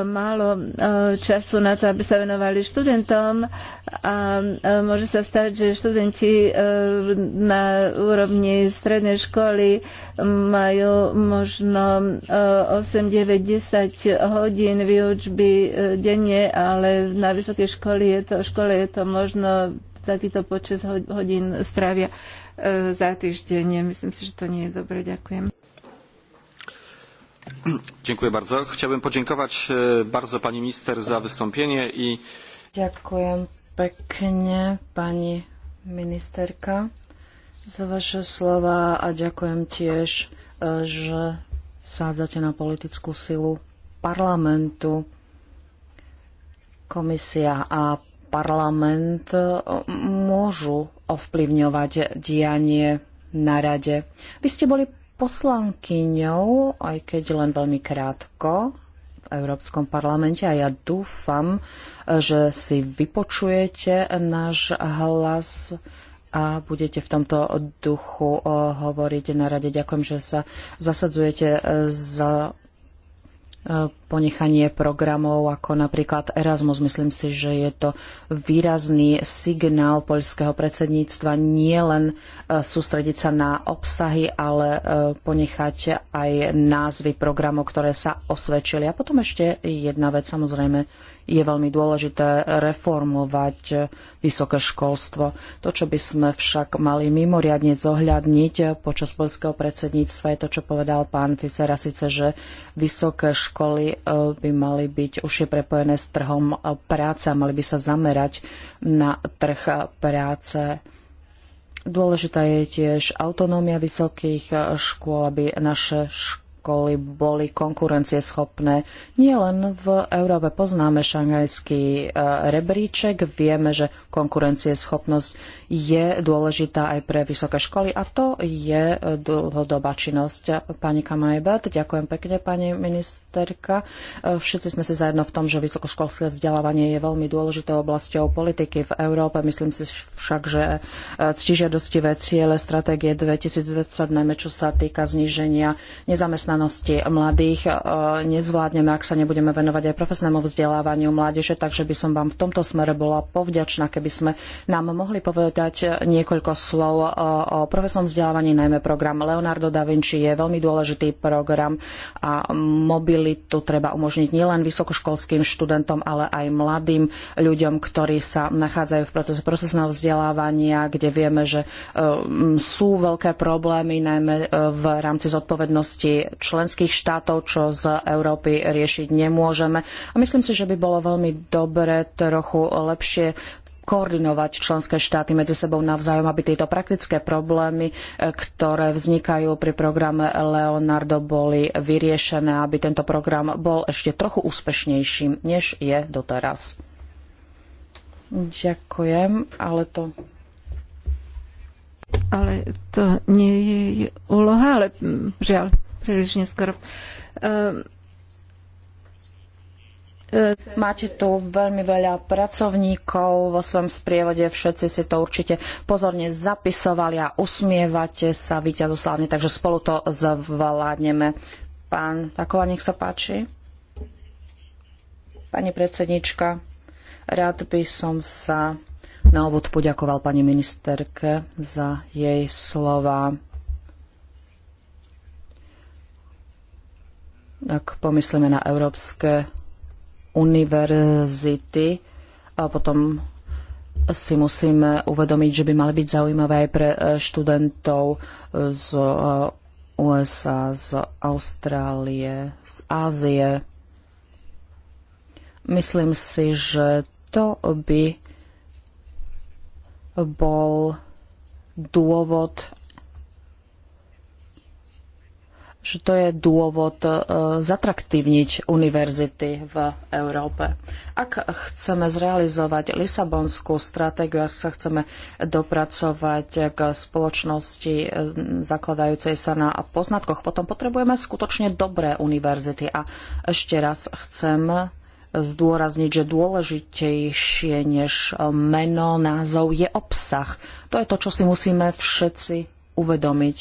[SPEAKER 2] málo času na to, aby sa venovali študentom a môže sa stať, že študenti na úrovni strednej školy majú možno 8, 9, 10 hodín výučby denne, ale na vysokej škole je to, škole je to možno takýto počas hodín strávia. E, za týždeň. Myslím si, že to nie je dobre. Ďakujem.
[SPEAKER 1] Dziękuję
[SPEAKER 4] bardzo. Chciałbym podziękować e, bardzo pani minister za wystąpienie i
[SPEAKER 2] Dziękuję
[SPEAKER 3] pięknie pani ministerka za wasze słowa, a dziękuję też, że e, sadzacie na polityczną siłę parlamentu. Komisja a parlament môžu ovplyvňovať dianie na rade. Vy ste boli poslankyňou, aj keď len veľmi krátko, v Európskom parlamente a ja dúfam, že si vypočujete náš hlas a budete v tomto duchu eh, hovoriť na rade. Ďakujem, že sa zasadzujete eh, za ponechanie programov ako napríklad Erasmus. Myslím si, že je to výrazný signál poľského predsedníctva nie len e, sústrediť sa na obsahy, ale e, ponechať aj názvy programov, ktoré sa osvedčili. A potom ešte jedna vec, samozrejme, je veľmi dôležité reformovať vysoké školstvo. To, čo by sme však mali mimoriadne zohľadniť počas polského predsedníctva, je to, čo povedal pán Fisera, síce, že vysoké školy e, by mali byť užšie prepojené s trhom e, práce a mali by sa zamerať na trh práce. Dôležitá je tiež autonómia vysokých e, škôl, aby naše školy protokoly boli konkurencieschopné. Nie len v Európe poznáme šangajský e, rebríček, vieme, že konkurencieschopnosť je dôležitá aj pre vysoké školy a to je dlhodobá činnosť. Pani Kamajbert, ďakujem pekne, pani ministerka. E, všetci sme si zajedno v tom, že vysokoškolské vzdelávanie je veľmi dôležitou oblasťou politiky v Európe. Myslím si však, že e, ctižiadostivé ciele stratégie 2020, najmä čo sa týka zníženia nezamestnanosti, nezamestnanosti mladých e, nezvládneme, ak sa nebudeme venovať aj profesnému vzdelávaniu mládeže, takže by som vám v tomto smere bola povďačná, keby sme nám mohli povedať niekoľko slov e, o profesnom vzdelávaní, najmä program Leonardo da Vinci je veľmi dôležitý program a mobilitu treba umožniť nielen vysokoškolským študentom, ale aj mladým ľuďom, ktorí sa nachádzajú v procese procesného vzdelávania, kde vieme, že e, sú veľké problémy, najmä v rámci zodpovednosti členských štátov, čo z Európy riešiť nemôžeme. A myslím si, že by bolo veľmi dobre trochu lepšie koordinovať členské štáty medzi sebou navzájom, aby tieto praktické problémy, e, ktoré vznikajú pri programe Leonardo, boli vyriešené, aby tento program bol ešte trochu úspešnejším, než je doteraz.
[SPEAKER 2] Ďakujem, ale to... Ale to nie je úloha, ale žiaľ, príliš neskoro. Ehm, e, máte tu veľmi veľa pracovníkov
[SPEAKER 3] vo svojom sprievode, všetci si to určite pozorne zapisovali a usmievate sa víťazoslávne, takže spolu to zvládneme. Pán Taková, nech sa páči. Pani predsednička, rád by som sa na úvod poďakoval pani ministerke za jej slova Ak pomyslíme na európske univerzity, a potom si musíme uvedomiť, že by mali byť zaujímavé aj pre e, študentov z e, USA, z Austrálie, z Ázie. Myslím si, že to by bol dôvod, že to je dôvod e, zatraktívniť univerzity v Európe. Ak chceme zrealizovať Lisabonskú stratégiu, ak sa chceme dopracovať k spoločnosti e, zakladajúcej sa na poznatkoch, potom potrebujeme skutočne dobré univerzity. A ešte raz chcem zdôrazniť, že dôležitejšie než meno, názov je obsah. To je to, čo si musíme všetci uvedomiť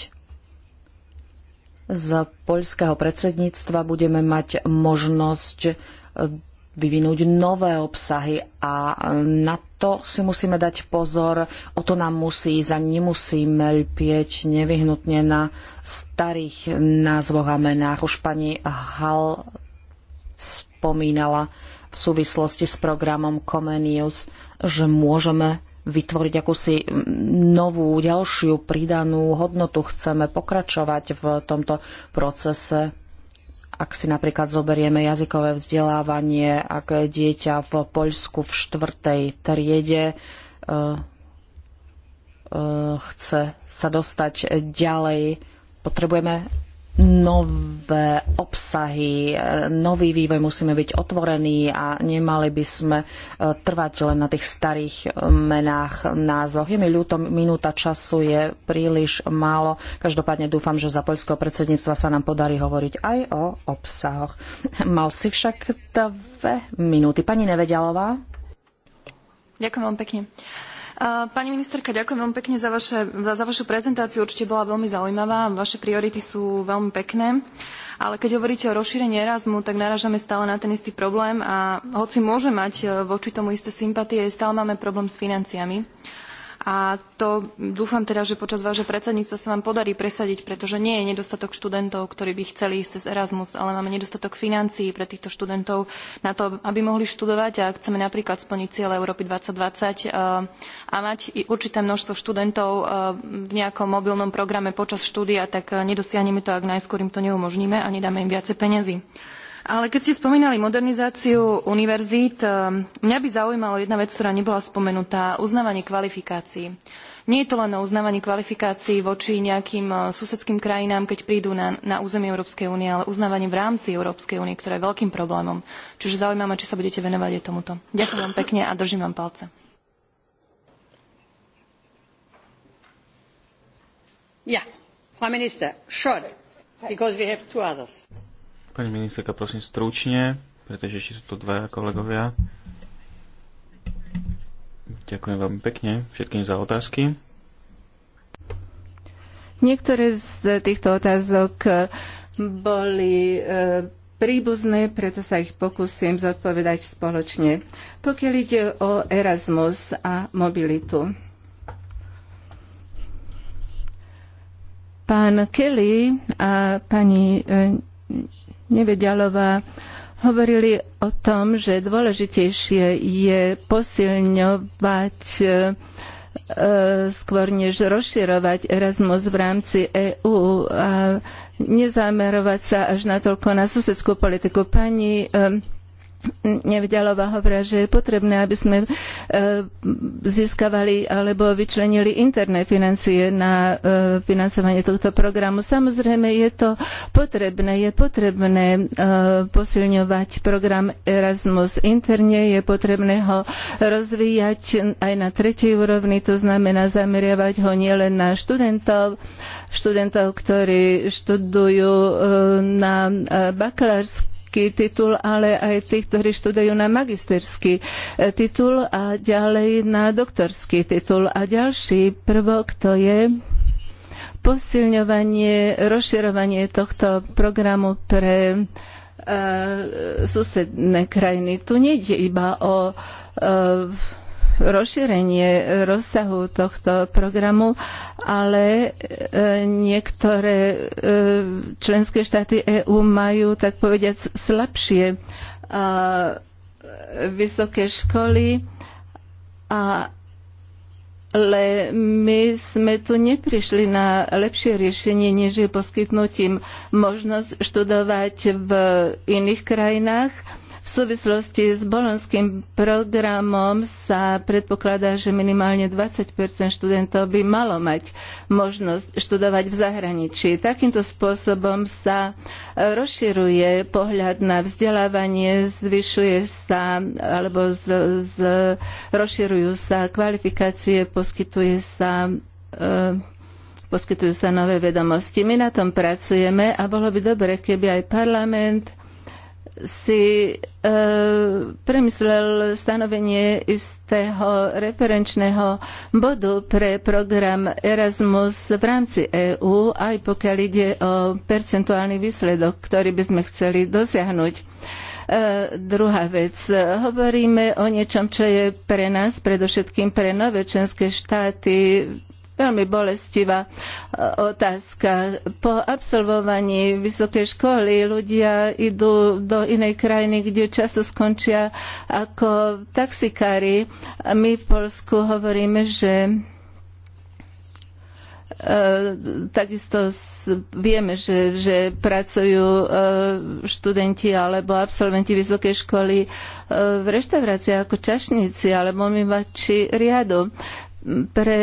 [SPEAKER 3] z poľského predsedníctva budeme mať možnosť e, vyvinúť nové obsahy a e, na to si musíme dať pozor, o to nám musí ísť a nemusíme lpieť nevyhnutne na starých názvoch a menách. Už pani Hal spomínala v súvislosti s programom Comenius, že môžeme vytvoriť akúsi novú, ďalšiu pridanú hodnotu. Chceme pokračovať v tomto procese ak si napríklad zoberieme jazykové vzdelávanie, ak dieťa v Poľsku v štvrtej triede e, e, chce sa dostať ďalej, potrebujeme nové obsahy, e, nový vývoj, musíme byť otvorení a nemali by sme e, trvať len na tých starých e, menách, názvoch. Je mi ľúto, minúta času je príliš málo. Každopádne dúfam, že za poľského predsedníctva sa nám podarí hovoriť aj o obsahoch. Mal si však dve minúty. Pani Nevedialová.
[SPEAKER 4] Ďakujem vám pekne. Uh, Pani ministerka, ďakujem veľmi pekne za, vaše, za vašu prezentáciu. Určite bola veľmi zaujímavá. Vaše priority sú veľmi pekné. Ale keď hovoríte o rozšírení Erasmu, tak narážame stále na ten istý problém a hoci môže mať e, voči tomu isté sympatie, stále máme problém s financiami. A to dúfam teda, že počas vášho predsedníctva sa vám podarí presadiť, pretože nie je nedostatok študentov, ktorí by chceli ísť cez Erasmus, ale máme nedostatok financií pre týchto študentov na to, aby mohli študovať a chceme napríklad splniť cieľ Európy 2020 eh, a mať určité množstvo študentov eh, v nejakom mobilnom programe počas štúdia, tak eh, nedosiahneme to, ak najskôr im to neumožníme a nedáme im viacej peniazy. Ale keď ste spomínali modernizáciu univerzít, eh, mňa by zaujímala jedna vec, ktorá nebola spomenutá, uznávanie kvalifikácií. Nie je to len o uznávaní kvalifikácií voči nejakým eh, susedským krajinám, keď prídu na, na územie Európskej únie, ale uznávanie v rámci Európskej únie, ktoré je veľkým problémom. Čiže zaujímavé, či sa budete venovať aj tomuto. Ďakujem vám pekne a držím vám palce.
[SPEAKER 3] Ja, Pán minister, short, because we have two others.
[SPEAKER 1] Pani ministerka, prosím stručne, pretože ešte sú tu dvaja kolegovia. Ďakujem veľmi pekne všetkým za otázky.
[SPEAKER 2] Niektoré z týchto otázok boli e, príbuzné, preto sa ich pokúsim zodpovedať spoločne. Pokiaľ ide o Erasmus a mobilitu. Pán Kelly a pani e, Nevedialová hovorili o tom, že dôležitejšie je posilňovať e, e, skôr než rozširovať Erasmus v rámci EÚ a nezamerovať sa až natoľko na susedskú politiku. Pani e, Nevedalová hovorila, že je potrebné, aby sme e, získavali alebo vyčlenili interné financie na e, financovanie tohto programu. Samozrejme je to potrebné, je potrebné e, posilňovať program Erasmus interne, je potrebné ho rozvíjať aj na tretej úrovni, to znamená zameriavať ho nielen na študentov, študentov, ktorí študujú na bakalárskej doktorský titul, ale aj tých, ktorí študujú na magisterský e, titul a ďalej na doktorský titul. A ďalší prvok to je posilňovanie, rozširovanie tohto programu pre e, susedné krajiny. Tu nejde iba o e, rozšírenie rozsahu tohto programu, ale e, niektoré e, členské štáty EÚ majú, tak povediať, slabšie vysoké školy a ale my sme tu neprišli na lepšie riešenie, než je poskytnúť im možnosť študovať v iných krajinách súvislosti s bolonským programom sa predpokladá, že minimálne 20 študentov by malo mať možnosť študovať v zahraničí. Takýmto spôsobom sa e, rozširuje pohľad na vzdelávanie, zvyšuje sa alebo z, z, rozširujú sa kvalifikácie, poskytuje sa e, poskytujú sa nové vedomosti. My na tom pracujeme a bolo by dobre, keby aj parlament si e, premyslel stanovenie istého referenčného bodu pre program Erasmus v rámci EÚ, aj pokiaľ ide o percentuálny výsledok, ktorý by sme chceli dosiahnuť. E, druhá vec. Hovoríme o niečom, čo je pre nás, predovšetkým pre nové členské štáty, veľmi bolestivá e, otázka. Po absolvovaní vysokej školy ľudia idú do inej krajiny, kde často skončia ako taxikári. A my v Polsku hovoríme, že e, takisto vieme, že, že pracujú e, študenti alebo absolventi vysokej školy v reštaurácii ako čašníci alebo mývači riadu. Pre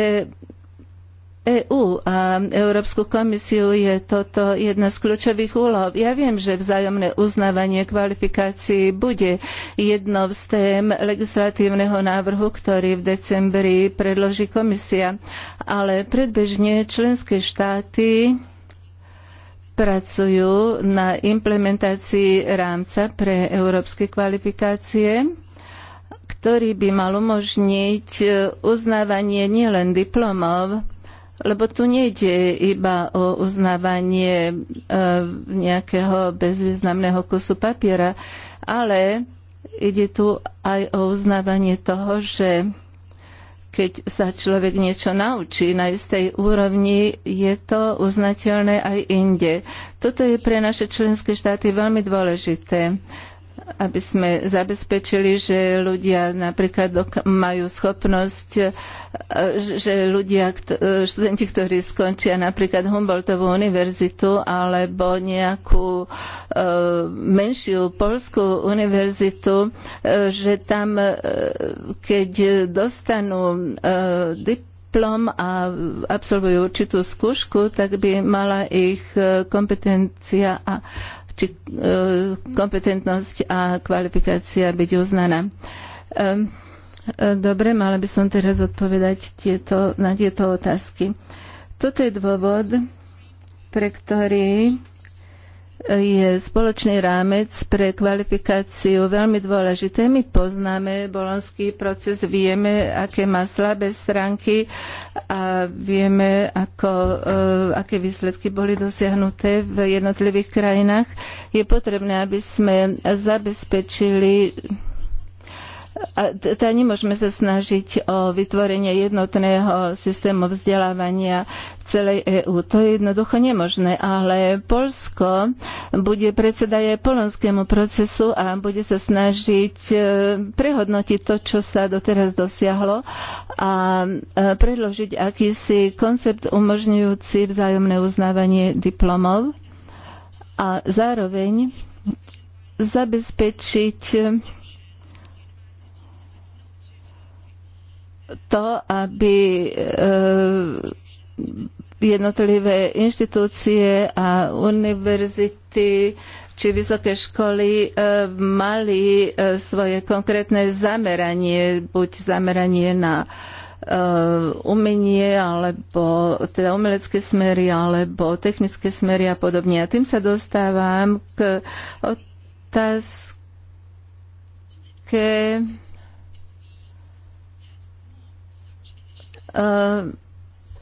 [SPEAKER 2] EÚ EU a Európsku komisiu je toto jedna z kľúčových úloh. Ja viem, že vzájomné uznávanie kvalifikácií bude jednou z tém legislatívneho návrhu, ktorý v decembri predloží komisia, ale predbežne členské štáty pracujú na implementácii rámca pre európske kvalifikácie, ktorý by mal umožniť uznávanie nielen diplomov, lebo tu nejde iba o uznávanie e, nejakého bezvýznamného kusu papiera, ale ide tu aj o uznávanie toho, že keď sa človek niečo naučí na istej úrovni, je to uznateľné aj inde. Toto je pre naše členské štáty veľmi dôležité aby sme zabezpečili, že ľudia napríklad majú schopnosť, e, že ľudia, študenti, ktorí skončia napríklad Humboldtovú univerzitu alebo nejakú e, menšiu polskú univerzitu, e, že tam, keď dostanú diplom, diplom a absolvujú určitú skúšku, tak by mala ich kompetencia a či e, kompetentnosť a kvalifikácia byť uznaná. E, dobre, mala by som teraz odpovedať tieto, na tieto otázky. Toto je dôvod, pre ktorý je spoločný rámec pre kvalifikáciu veľmi dôležité. My poznáme bolonský proces, vieme, aké má slabé stránky a vieme, ako, e, aké výsledky boli dosiahnuté v jednotlivých krajinách. Je potrebné, aby sme zabezpečili teda nemôžeme sa snažiť o vytvorenie jednotného systému vzdelávania v celej EÚ. To je jednoducho nemožné, ale Polsko bude predseda aj polonskému procesu a bude sa snažiť e, prehodnotiť to, čo sa doteraz dosiahlo a e, predložiť akýsi koncept umožňujúci vzájomné uznávanie diplomov a zároveň zabezpečiť to, aby e, jednotlivé inštitúcie a univerzity či vysoké školy e, mali e, svoje konkrétne zameranie, buď zameranie na umenie, alebo teda umelecké smery, alebo technické smery a podobne. A tým sa dostávam k otázke E,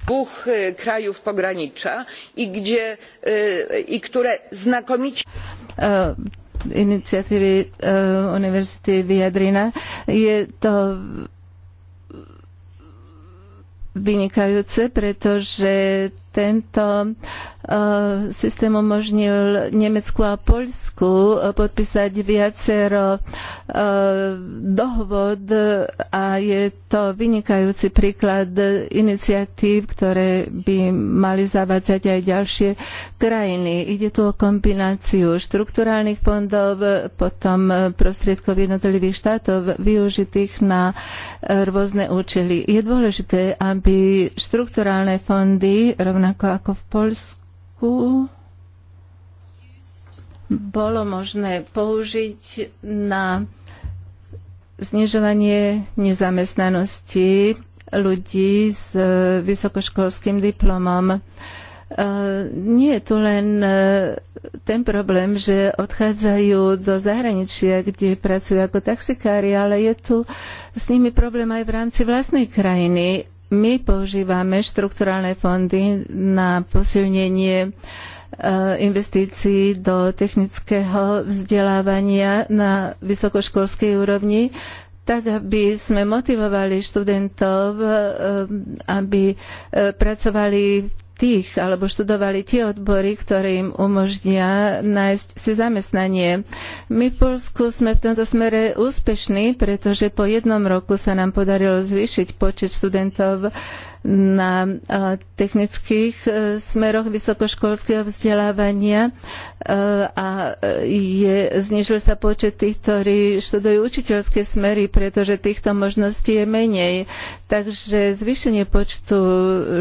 [SPEAKER 2] dwóch e, krajów pogranicza i, gdzie, e, i które znakomicie inicjatywy Uniwersytety Viadrina je to wynikające, pretože tento eh, systém umožnil Nemecku a Poľsku eh, podpísať viacero eh, dohôd a je to vynikajúci príklad iniciatív, ktoré by mali zavádzať aj ďalšie krajiny. Ide tu o kombináciu štrukturálnych fondov, potom prostriedkov jednotlivých štátov využitých na rôzne účely. Je dôležité, aby štrukturálne fondy rovnako rovnako ako v Polsku, bolo možné použiť na znižovanie nezamestnanosti ľudí s vysokoškolským diplomom. E, nie je tu len e, ten problém, že odchádzajú do zahraničia, kde pracujú ako taxikári, ale je tu s nimi problém aj v rámci vlastnej krajiny my používame štrukturálne fondy na posilnenie e, investícií do technického vzdelávania na vysokoškolskej úrovni, tak aby sme motivovali študentov, e, aby e, pracovali v tých, alebo študovali tie odbory, ktoré im umožnia nájsť si zamestnanie. My v Polsku sme v tomto smere úspešní, pretože po jednom roku sa nám podarilo zvýšiť počet študentov na e, technických e, smeroch vysokoškolského vzdelávania e, a je, znižil sa počet tých, ktorí študujú učiteľské smery, pretože týchto možností je menej. Takže zvýšenie počtu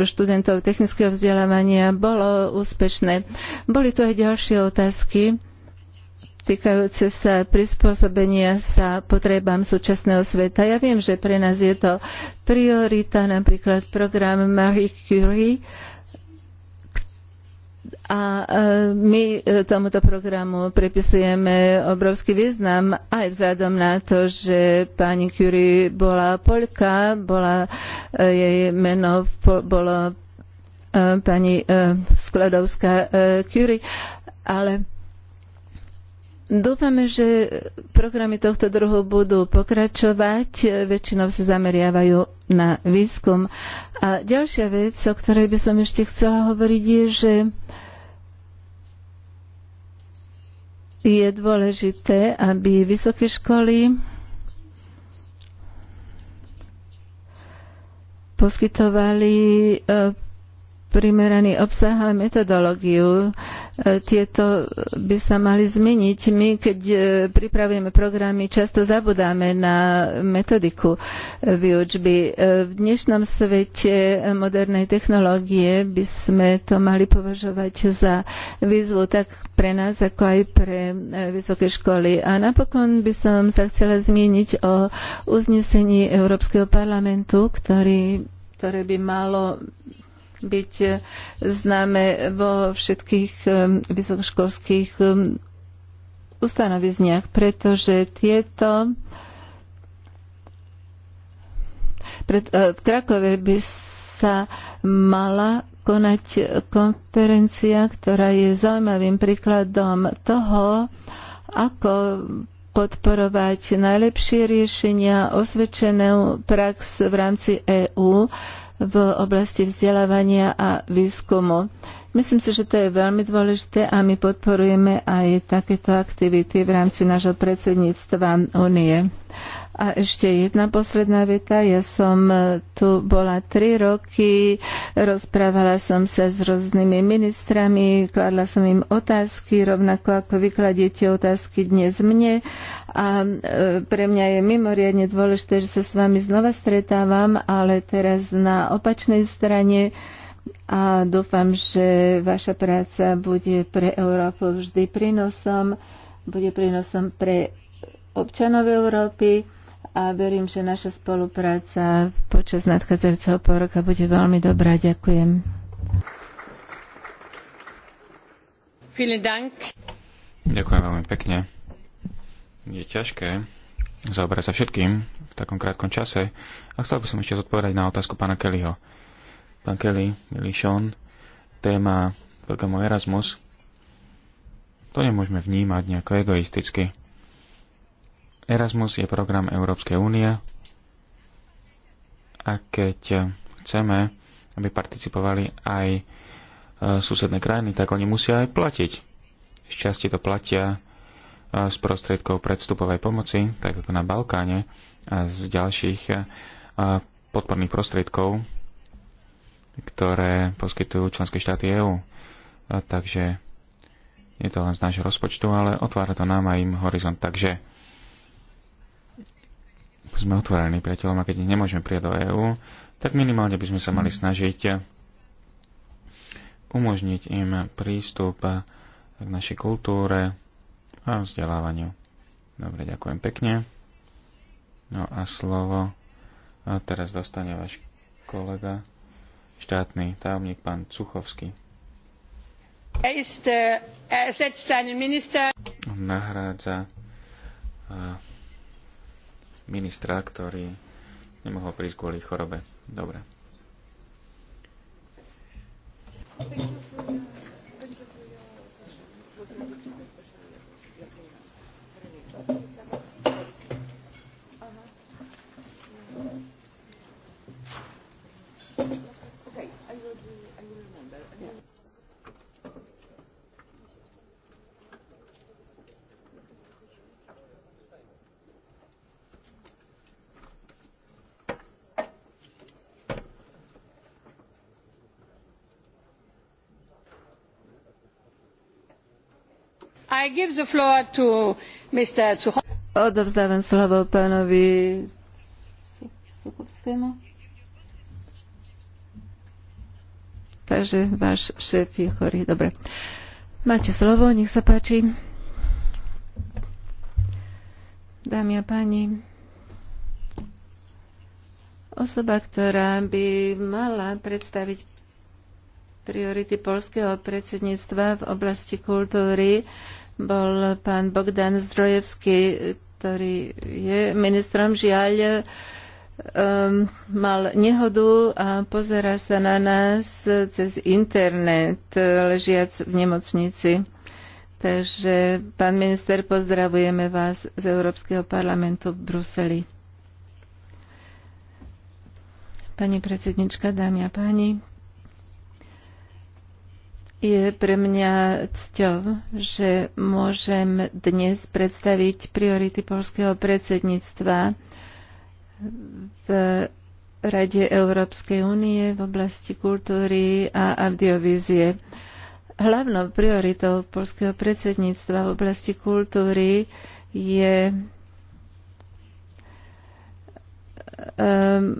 [SPEAKER 2] študentov technického vzdelávania bolo úspešné. Boli tu aj ďalšie otázky týkajúce sa prispôsobenia sa potrebám súčasného sveta. Ja viem, že pre nás je to priorita, napríklad program Marie Curie, a e, my e, tomuto programu prepisujeme obrovský význam aj vzhľadom na to, že pani Curie bola Poľka, bola, e, jej meno bolo pani Skladovská Curie, ale Dúfame, že programy tohto druhu budú pokračovať. Väčšinou sa zameriavajú na výskum. A ďalšia vec, o ktorej by som ešte chcela hovoriť, je, že je dôležité, aby vysoké školy poskytovali e, primeraný obsah a metodológiu. E, tieto by sa mali zmeniť. My, keď e, pripravujeme programy, často zabudáme na metodiku výučby. E, v dnešnom svete modernej technológie by sme to mali považovať za výzvu tak pre nás, ako aj pre vysoké školy. A napokon by som sa chcela zmieniť o uznesení Európskeho parlamentu, ktorý ktoré by malo byť eh, známe vo všetkých eh, vysokoškolských eh, ustanovizniach, pretože tieto v Krakove by sa mala konať konferencia, ktorá je zaujímavým príkladom toho, ako podporovať najlepšie riešenia, osvedčenú prax v rámci EÚ v oblasti vzdelávania a výskumu. Myslím si, že to je veľmi dôležité a my podporujeme aj takéto aktivity v rámci nášho predsedníctva únie. A ešte jedna posledná veta. Ja som e, tu bola tri roky, rozprávala som sa s rôznymi ministrami, kladla som im otázky, rovnako ako vykladiete otázky dnes mne. A e, pre mňa je mimoriadne dôležité, že sa s vami znova stretávam, ale teraz na opačnej strane a dúfam, že vaša práca bude pre Európu vždy prínosom, bude prínosom pre občanov Európy a verím, že naša spolupráca počas nadchádzajúceho poroka bude veľmi dobrá. Ďakujem.
[SPEAKER 1] Ďakujem veľmi pekne. Je ťažké zaoberať sa všetkým v takom krátkom čase a chcel by som ešte zodpovedať na otázku pána Kellyho. Pán Kelly, milý Sean, téma programu Erasmus, to nemôžeme vnímať nejako egoisticky Erasmus je program Európskej únie a keď chceme, aby participovali aj e, susedné krajiny, tak oni musia aj platiť. časti to platia e, z prostriedkov predstupovej pomoci, tak ako na Balkáne, a z ďalších e, podporných prostriedkov, ktoré poskytujú členské štáty EÚ. Takže je to len z nášho rozpočtu, ale otvára to nám aj im horizont. Takže sme otvorení priateľom a keď ich nemôžeme prijať do EÚ, tak minimálne by sme sa mali snažiť umožniť im prístup k našej kultúre a vzdelávaniu. Dobre, ďakujem pekne. No a slovo a teraz dostane váš kolega, štátny tajomník pán Cuchovský.
[SPEAKER 2] Er äh, er
[SPEAKER 1] nahrádza ministra, ktorý nemohol prísť kvôli chorobe. Dobre. Thank you
[SPEAKER 2] Odovzdávam slovo pánovi Sokovskému. Takže váš šéf je chorý. Dobre. Máte slovo, nech sa páči. Dámy a páni, osoba, ktorá by mala predstaviť priority polského predsedníctva v oblasti kultúry, bol pán Bogdan Zdrojevský, ktorý je ministrom žiaľ um, mal nehodu a pozera sa na nás cez internet, ležiac v nemocnici. Takže, pán minister, pozdravujeme vás z Európskeho parlamentu v Bruseli. Pani predsednička, dámy a páni, je pre mňa cťou, že môžem dnes predstaviť priority polského predsedníctva v Rade Európskej únie v oblasti kultúry a audiovízie. Hlavnou prioritou polského predsedníctva v oblasti kultúry je um,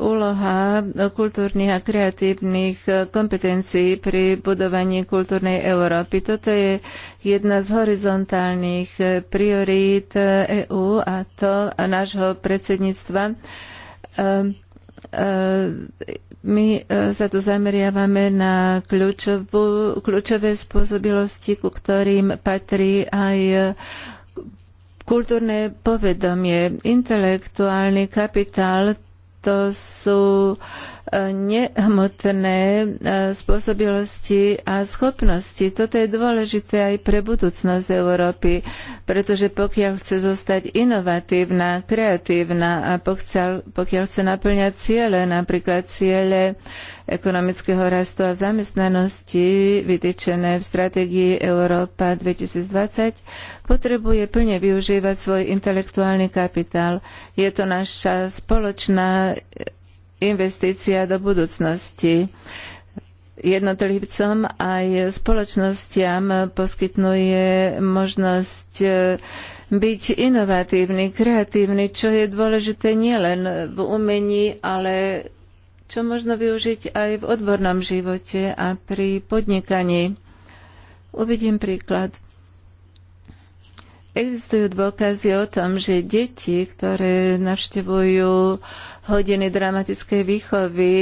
[SPEAKER 2] úloha kultúrnych a kreatívnych eh, kompetencií pri budovaní kultúrnej Európy. Toto je jedna z horizontálnych eh, priorít EÚ eh, e a to a nášho predsedníctva. Um, my sa tu zameriavame na kľúčovú, kľúčové spôsobilosti, ku ktorým patrí aj kultúrne povedomie, intelektuálny kapitál, to sú nehmotné e, spôsobilosti a schopnosti. Toto je dôležité aj pre budúcnosť Európy, pretože pokiaľ chce zostať inovatívna, kreatívna a pokiaľ, pokiaľ chce naplňať ciele, napríklad ciele ekonomického rastu a zamestnanosti vytýčené v stratégii Európa 2020, potrebuje plne využívať svoj intelektuálny kapitál. Je to naša spoločná investícia do budúcnosti jednotlivcom aj spoločnostiam poskytnuje možnosť e, byť inovatívny, kreatívny, čo je dôležité nielen v umení, ale čo možno využiť aj v odbornom živote a pri podnikaní. Uvidím príklad. Existujú dôkazy o tom, že deti, ktoré navštevujú hodiny dramatickej výchovy,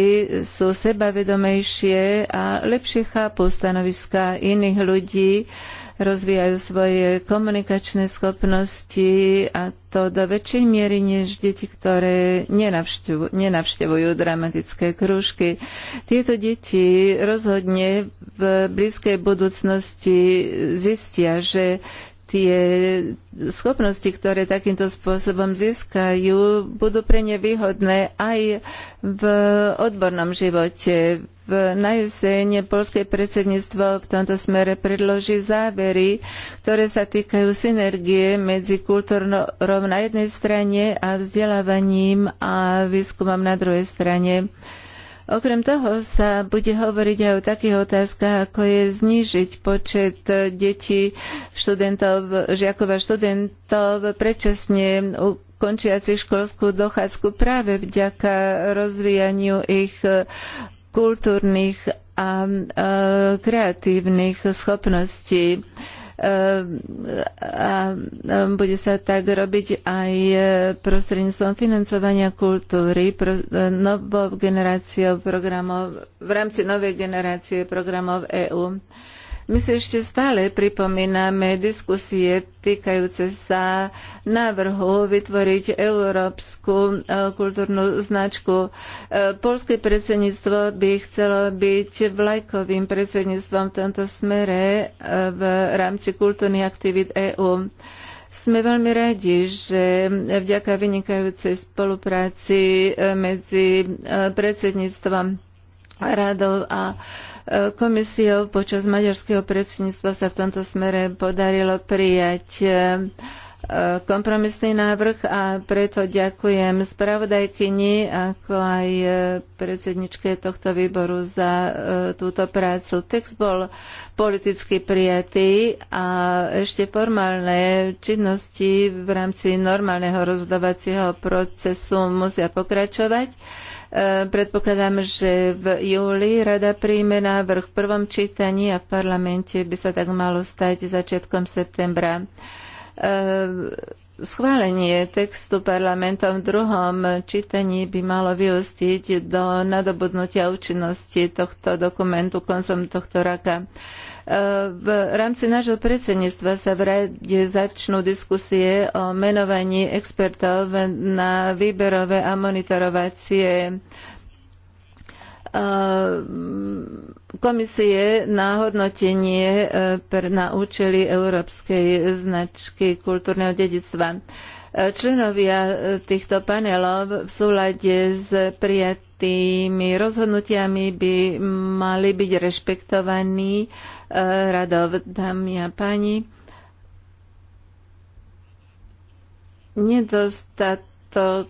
[SPEAKER 2] sú sebavedomejšie a lepšie chápu stanoviska iných ľudí, rozvíjajú svoje komunikačné schopnosti a to do väčšej miery než deti, ktoré nenavštevujú, nenavštevujú dramatické krúžky. Tieto deti rozhodne v blízkej budúcnosti zistia, že tie schopnosti, ktoré takýmto spôsobom získajú, budú pre ne výhodné aj v odbornom živote. V na jeseň polské predsedníctvo v tomto smere predloží závery, ktoré sa týkajú synergie medzi kultúrou na jednej strane a vzdelávaním a výskumom na druhej strane. Okrem toho sa bude hovoriť aj o takých otázkach, ako je znížiť počet detí, študentov, žiakov a študentov predčasne končiacich školskú dochádzku práve vďaka rozvíjaniu ich e, kultúrnych a e, kreatívnych schopností a bude sa tak robiť aj e, prostredníctvom financovania kultúry e, novou generáciou programov v rámci novej generácie programov EÚ. My si ešte stále pripomíname diskusie týkajúce sa návrhu vytvoriť európsku e, kultúrnu značku. E, Polské predsedníctvo by chcelo byť vlajkovým predsedníctvom v tomto smere e, v rámci kultúrnych aktivít EÚ. Sme veľmi radi, že vďaka vynikajúcej spolupráci medzi predsedníctvom Radou a e, komisiou počas maďarského predsedníctva sa v tomto smere podarilo prijať e, e, kompromisný návrh a preto ďakujem spravodajkyni ako aj predsedničke tohto výboru za túto prácu. Text bol politicky prijatý a ešte formálne činnosti v rámci normálneho rozhodovacieho procesu musia pokračovať. E, predpokladám, že v júli rada príjme návrh v prvom čítaní a v parlamente by sa tak malo stať začiatkom septembra e, schválenie textu parlamentom v druhom čítaní by malo vyústiť do nadobudnutia účinnosti tohto dokumentu koncom tohto roka. V rámci nášho predsedníctva sa v rade začnú diskusie o menovaní expertov na výberové a monitorovacie eh, komisie na hodnotenie eh, na účely európskej značky kultúrneho dedictva. Eh, členovia týchto panelov v súlade s prijatým tými rozhodnutiami by mali byť rešpektovaní e, radov dámy a páni. Nedostatok,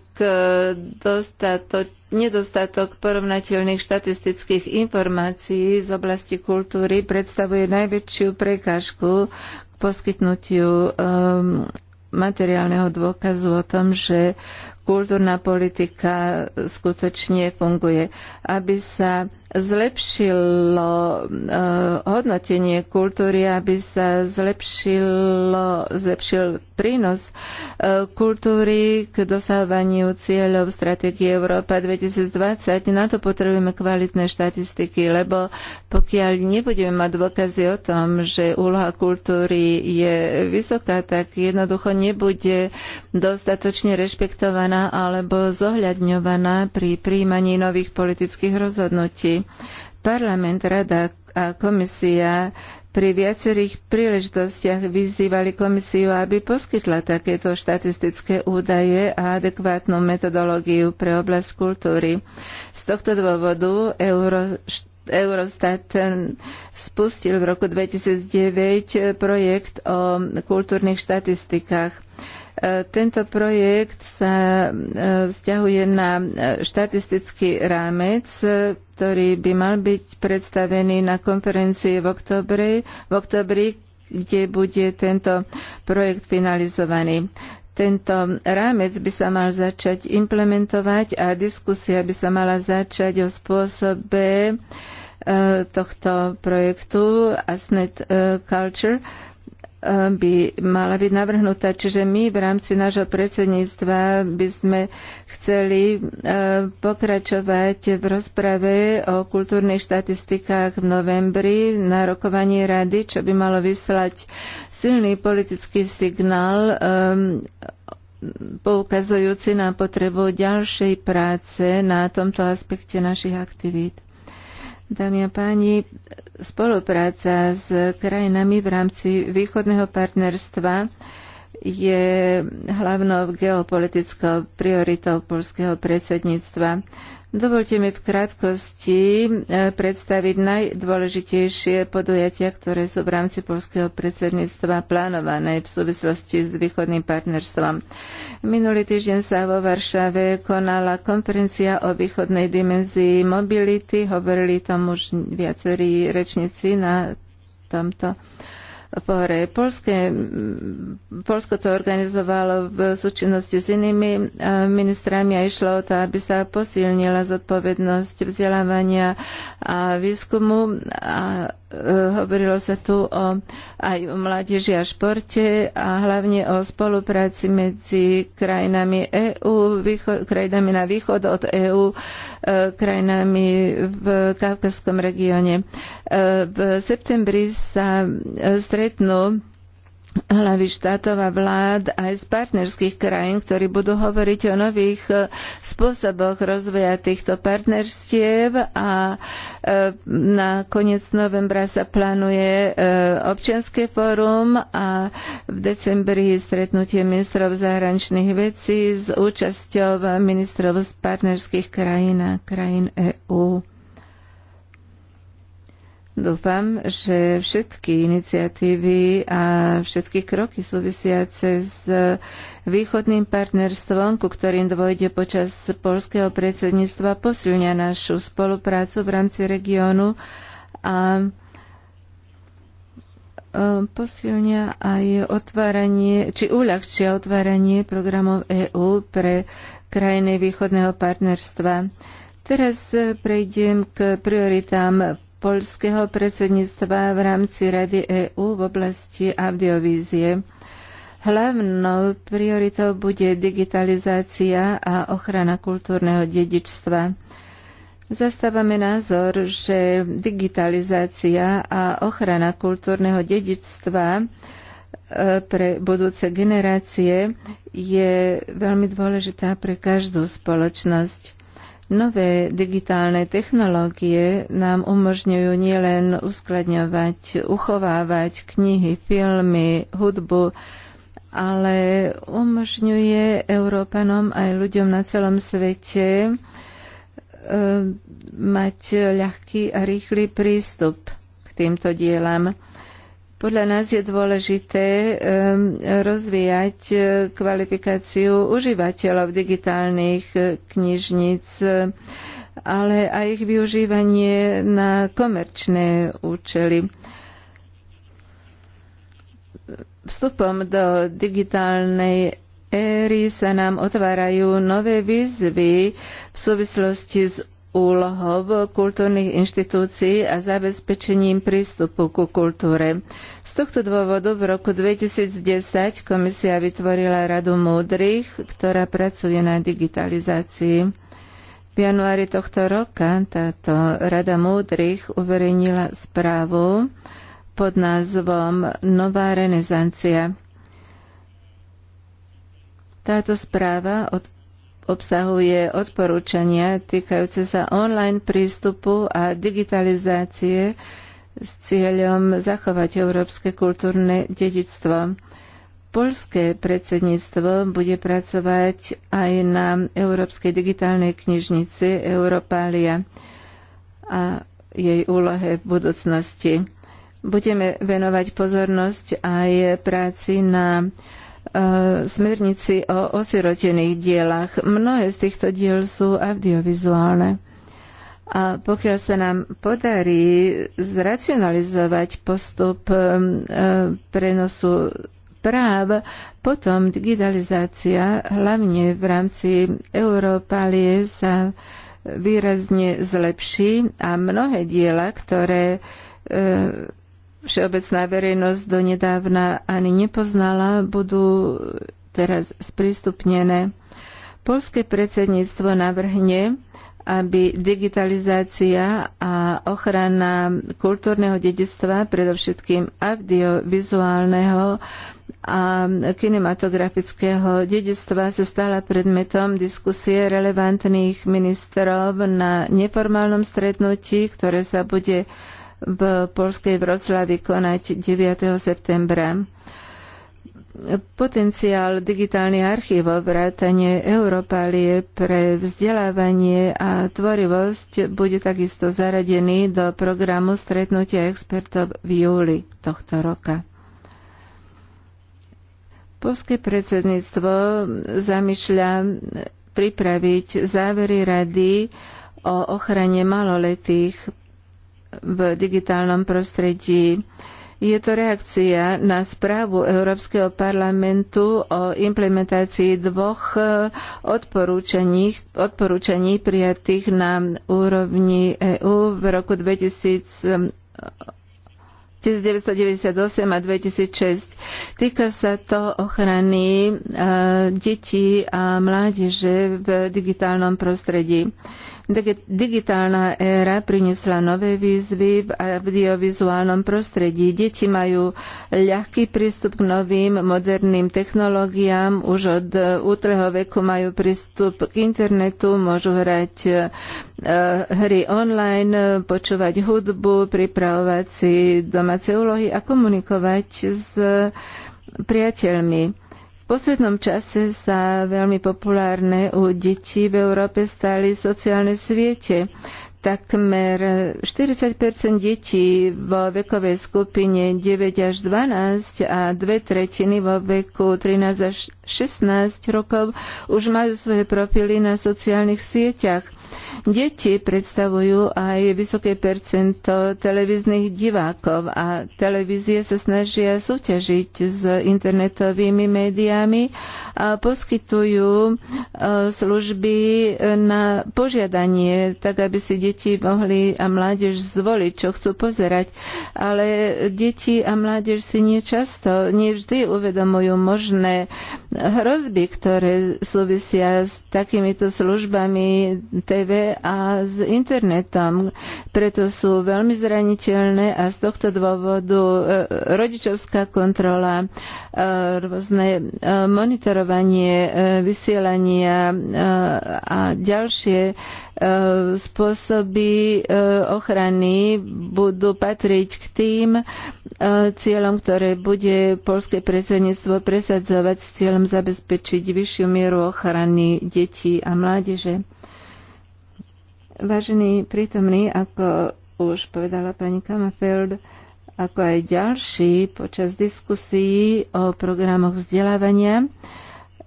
[SPEAKER 2] dostatok, nedostatok porovnateľných štatistických informácií z oblasti kultúry predstavuje najväčšiu prekážku k poskytnutiu um, materiálneho dôkazu o tom, že kultúrna politika skutočne funguje. Aby sa zlepšilo eh, hodnotenie kultúry, aby sa zlepšilo, zlepšil prínos eh, kultúry k dosahovaniu cieľov stratégie Európa 2020. Na to potrebujeme kvalitné štatistiky, lebo pokiaľ nebudeme mať dôkazy o tom, že úloha kultúry je vysoká, tak jednoducho nebude dostatočne rešpektovaná vnímaná alebo zohľadňovaná pri príjmaní nových politických rozhodnutí. Parlament, rada a komisia pri viacerých príležitostiach vyzývali komisiu, aby poskytla takéto štatistické údaje a adekvátnu metodológiu pre oblasť kultúry. Z tohto dôvodu Euro, Eurostat spustil v roku 2009 projekt o kultúrnych štatistikách. Tento projekt sa e, vzťahuje na e, štatistický rámec, e, ktorý by mal byť predstavený na konferencii v oktobri, v oktobri kde bude tento projekt finalizovaný. Tento rámec by sa mal začať implementovať a diskusia by sa mala začať o spôsobe tohto projektu Asnet Culture by mala byť navrhnutá. Čiže my v rámci nášho predsedníctva by sme chceli e, pokračovať v rozprave o kultúrnych štatistikách v novembri na rokovanie rady, čo by malo vyslať silný politický signál e, poukazujúci na potrebu ďalšej práce na tomto aspekte našich aktivít. Dámy a páni, spolupráca s krajinami v rámci východného partnerstva je hlavnou geopolitickou prioritou polského predsedníctva. Dovolte mi v krátkosti e, predstaviť najdôležitejšie podujatia, ktoré sú v rámci polského predsedníctva plánované v súvislosti s východným partnerstvom. Minulý týždeň sa vo Varšave konala konferencia o východnej dimenzii mobility. Hovorili tam už viacerí rečníci na tomto fóre. Polské, Polsko to organizovalo v súčinnosti s inými e, ministrami a išlo o to, aby sa posilnila zodpovednosť vzdelávania a výskumu a hovorilo sa tu o, aj o mládeži a športe a hlavne o spolupráci medzi krajinami EU, východ, krajinami na východ od EÚ, e, krajinami v Kavkazskom regióne. E, v septembri sa e, stretnú hlavy štátov a vlád aj z partnerských krajín, ktorí budú hovoriť o nových e, spôsoboch rozvoja týchto partnerstiev a e, na koniec novembra sa plánuje e, občianske fórum a v decembri stretnutie ministrov zahraničných vecí s účasťou ministrov z partnerských krajín a krajín EÚ. Dúfam, že všetky iniciatívy a všetky kroky súvisiace s východným partnerstvom, ku ktorým dôjde počas polského predsedníctva, posilňa našu spoluprácu v rámci regiónu a e, posilňa aj otváranie, či uľahčia otváranie programov EÚ pre krajiny východného partnerstva. Teraz prejdem k prioritám polského predsedníctva v rámci Rady EÚ v oblasti audiovízie. Hlavnou prioritou bude digitalizácia a ochrana kultúrneho dedičstva. Zastávame názor, že digitalizácia a ochrana kultúrneho dedičstva e, pre budúce generácie je veľmi dôležitá pre každú spoločnosť. Nové digitálne technológie nám umožňujú nielen uskladňovať, uchovávať knihy, filmy, hudbu, ale umožňuje Európanom aj ľuďom na celom svete e, mať ľahký a rýchly prístup k týmto dielam. Podľa nás je dôležité rozvíjať e, kvalifikáciu užívateľov digitálnych e, knižnic, e, ale aj ich využívanie na komerčné účely vstupom do digitálnej éry sa nám otvárajú nové výzvy v súvislosti s úlohou kultúrnych inštitúcií a zabezpečením prístupu ku kultúre. Z tohto dôvodu v roku 2010 komisia vytvorila Radu múdrych, ktorá pracuje na digitalizácii. V januári tohto roka táto Rada múdrych uverejnila správu pod názvom Nová renesancia. Táto správa od obsahuje odporúčania týkajúce sa online prístupu a digitalizácie s cieľom zachovať európske kultúrne dedictvo. Polské predsedníctvo bude pracovať aj na Európskej digitálnej knižnici Europalia a jej úlohe v budúcnosti. Budeme venovať pozornosť aj práci na E, smernici o osirotených dielach. Mnohé z týchto diel sú audiovizuálne. A pokiaľ sa nám podarí zracionalizovať postup e, prenosu práv, potom digitalizácia, hlavne v rámci Európalie, sa výrazne zlepší a mnohé diela, ktoré e, všeobecná verejnosť donedávna ani nepoznala, budú teraz sprístupnené. Polské predsedníctvo navrhne, aby digitalizácia a ochrana kultúrneho dedictva, predovšetkým audiovizuálneho a kinematografického dedictva sa stala predmetom diskusie relevantných ministrov na neformálnom stretnutí, ktoré sa bude v Polskej Vroclavi konať 9. septembra potenciál digitálnych archívov, vrátanie Európalie pre vzdelávanie a tvorivosť bude takisto zaradený do programu stretnutia expertov v júli tohto roka. Polské predsedníctvo zamýšľa pripraviť závery rady o ochrane maloletých v digitálnom prostredí. Je to reakcia na správu Európskeho parlamentu o implementácii dvoch eh, odporúčaní, odporúčaní prijatých na úrovni EÚ v roku 2000, 1998 eh, a 2006. Týka sa to ochrany eh, detí a mládeže v digitálnom prostredí. Digitálna éra priniesla nové výzvy v audiovizuálnom prostredí. Deti majú ľahký prístup k novým moderným technológiám, už od e, útleho veku majú prístup k internetu, môžu hrať e, hry online, počúvať hudbu, pripravovať si domáce úlohy a komunikovať s priateľmi v poslednom čase sa veľmi populárne u detí v Európe stali sociálne siete. Takmer 40 detí vo vekovej skupine 9 až 12 a dve tretiny vo veku 13 až 16 rokov už majú svoje profily na sociálnych sieťach. Deti predstavujú aj vysoké percento televíznych divákov a televízie sa snažia súťažiť s internetovými médiami a poskytujú e, služby na požiadanie, tak aby si deti mohli a mládež zvoliť, čo chcú pozerať. Ale deti a mládež si niečasto, nevždy uvedomujú možné hrozby, ktoré súvisia s takýmito službami TV HIV a s internetom. Preto sú veľmi zraniteľné a z tohto dôvodu e, rodičovská kontrola, e, rôzne e, monitorovanie vysielania a ďalšie spôsoby ochrany budú patriť k tým cieľom, ktoré bude polské predsedníctvo presadzovať s cieľom zabezpečiť vyššiu mieru ochrany detí a mládeže. Vážení prítomní, ako už povedala pani Kamafeld, ako aj ďalší počas diskusí o programoch vzdelávania,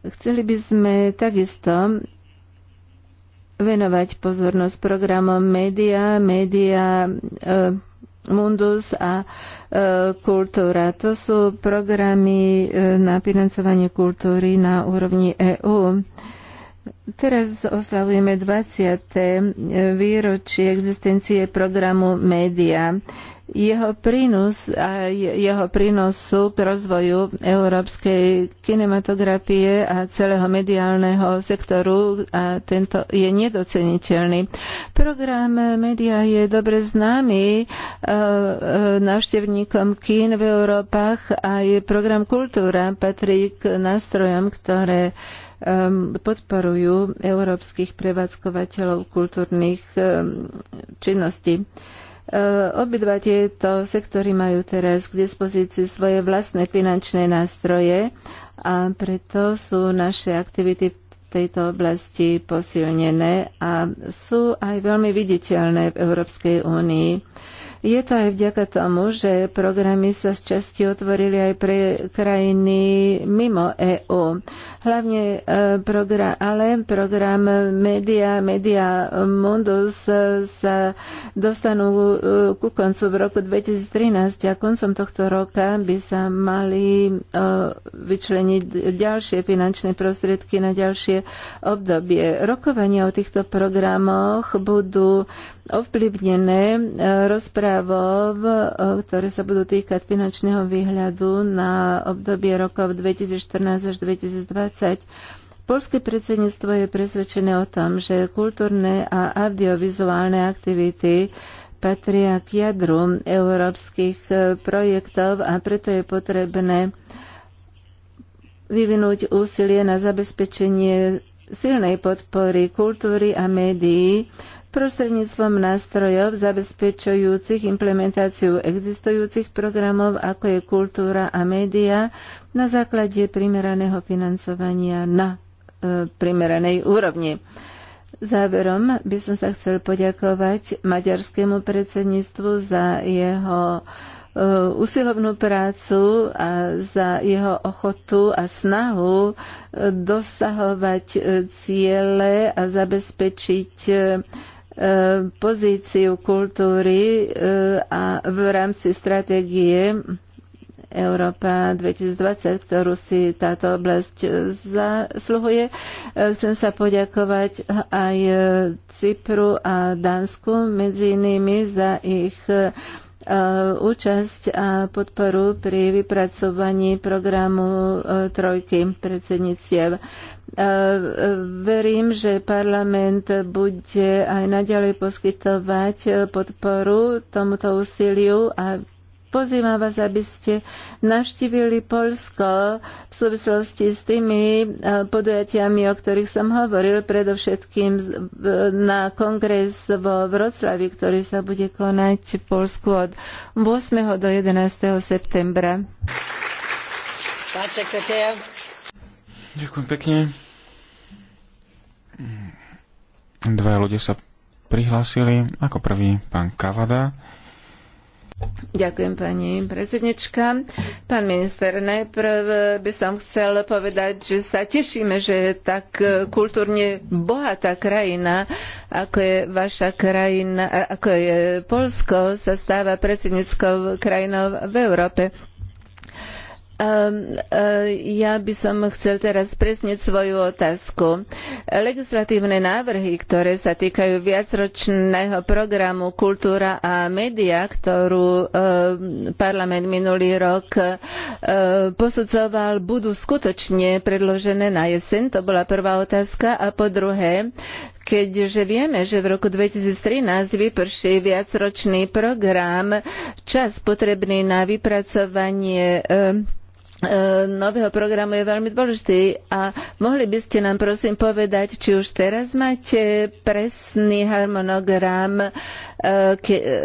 [SPEAKER 2] chceli by sme takisto venovať pozornosť programom media, Media e, Mundus a e, Kultúra. To sú programy e, na financovanie kultúry na úrovni EÚ. E, Teraz oslavujeme 20. E, výročie existencie programu Média. Jeho prínos a jeho prínosu k rozvoju európskej kinematografie a celého mediálneho sektoru a tento je nedoceniteľný. Program média je dobre známy e, e, návštevníkom kín v Európach a je program kultúra patrí k nástrojom, ktoré podporujú európskych prevádzkovateľov kultúrnych činností. Obidva tieto sektory majú teraz k dispozícii svoje vlastné finančné nástroje a preto sú naše aktivity v tejto oblasti posilnené a sú aj veľmi viditeľné v Európskej únii. Je to aj vďaka tomu, že programy sa z časti otvorili aj pre krajiny mimo EÚ. Hlavne e, program, ale program Media, Media Mundus e, sa dostanú e, ku koncu v roku 2013 a koncom tohto roka by sa mali vyčleniť ďalšie finančné prostriedky na ďalšie obdobie. Rokovania o týchto programoch budú ovplyvnené e, rozprávov, e, ktoré sa budú týkať finančného výhľadu na obdobie rokov 2014 až 2020. Polské predsedníctvo je presvedčené o tom, že kultúrne a audiovizuálne aktivity patria k jadru európskych e, projektov a preto je potrebné vyvinúť úsilie na zabezpečenie silnej podpory kultúry a médií prostredníctvom nástrojov zabezpečujúcich implementáciu existujúcich programov, ako je kultúra a média, na základe primeraného financovania na e, primeranej úrovni. Záverom by som sa chcel poďakovať maďarskému predsedníctvu za jeho e, usilovnú prácu a za jeho ochotu a snahu e, dosahovať e, ciele a zabezpečiť E, pozíciu kultúry e, a v rámci stratégie Európa 2020, ktorú si táto oblasť zasluhuje. E, chcem sa poďakovať aj Cypru a Dánsku, medzi inými za ich účasť a podporu pri vypracovaní programu Trojky predsedníctiev. Verím, že parlament bude aj naďalej poskytovať e, podporu tomuto úsiliu a pozývam vás, aby ste navštívili Polsko v súvislosti s tými e, podujatiami, o ktorých som hovoril, predovšetkým na kongres vo Vroclavi, ktorý sa bude konať v Polsku od 8. do 11. septembra. Pán sekretér,
[SPEAKER 1] Ďakujem pekne. Dva ľudia sa prihlásili. Ako prvý pán Kavada.
[SPEAKER 2] Ďakujem pani predsednička. Pán minister, najprv by som chcel povedať, že sa tešíme, že je tak kultúrne bohatá krajina, ako je vaša krajina, ako je Polsko, sa stáva predsedníckou krajinou v Európe. Ehm, e, ja by som chcel teraz presniť svoju otázku. Legislatívne návrhy, ktoré sa týkajú viacročného programu Kultúra a média, ktorú ehm, parlament minulý rok e, posudzoval, budú skutočne predložené na jeseň? To bola prvá otázka. A po druhé, keďže vieme, že v roku 2013 vyprší viacročný program, čas potrebný na vypracovanie ehm, E, nového programu je veľmi dôležitý. A mohli by ste nám prosím povedať, či už teraz máte presný harmonogram ke, e,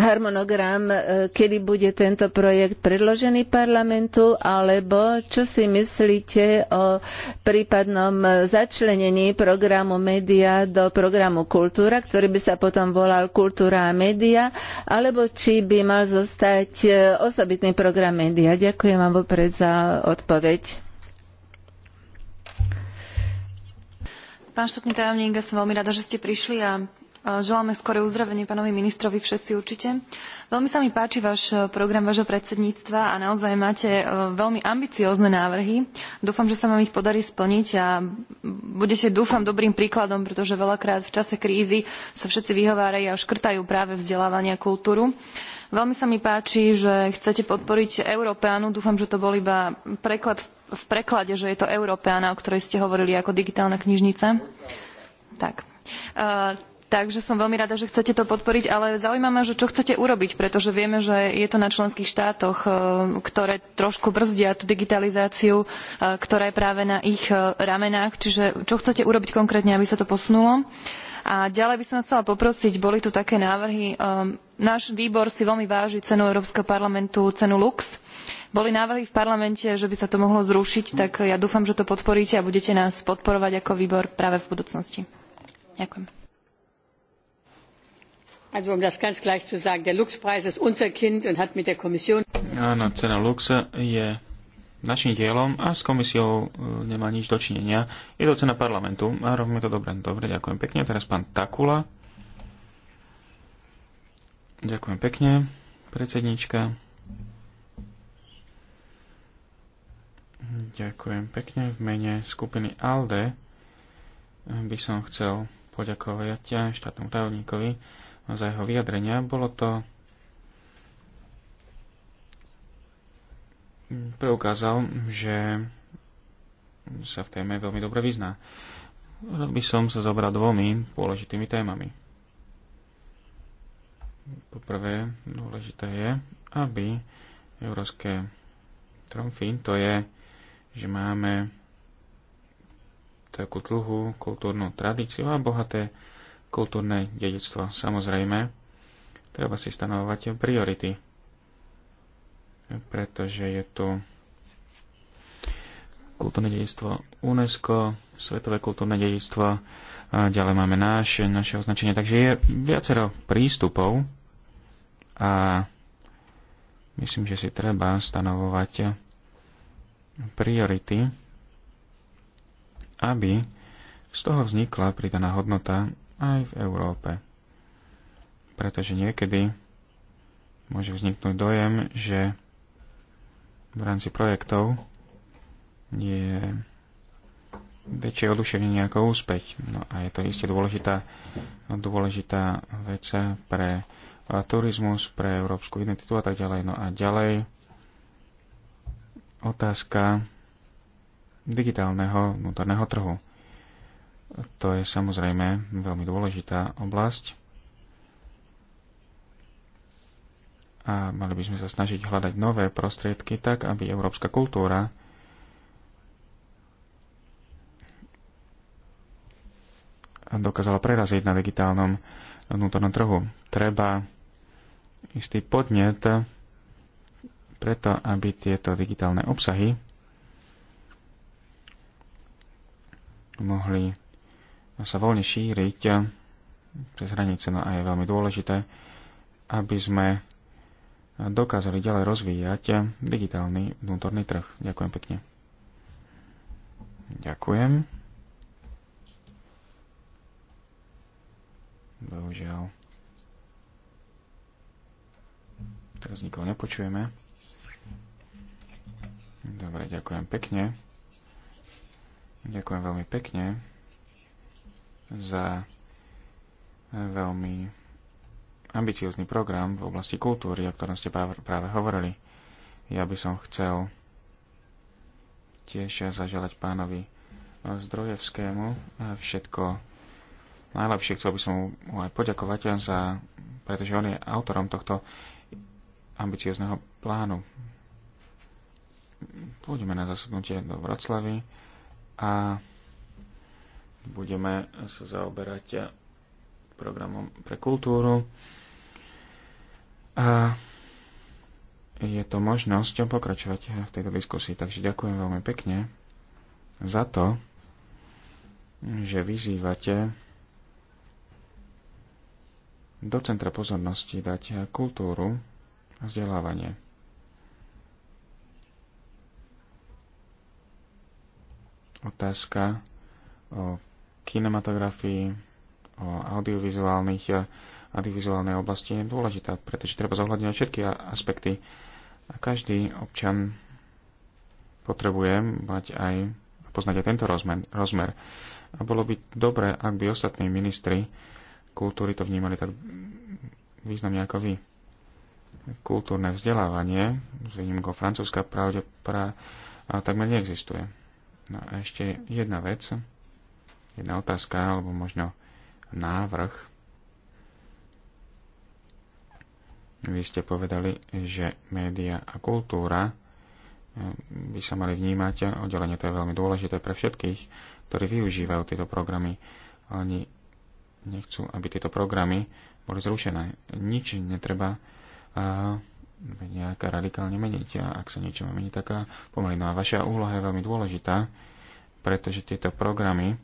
[SPEAKER 2] harmonogram, e, kedy bude tento projekt predložený parlamentu, alebo čo si myslíte o prípadnom začlenení programu média do programu kultúra, ktorý by sa potom volal kultúra a média, alebo či by mal zostať e, osobitný program média. Ďakujem vám vopred za odpoveď.
[SPEAKER 4] Pán štátny tajomník, ja som veľmi rada, že ste prišli a Želáme skoré uzdravenie pánovi ministrovi všetci určite. Veľmi sa mi páči váš e, program vášho predsedníctva a naozaj máte e, veľmi ambiciózne návrhy. Dúfam, že sa vám ich podarí splniť a budete, dúfam, dobrým príkladom, pretože veľakrát v čase krízy sa všetci vyhovárajú a škrtajú práve vzdelávanie a kultúru. Veľmi sa mi páči, že chcete podporiť Európeanu. Dúfam, že to bol iba preklad v preklade, že je to Európeana, o ktorej ste hovorili ako digitálna knižnica. Tak. E, Takže som veľmi rada, že chcete to podporiť, ale zaujíma ma, že čo chcete urobiť, pretože vieme, že je to na členských štátoch, e, ktoré trošku brzdia tú digitalizáciu, e, ktorá je práve na ich e, ramenách. Čiže čo chcete urobiť konkrétne, aby sa to posunulo? A ďalej by som vás chcela poprosiť, boli tu také návrhy. Náš výbor si veľmi váži cenu Európskeho parlamentu, cenu Lux. Boli návrhy v parlamente, že by sa to mohlo zrušiť, tak ja dúfam, že to podporíte a budete nás podporovať ako výbor práve v budúcnosti. Ďakujem.
[SPEAKER 3] Also um das ganz gleich zu sagen, der Lux-Preis ist unser Kind und hat mit der Kommission...
[SPEAKER 1] Áno, cena Lux je našim dielom a s komisiou e, nemá nič dočinenia. Je to cena parlamentu a robíme to dobre. Dobre, ďakujem pekne. Teraz pán Takula. Ďakujem pekne, predsednička. Ďakujem pekne v mene skupiny ALDE. By som chcel poďakovať štátnom tajomníkovi za jeho vyjadrenia. Bolo to preukázal, že sa v téme veľmi dobre vyzná. Rád by som sa zobral dvomi dôležitými témami. Poprvé, dôležité je, aby európske tromfy, to je, že máme takú dlhú kultúrnu tradíciu a bohaté kultúrne dedictvo. Samozrejme, treba si stanovovať priority, pretože je tu kultúrne dedictvo UNESCO, svetové kultúrne dedictvo, a ďalej máme náš, naše označenie. Takže je viacero prístupov a myslím, že si treba stanovovať priority, aby z toho vznikla pridaná hodnota aj v Európe. Pretože niekedy môže vzniknúť dojem, že v rámci projektov je väčšie oduševnenie ako úspech. No a je to iste dôležitá, dôležitá vec pre turizmus, pre európsku identitu a tak ďalej. No a ďalej otázka digitálneho vnútorného trhu. To je samozrejme veľmi dôležitá oblasť. A mali by sme sa snažiť hľadať nové prostriedky tak, aby európska kultúra dokázala preraziť na digitálnom vnútornom trhu. Treba istý podnet preto, aby tieto digitálne obsahy mohli sa voľne šíriť cez hranice, no a je veľmi dôležité, aby sme dokázali ďalej rozvíjať digitálny vnútorný trh. Ďakujem pekne. Ďakujem. Bohužiaľ. Teraz nikoho nepočujeme. Dobre, ďakujem pekne. Ďakujem veľmi pekne za veľmi ambiciózny program v oblasti kultúry, o ktorom ste práve hovorili. Ja by som chcel tiež zaželať pánovi Zdrojevskému všetko najlepšie. Chcel by som mu aj poďakovať za, pretože on je autorom tohto ambiciozného plánu. Pôjdeme na zasadnutie do Vroclavy a budeme sa zaoberať programom pre kultúru. A je to možnosť pokračovať v tejto diskusii. Takže ďakujem veľmi pekne za to, že vyzývate do centra pozornosti dať kultúru a vzdelávanie. Otázka o kinematografii, o audiovizuálnych eh, audiovizuálnej oblasti je dôležitá, pretože treba zohľadňovať všetky aspekty. A každý občan potrebuje mať aj poznať aj tento rozmer, rozmer. A bolo by dobre, ak by ostatní ministri kultúry to vnímali tak významne ako vy. Kultúrne vzdelávanie, s výnimkou Francúzska, pravde, pra, takmer neexistuje. No a ešte jedna vec, jedna otázka, alebo možno návrh. Vy ste povedali, že média a kultúra eh, by sa mali vnímať, oddelenie to je veľmi dôležité pre všetkých, ktorí využívajú tieto programy. Oni nechcú, aby tieto programy boli zrušené. Nič netreba eh, nejaká radikálne meniť. A ak sa niečo má meniť, tak eh, pomaly. No a vaša úloha je veľmi dôležitá, pretože tieto programy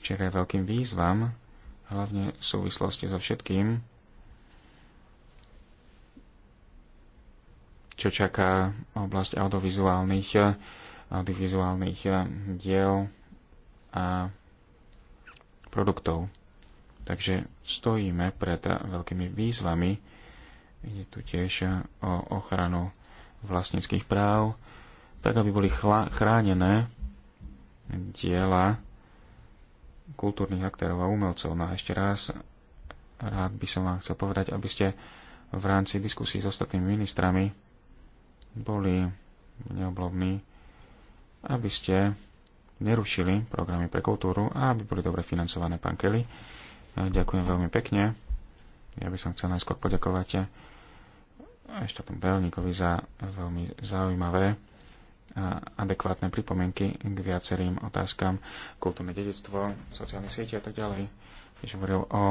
[SPEAKER 1] čelia veľkým výzvam, hlavne v súvislosti so všetkým, čo čaká oblasť audiovizuálnych, audiovizuálnych eh, diel a produktov. Takže stojíme pred veľkými výzvami. Je tu tiež eh, o ochranu vlastníckých práv, tak aby boli chránené diela kultúrnych aktérov a umelcov. No a ešte raz rád by som vám chcel povedať, aby ste v rámci diskusí s ostatnými ministrami boli neoblobní, aby ste nerušili programy pre kultúru a aby boli dobre financované. Pán Kelly, ďakujem veľmi pekne. Ja by som chcel najskôr poďakovať ešte tomu Belníkovi za veľmi zaujímavé adekvátne pripomienky k viacerým otázkam, kultúrne dedictvo, sociálne siete a tak ďalej. keďže hovoril o,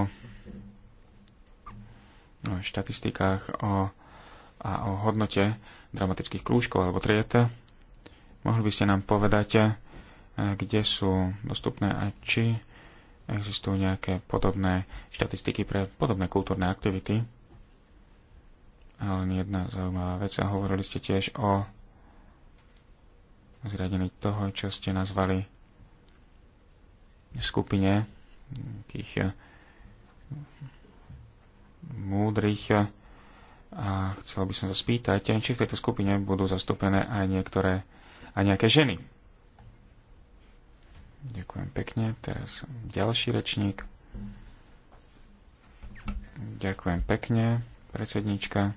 [SPEAKER 1] o štatistikách o, a o hodnote dramatických krúžkov alebo triet. Mohli by ste nám povedať, e, kde sú dostupné a či existujú nejaké podobné štatistiky pre podobné kultúrne aktivity. Ale jedna zaujímavá vec, a hovorili ste tiež o zriadení toho, čo ste nazvali skupine takých eh, múdrych a chcel by som sa spýtať, či v tejto skupine budú zastúpené aj niektoré a nejaké ženy. Ďakujem pekne. Teraz ďalší rečník. Ďakujem pekne, predsednička.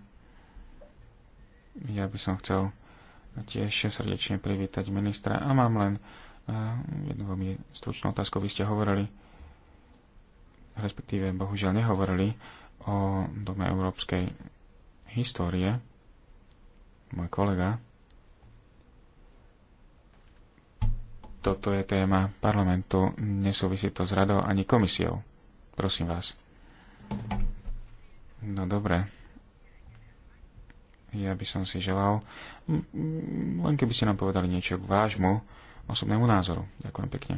[SPEAKER 1] Ja by som chcel tiež srdečne privítať ministra. A mám len jednu veľmi stručnú otázku. Vy ste hovorili, respektíve bohužiaľ nehovorili, o dome európskej histórie. Môj kolega. Toto je téma parlamentu, nesúvisí to s radou ani komisiou. Prosím vás. No dobre ja by som si želal, len keby ste nám povedali niečo k vášmu osobnému názoru. Ďakujem pekne.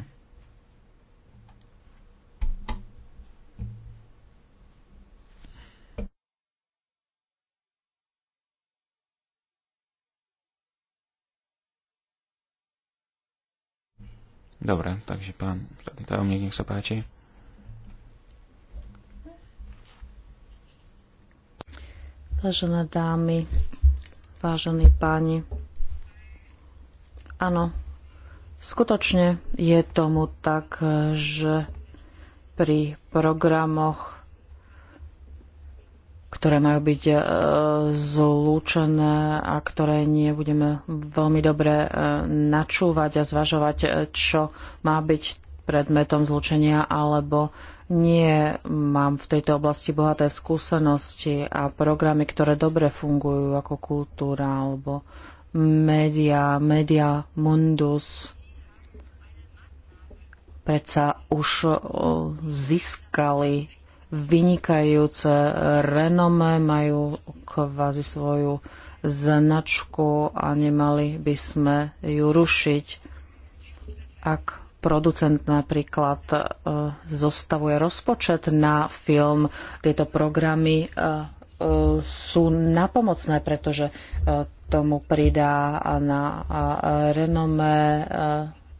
[SPEAKER 1] Dobre, takže pán štátny tajomník, nech sa páči.
[SPEAKER 3] Vážené dámy, vážení páni, áno, skutočne je tomu tak, že pri programoch, ktoré majú byť e, zlúčené a ktoré nie budeme veľmi dobre e, načúvať a zvažovať, e, čo má byť predmetom zlúčenia alebo nie, mám v tejto oblasti bohaté skúsenosti a programy, ktoré dobre fungujú ako kultúra alebo média, media mundus. Predsa už získali vynikajúce renome, majú kvázi svoju značku a nemali by sme ju rušiť. Ak producent napríklad e, zostavuje rozpočet na film, tieto programy e, e, sú napomocné, pretože tomu pridá na renomé,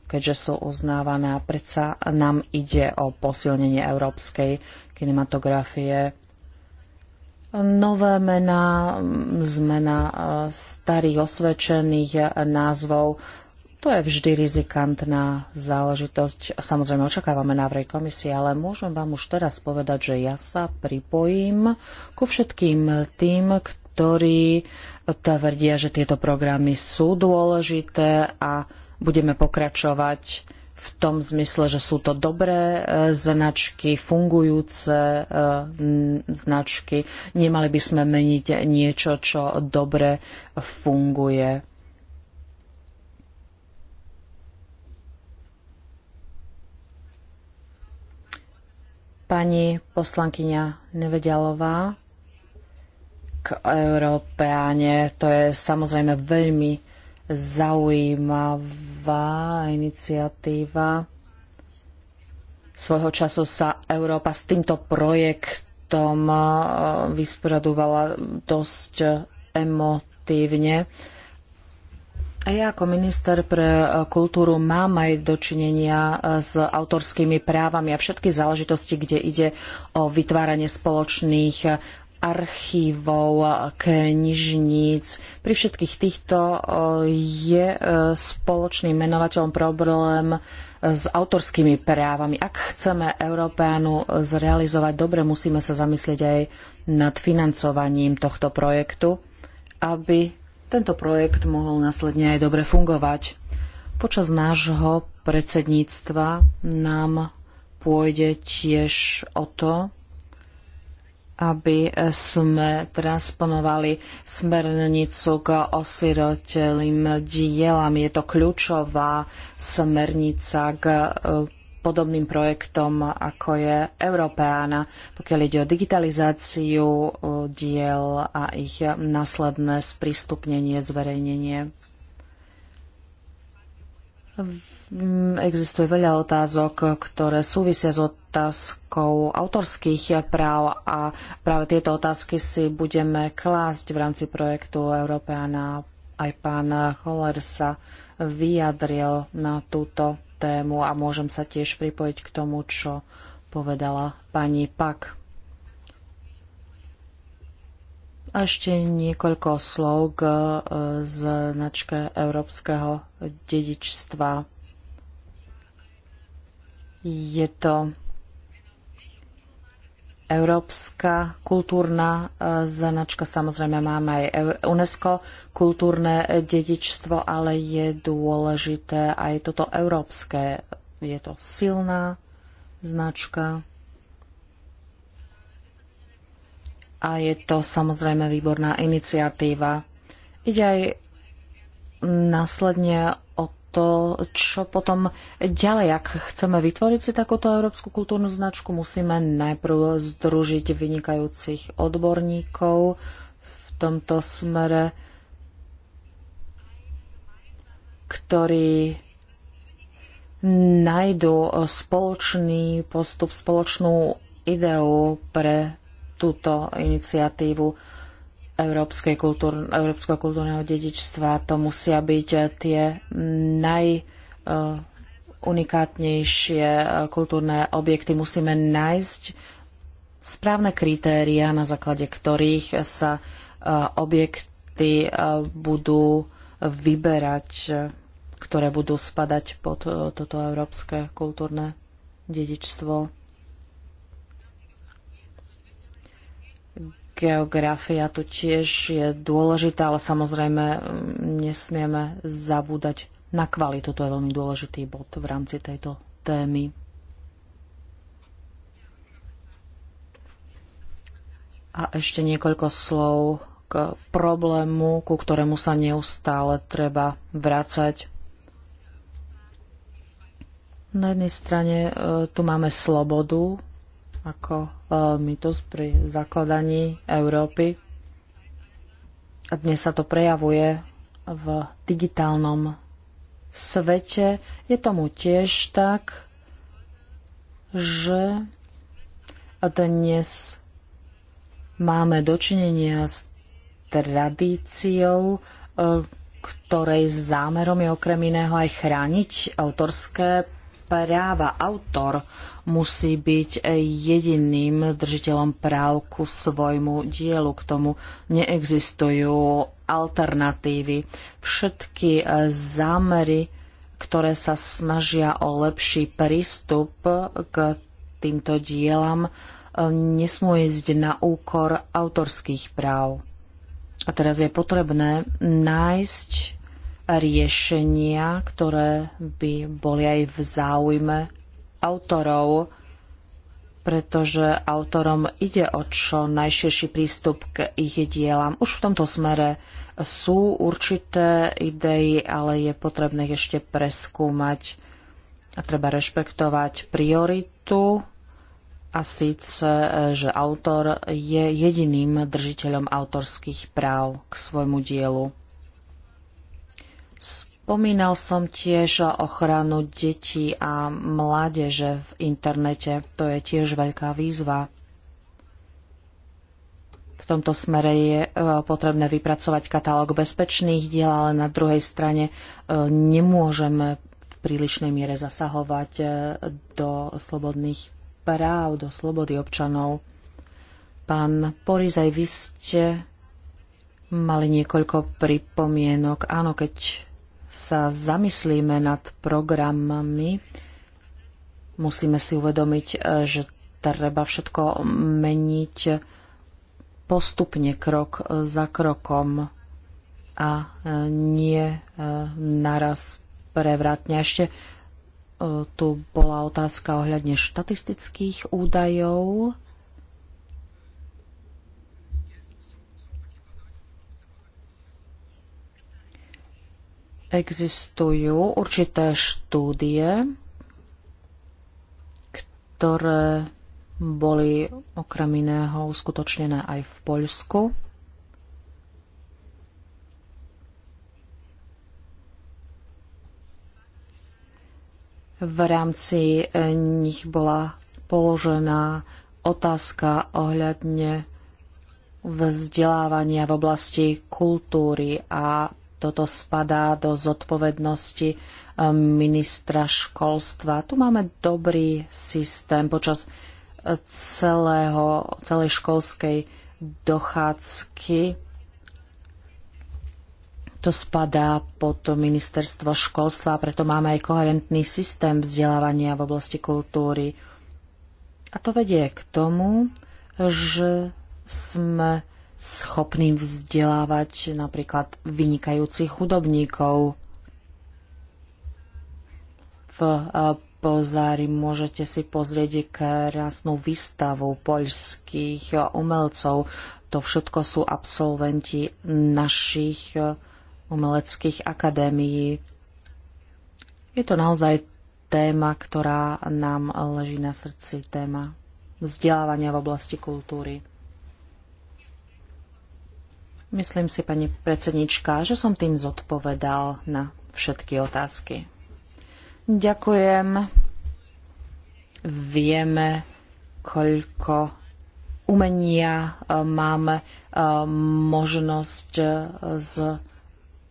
[SPEAKER 3] keďže sú uznávané a predsa nám ide o posilnenie európskej kinematografie. Nové mená, zmena starých osvedčených názvov to je vždy rizikantná záležitosť. Samozrejme, očakávame návrh komisie, ale môžem vám už teraz povedať, že ja sa pripojím ku všetkým tým, ktorí tvrdia, že tieto programy sú dôležité a budeme pokračovať v tom zmysle, že sú to dobré e, značky, fungujúce e, značky. Nemali by sme meniť niečo, čo dobre funguje Pani poslankyňa Nevedialová k Európeáne, to je samozrejme veľmi zaujímavá iniciatíva. Svojho času sa Európa s týmto projektom eh, vysporadovala dosť emotívne. Ja ako minister pre e, kultúru mám aj dočinenia e, s autorskými právami a všetky záležitosti, kde ide o vytváranie spoločných e, archívov, knižníc. Pri všetkých týchto je spoločným menovateľom problém s autorskými právami. Ak chceme Európánu zrealizovať dobre, musíme sa zamyslieť aj nad financovaním tohto projektu, aby tento projekt mohol následne aj dobre fungovať. Počas nášho predsedníctva nám pôjde tiež o to, aby sme transponovali smernicu k osirotelým dielam. Je to kľúčová smernica k podobným projektom, ako je Európeána, pokiaľ ide o digitalizáciu diel a ich následné sprístupnenie, zverejnenie. Existuje veľa otázok, ktoré súvisia s otázkou autorských práv a práve tieto otázky si budeme klásť v rámci projektu Európeána. Aj pán Holler sa vyjadril na túto tému a môžem sa tiež pripojiť k tomu, čo povedala pani Pak. A ešte niekoľko slov k e, značke európskeho dedičstva. Je to Európska kultúrna eh, značka, samozrejme máme aj e- UNESCO kultúrne dedičstvo, ale je dôležité aj toto európske. Je to silná značka a je to samozrejme výborná iniciatíva. Ide aj následne o to, čo potom ďalej, ak chceme vytvoriť si takúto európsku kultúrnu značku, musíme najprv združiť vynikajúcich odborníkov v tomto smere, ktorí nájdu spoločný postup, spoločnú ideu pre túto iniciatívu európskej kultúr, európskeho kultúrneho dedičstva. To musia byť eh, tie najunikátnejšie eh, eh, kultúrne objekty. Musíme nájsť správne kritéria, na základe ktorých sa objekty budú vyberať, ktoré budú spadať pod toto európske kultúrne dedičstvo. Geografia tu tiež je dôležitá, ale samozrejme nesmieme zabúdať na kvalitu. To je veľmi dôležitý bod v rámci tejto témy. A ešte niekoľko slov k problému, ku ktorému sa neustále treba vrácať. Na jednej strane e, tu máme slobodu, ako e, mytus pri zakladaní Európy. A dnes sa to prejavuje v digitálnom svete. Je tomu tiež tak, že dnes máme dočinenia s tradíciou, e, ktorej zámerom je okrem iného aj chrániť autorské práva. Autor musí byť jediným držiteľom práv ku svojmu dielu. K tomu neexistujú alternatívy. Všetky zámery, ktoré sa snažia o lepší prístup k týmto dielam, nesmú ísť na úkor autorských práv. A teraz je potrebné nájsť riešenia, ktoré by boli aj v záujme autorov, pretože autorom ide o čo najširší prístup k ich dielam. Už v tomto smere sú určité idei, ale je potrebné ich ešte preskúmať a treba rešpektovať prioritu a síce, že autor je jediným držiteľom autorských práv k svojmu dielu. Spomínal som tiež ochranu detí a mládeže v internete. To je tiež veľká výzva. V tomto smere je e, potrebné vypracovať katalóg bezpečných diel, ale na druhej strane e, nemôžeme v prílišnej miere zasahovať e, do slobodných práv, do slobody občanov. Pán Porizaj, vy ste mali niekoľko pripomienok. Áno, keď sa zamyslíme nad programami, musíme si uvedomiť, e, že treba všetko meniť postupne, krok za krokom a e, nie e, naraz prevratne. Ešte tu bola otázka ohľadne štatistických údajov. Existujú určité štúdie, ktoré boli okrem iného uskutočnené aj v Poľsku. V rámci e, nich bola položená otázka ohľadne vzdelávania v oblasti kultúry a toto spadá do zodpovednosti ehm, ministra školstva. Tu máme dobrý systém počas eh, celého, celej školskej dochádzky. To spadá pod ministerstvo školstva, preto máme aj koherentný systém vzdelávania v oblasti kultúry. A to vedie k tomu, že sme schopným vzdelávať napríklad vynikajúcich chudobníkov. V eh, Pozári môžete si pozrieť krásnu výstavu poľských eh, umelcov. To všetko sú absolventi našich eh, umeleckých akadémií. Je to naozaj téma, ktorá nám leží na srdci, téma vzdelávania v oblasti kultúry. Myslím si, pani predsednička, že som tým zodpovedal na všetky otázky. Ďakujem. Vieme, koľko umenia e, máme e, možnosť e, z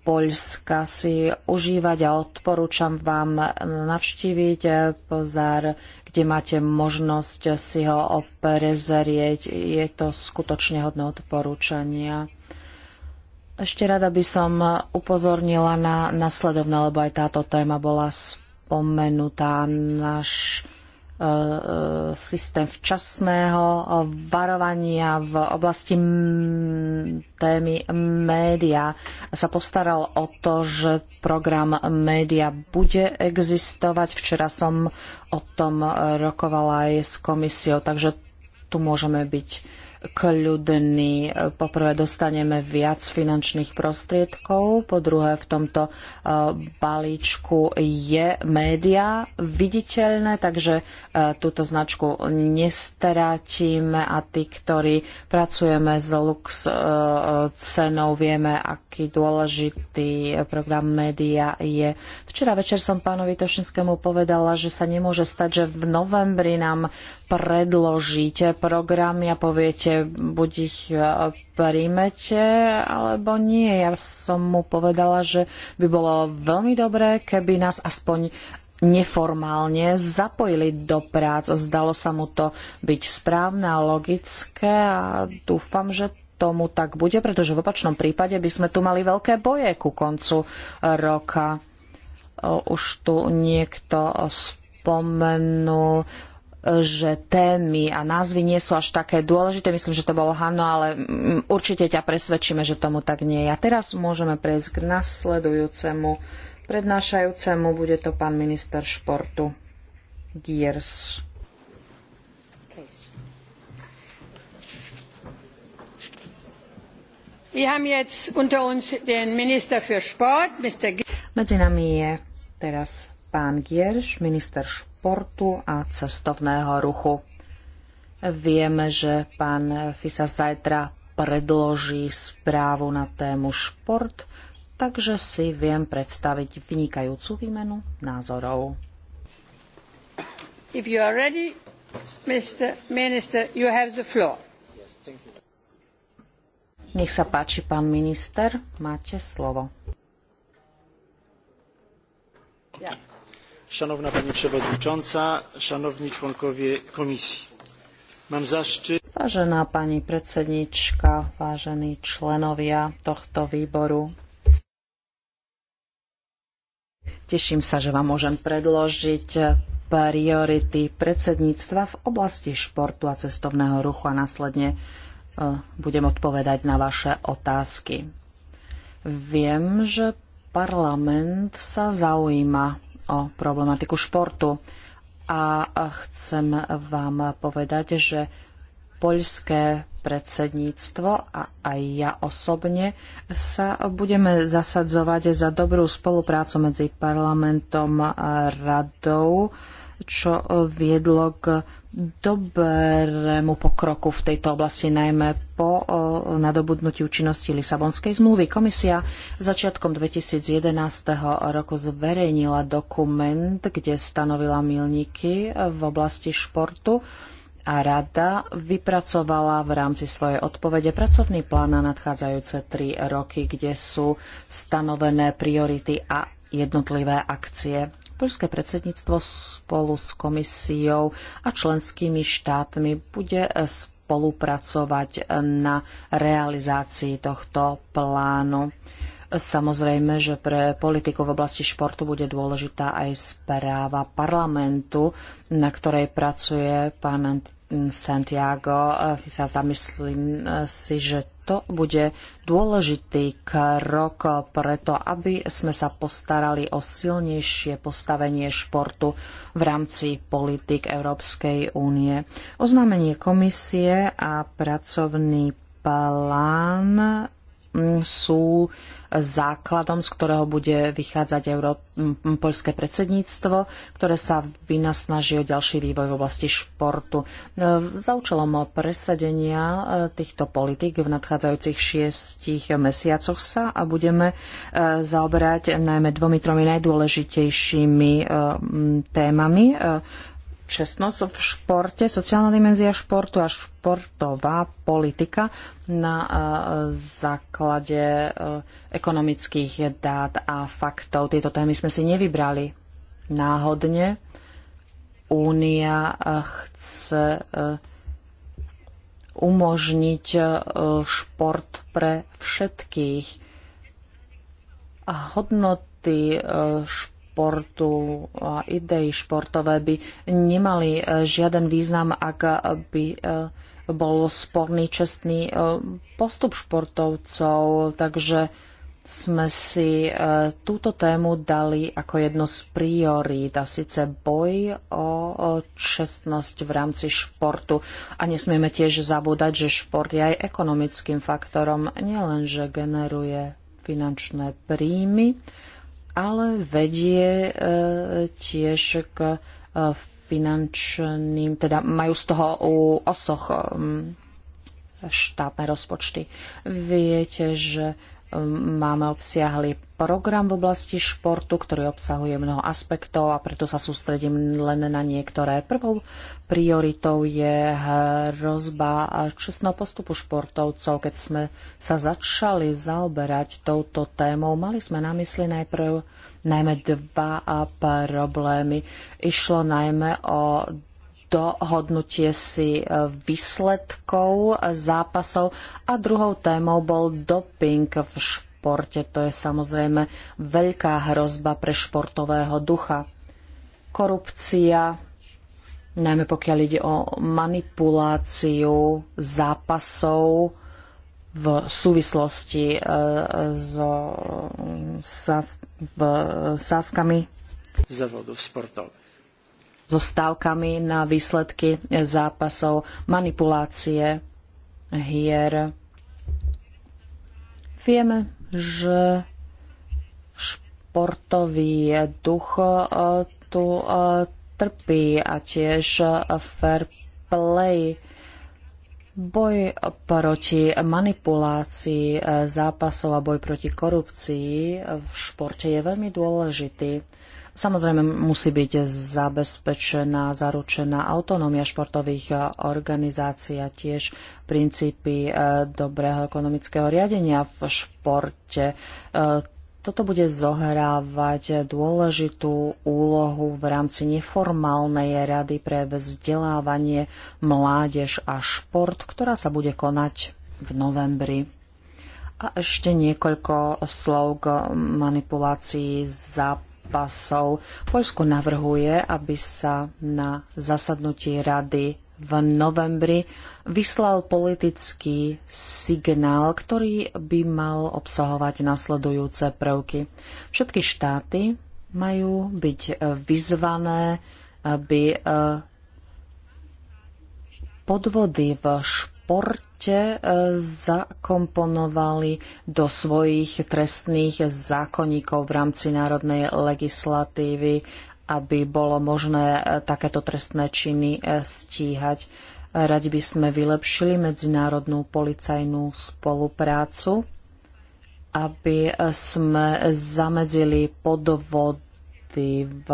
[SPEAKER 3] Poľska si užívať a odporúčam vám navštíviť pozár, kde máte možnosť si ho prezrieť. Je to skutočne hodné odporúčania. Ešte rada by som upozornila na nasledovné, lebo aj táto téma bola spomenutá. Náš e, e, systém včasného e, varovania v oblasti témy média sa postaral o to, že program média bude existovať. Včera som o tom rokovala aj s komisiou, takže tu môžeme byť kľudný e, Poprvé dostaneme viac finančných prostriedkov, po druhé v tomto e, balíčku je média viditeľné, takže e, túto značku nestratíme a tí, ktorí pracujeme s lux cenou, vieme, aký dôležitý program média je. Včera večer som pánovi Tošinskému povedala, že sa nemôže stať, že v novembri nám predložíte programy a poviete, buď ich e, príjmete alebo nie. Ja som mu povedala, že by bolo veľmi dobré, keby nás aspoň neformálne zapojili do prác. Zdalo sa mu to byť správne a logické a dúfam, že tomu tak bude, pretože v opačnom prípade by sme tu mali veľké boje ku koncu roka. Už tu niekto spomenul že témy a názvy nie sú až také dôležité. Myslím, že to bolo Hano, ale mm, určite ťa presvedčíme, že tomu tak nie je. A teraz môžeme prejsť k nasledujúcemu prednášajúcemu. Bude to pán minister športu Giers. Medzi nami je teraz pán Gierš, minister športu a cestovného ruchu. Vieme, že pán Fisa zajtra predloží správu na tému šport, takže si viem predstaviť vynikajúcu výmenu názorov. If you are ready, Mr. Minister, you have the floor. Nech sa páči, pán minister, máte slovo.
[SPEAKER 4] Yeah. Szanowna Pani Przewodnicząca, Szanowni Członkowie Komisji. Mám zašči...
[SPEAKER 3] Vážená pani predsednička, vážení členovia tohto výboru, teším sa, že vám môžem predložiť priority predsedníctva v oblasti športu a cestovného ruchu a následne e, budem odpovedať na vaše otázky. Viem, že parlament sa zaujíma o problematiku športu. A chcem vám povedať, že poľské predsedníctvo a aj ja osobne sa budeme zasadzovať za dobrú spoluprácu medzi parlamentom a radou čo viedlo k dobrému pokroku v tejto oblasti, najmä po nadobudnutí účinnosti Lisabonskej zmluvy. Komisia začiatkom 2011 roku zverejnila dokument, kde stanovila milníky v oblasti športu a rada vypracovala v rámci svojej odpovede pracovný plán na nadchádzajúce tri roky, kde sú stanovené priority a jednotlivé akcie. Poľské predsedníctvo spolu s komisiou a členskými štátmi bude spolupracovať na realizácii tohto plánu. Samozrejme, že pre politiku v oblasti športu bude dôležitá aj správa parlamentu, na ktorej pracuje pán Santiago eh, sa zamyslím eh, si, že to bude dôležitý krok preto, aby sme sa postarali o silnejšie postavenie športu v rámci politik Európskej únie. Oznámenie komisie a pracovný plán sú základom, z ktorého bude vychádzať Euró- poľské predsedníctvo, ktoré sa vynasnaží o ďalší vývoj v oblasti športu. E, za účelom presadenia e, týchto politik v nadchádzajúcich šiestich mesiacoch sa a budeme e, zaoberať najmä dvomi, tromi najdôležitejšími témami čestnosť v športe, sociálna dimenzia športu a športová politika na e, základe e, ekonomických dát a faktov. Tieto témy sme si nevybrali náhodne. Únia e, chce umožniť šport pre všetkých. A hodnoty šport športu a idei športové by nemali e, žiaden význam, ak by e, bol sporný čestný e, postup športovcov, takže sme si túto tému dali ako jedno z priorít, a síce boj o čestnosť v rámci športu. A nesmieme tiež zabúdať, že šport je aj ekonomickým faktorom, nielenže generuje finančné príjmy, ale vedie e, tiež k e, finančným, teda majú z toho u osoch štátne rozpočty. Viete, že Ehm, máme obsiahli program v oblasti športu, ktorý obsahuje mnoho aspektov a preto sa sústredím len na niektoré. Prvou prioritou je hrozba čestného postupu športovcov. Keď sme sa začali zaoberať touto témou, mali sme na mysli najprv najmä dva problémy. Išlo najmä o dohodnutie si e, výsledkov zápasov a druhou témou bol doping v športe. To je samozrejme veľká hrozba pre športového ducha. Korupcia, najmä pokiaľ ide o manipuláciu zápasov v súvislosti e, so e, sáskami
[SPEAKER 4] závodov športových
[SPEAKER 3] so stávkami na výsledky zápasov, manipulácie hier. Vieme, že športový duch eh, tu eh, trpí a tiež fair play. Boj proti manipulácii eh, zápasov a boj proti korupcii v športe je veľmi dôležitý. Samozrejme musí byť zabezpečená, zaručená autonómia športových eh, organizácií a tiež princípy eh, dobrého ekonomického riadenia v športe. Eh, toto bude zohrávať dôležitú úlohu v rámci neformálnej rady pre vzdelávanie mládež a šport, ktorá sa bude konať v novembri. A ešte niekoľko slov k manipulácii zápasu pasov. Poľsko navrhuje, aby sa na zasadnutí rady v novembri vyslal politický signál, ktorý by mal obsahovať nasledujúce prvky. Všetky štáty majú byť e, vyzvané, aby e, podvody v šport porte e, zakomponovali do svojich trestných zákonníkov v rámci národnej legislatívy, aby bolo možné e, takéto trestné činy e, stíhať. Radi by sme vylepšili medzinárodnú policajnú spoluprácu, aby sme zamedzili podvod v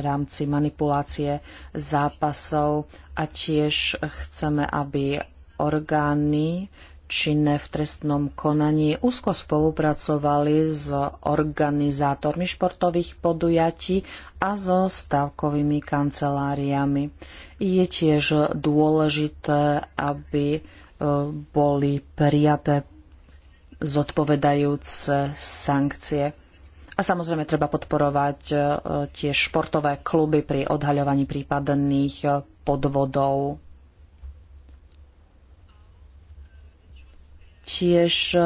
[SPEAKER 3] rámci manipulácie zápasov a tiež chceme, aby orgány činné v trestnom konaní úzko spolupracovali s organizátormi športových podujatí a so stavkovými kanceláriami. Je tiež dôležité, aby e, boli prijaté zodpovedajúce sankcie. A samozrejme treba podporovať e, tiež športové kluby pri odhaľovaní prípadných e, podvodov. Tiež e,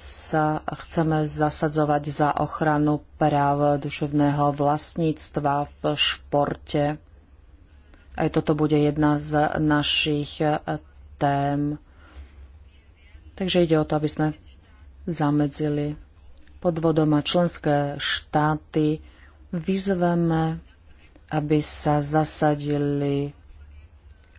[SPEAKER 3] sa chceme zasadzovať za ochranu práv duševného vlastníctva v športe. Aj toto bude jedna z našich e, tém. Takže ide o to, aby sme zamedzili podvodom a členské štáty vyzveme, aby sa zasadili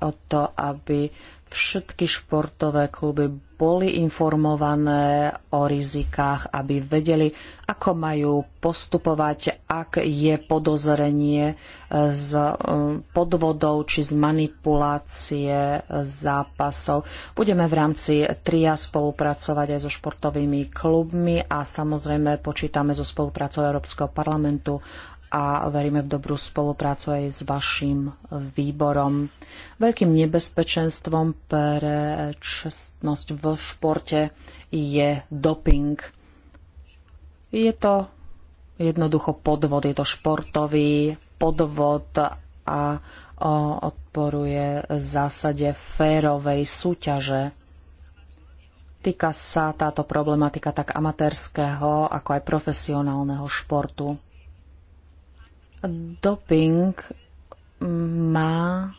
[SPEAKER 3] o to, aby všetky športové kluby boli informované o rizikách, aby vedeli, ako majú postupovať, ak je podozrenie z e, podvodov či z manipulácie zápasov. Budeme v rámci TRIA spolupracovať aj so športovými klubmi a samozrejme počítame so spoluprácou Európskeho parlamentu a veríme v dobrú spoluprácu aj s vašim výborom. Veľkým nebezpečenstvom pre čestnosť v športe je doping. Je to jednoducho podvod, je to športový podvod a odporuje zásade férovej súťaže. Týka sa táto problematika tak amatérskeho, ako aj profesionálneho športu. Doping má e,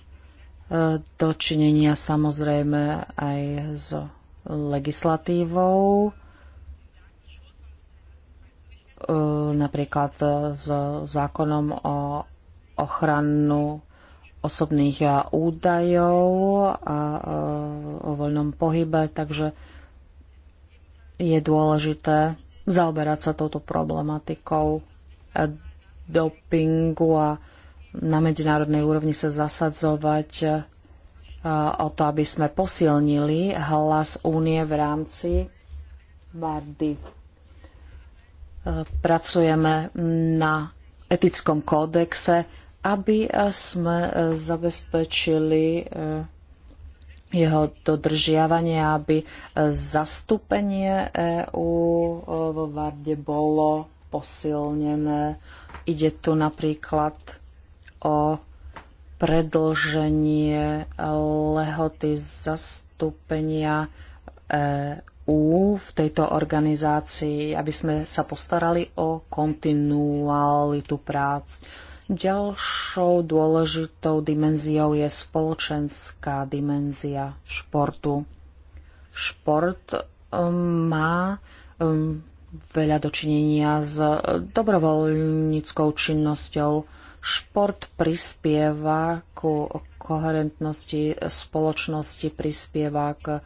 [SPEAKER 3] dočinenia samozrejme aj s legislatívou, e, napríklad s zákonom o ochranu osobných e, údajov a o voľnom pohybe, takže je dôležité zaoberať sa touto problematikou dopingu a na medzinárodnej úrovni sa zasadzovať e, o to, aby sme posilnili hlas únie v rámci Vardy. E, pracujeme na etickom kódexe, aby sme e, zabezpečili jeho dodržiavanie, aby zastúpenie EÚ vo Varde bolo posilnené Ide tu napríklad o predlženie lehoty zastúpenia EU v tejto organizácii, aby sme sa postarali o kontinualitu prác. Ďalšou dôležitou dimenziou je spoločenská dimenzia športu. Šport um, má um, veľa dočinenia s e, dobrovoľníckou činnosťou. Šport prispieva ku koherentnosti spoločnosti, prispieva k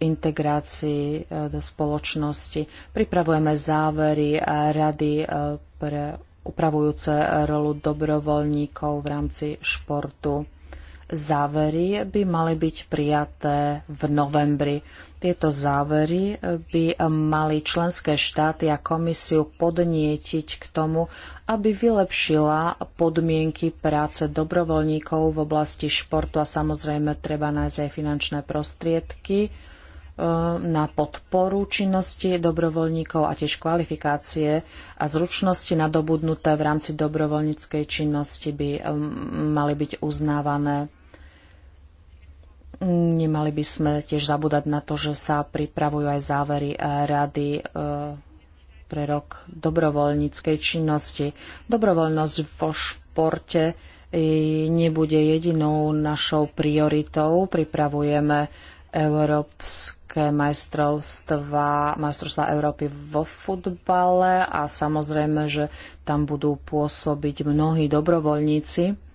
[SPEAKER 3] integrácii e, do spoločnosti. Pripravujeme závery a rady e, pre upravujúce rolu dobrovoľníkov v rámci športu. Závery by mali byť prijaté v novembri. Tieto závery eh, by eh, mali členské štáty a komisiu podnietiť k tomu, aby vylepšila podmienky práce dobrovoľníkov v oblasti športu a samozrejme treba nájsť aj finančné prostriedky eh, na podporu činnosti dobrovoľníkov a tiež kvalifikácie a zručnosti nadobudnuté v rámci dobrovoľníckej činnosti by mali byť uznávané Nemali by sme tiež zabúdať na to, že sa pripravujú aj závery eh, rady eh, pre rok dobrovoľníckej činnosti. Dobrovoľnosť vo športe eh, nebude jedinou našou prioritou. Pripravujeme európske majstrovstva, majstrovstva Európy vo futbale a samozrejme, že tam budú pôsobiť mnohí dobrovoľníci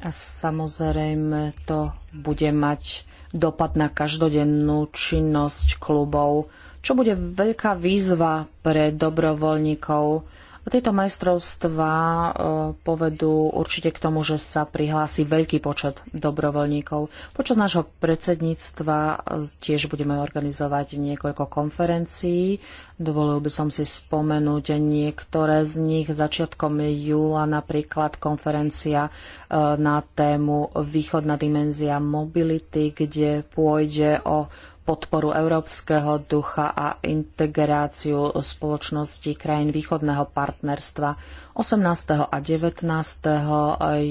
[SPEAKER 3] A samozrejme to bude mať dopad na každodennú činnosť klubov, čo bude veľká výzva pre dobrovoľníkov, tieto majstrovstvá e, povedú určite k tomu, že sa prihlási veľký počet dobrovoľníkov. Počas nášho predsedníctva e, tiež budeme organizovať niekoľko konferencií. Dovolil by som si spomenúť niektoré z nich. Začiatkom júla napríklad konferencia e, na tému Východná dimenzia mobility, kde pôjde o podporu európskeho ducha a integráciu spoločnosti krajín východného partnerstva 18. a 19.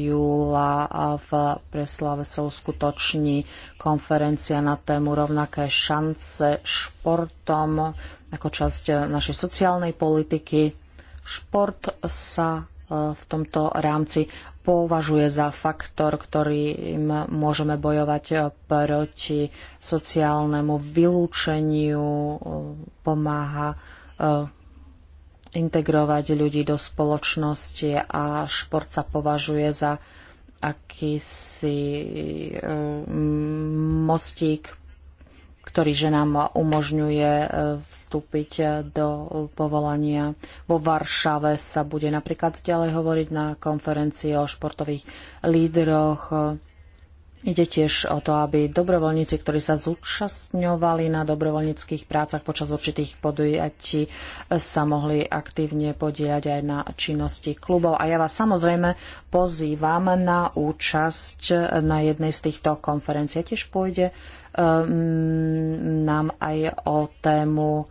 [SPEAKER 3] júla v Preslave sa uskutoční konferencia na tému rovnaké šance športom ako časť našej sociálnej politiky. Šport sa E, v tomto rámci považuje za faktor, ktorým môžeme bojovať e, proti sociálnemu vylúčeniu, e, pomáha integrovať ľudí do spoločnosti a šport sa považuje za akýsi mostík, ktorý ženám umožňuje vstúpiť eh, do eh, povolania. Vo Varšave sa bude napríklad ďalej hovoriť na konferencii o športových lídroch. Ide tiež o to, aby dobrovoľníci, ktorí sa zúčastňovali na dobrovoľníckých prácach počas určitých podujatí, sa mohli aktívne podielať aj na činnosti klubov. A ja vás samozrejme pozývam na účasť eh, na jednej z týchto konferencií. Tiež pôjde Ehm, nám aj o tému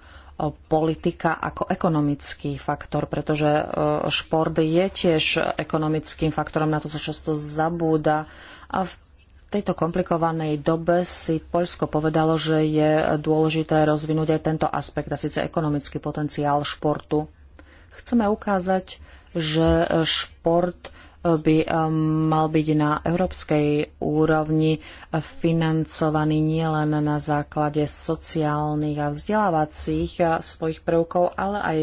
[SPEAKER 3] politika ako ekonomický faktor, pretože e, šport je tiež ekonomickým faktorom, na to sa často zabúda. A v tejto komplikovanej dobe si Poľsko povedalo, že je dôležité rozvinúť aj tento aspekt, a síce ekonomický potenciál športu. Chceme ukázať, že šport by eh, mal byť na európskej úrovni financovaný nielen na základe sociálnych a vzdelávacích eh, svojich prvkov, ale aj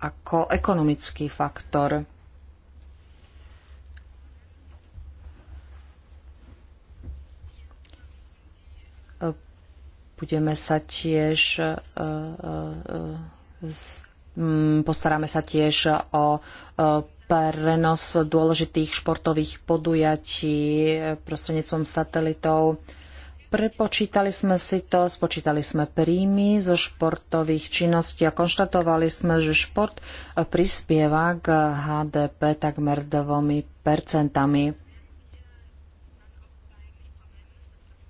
[SPEAKER 3] ako ekonomický faktor. Eh, budeme sa tiež mm, postaráme sa tiež o prenos dôležitých športových podujatí eh, prostredníctvom satelitov. Prepočítali sme si to, spočítali sme príjmy zo športových činností a konštatovali sme, že šport eh, prispieva k HDP takmer dvomi percentami.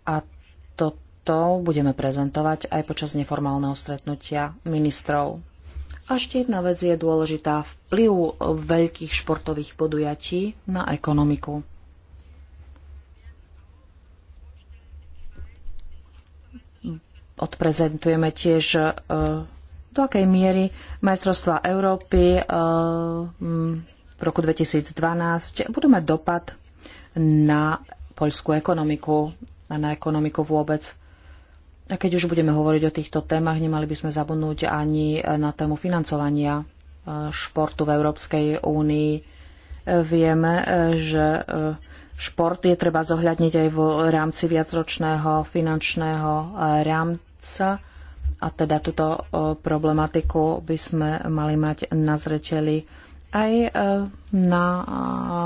[SPEAKER 3] A toto budeme prezentovať aj počas neformálneho stretnutia ministrov. A Ešte jedna vec je dôležitá. Vplyv veľkých športových podujatí na ekonomiku. Odprezentujeme tiež e, do akej miery majstrovstva Európy e, v roku 2012 budú mať dopad na poľskú ekonomiku a na ekonomiku vôbec. A keď už budeme hovoriť o týchto témach, nemali by sme zabudnúť ani na tému financovania e, športu v Európskej únii. E, vieme, e, že šport je treba zohľadniť aj v rámci viacročného finančného rámca a teda túto problematiku by sme mali mať na zreteli aj e, na, e,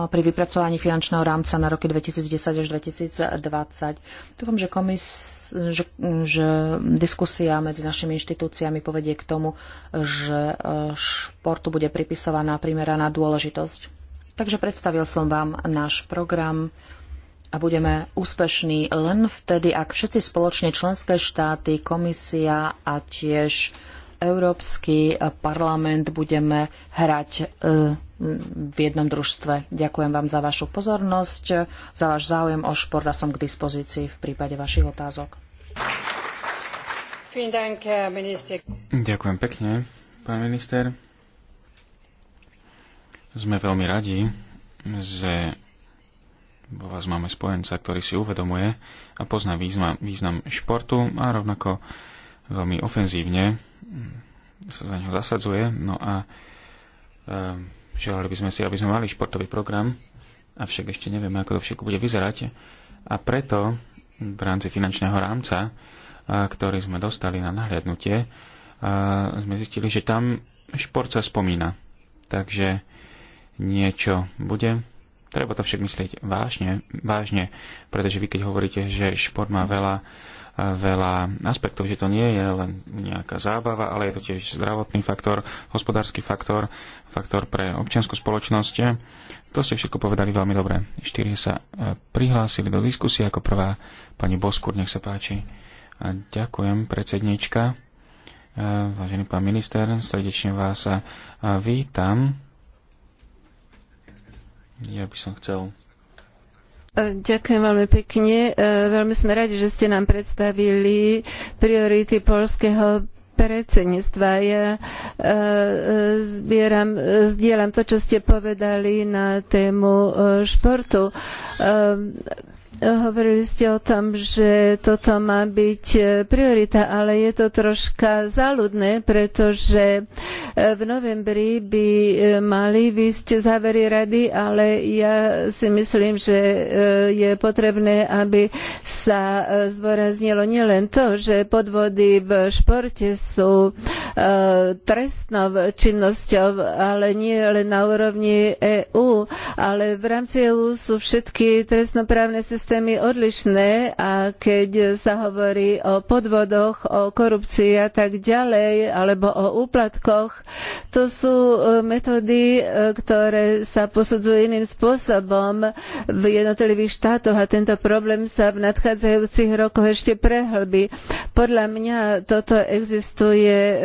[SPEAKER 3] pri vypracovaní finančného rámca na roky 2010 až 2020. Dúfam, že, komis, že, že diskusia medzi našimi inštitúciami povedie k tomu, že e, športu bude pripisovaná primeraná dôležitosť. Takže predstavil som vám náš program a budeme úspešní len vtedy, ak všetci spoločne členské štáty, komisia a tiež Európsky parlament budeme hrať e, v jednom družstve. Ďakujem vám za vašu pozornosť, za váš záujem o šport a som k dispozícii v prípade vašich otázok.
[SPEAKER 1] Ďakujem pekne, pán minister. Sme veľmi radi, že vo vás máme spojenca, ktorý si uvedomuje a pozná význam, význam športu a rovnako veľmi ofenzívne mm, sa za neho zasadzuje. No a e, želali by sme si, aby sme mali športový program, avšak ešte nevieme, ako to všetko bude vyzerať. A preto v rámci finančného rámca, a, eh, ktorý sme dostali na nahliadnutie, a, eh, sme zistili, že tam šport sa spomína. Takže niečo bude. Treba to však myslieť vážne, vážne, pretože vy keď hovoríte, že šport má veľa veľa aspektov, že to nie je len nejaká zábava, ale je to tiež zdravotný faktor, hospodársky faktor, faktor pre občianskú spoločnosť. To ste všetko povedali veľmi dobre. Štyri sa e, prihlásili do diskusie ako prvá pani Boskur, nech sa páči. A ďakujem, predsednička. E, vážený pán minister, srdečne vás e, vítam. Ja by som chcel
[SPEAKER 2] E, ďakujem veľmi pekne. E, veľmi sme radi, že ste nám predstavili priority polského predsedníctva. Ja e, zbieram, zdieľam to, čo ste povedali na tému športu Hovorili ste o tom, že toto má byť e, priorita, ale je to troška záľudné, pretože e, v novembri by e, mali vysť závery rady, ale ja si myslím, že je potrebné, aby sa zdôraznilo nielen to, že podvody v športe sú trestnou činnosťou, ale nie len na úrovni EÚ, ale v rámci EÚ sú všetky trestnoprávne systémy systémy odlišné a keď sa hovorí o podvodoch, o korupcii a tak ďalej, alebo o úplatkoch, to sú e, metódy, e, ktoré sa posudzujú iným spôsobom v jednotlivých štátoch a tento problém sa v nadchádzajúcich rokoch ešte prehlbí. Podľa mňa toto existuje e,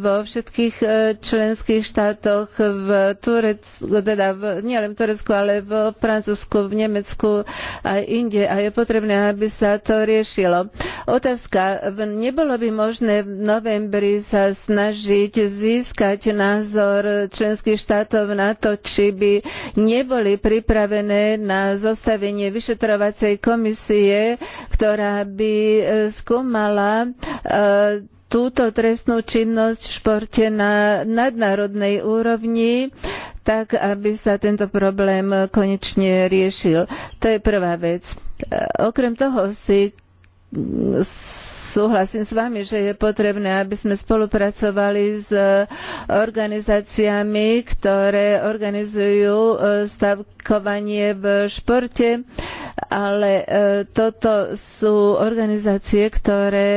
[SPEAKER 2] vo všetkých členských štátoch v Turecku, teda v, nielen v Turecku, ale v Francúzsku, v Nemecku a inde a je potrebné, aby sa to riešilo. Otázka, nebolo by možné v novembri sa snažiť získať názor členských štátov na to, či by neboli pripravené na zostavenie vyšetrovacej komisie, ktorá by eh, skúmala eh, túto trestnú činnosť v športe na nadnárodnej úrovni, tak aby sa tento problém konečne riešil. To je prvá vec. E, okrem toho si súhlasím s vami, že je potrebné, aby sme spolupracovali s e, organizáciami, ktoré organizujú e, stavkovanie v športe, ale e, toto sú organizácie, ktoré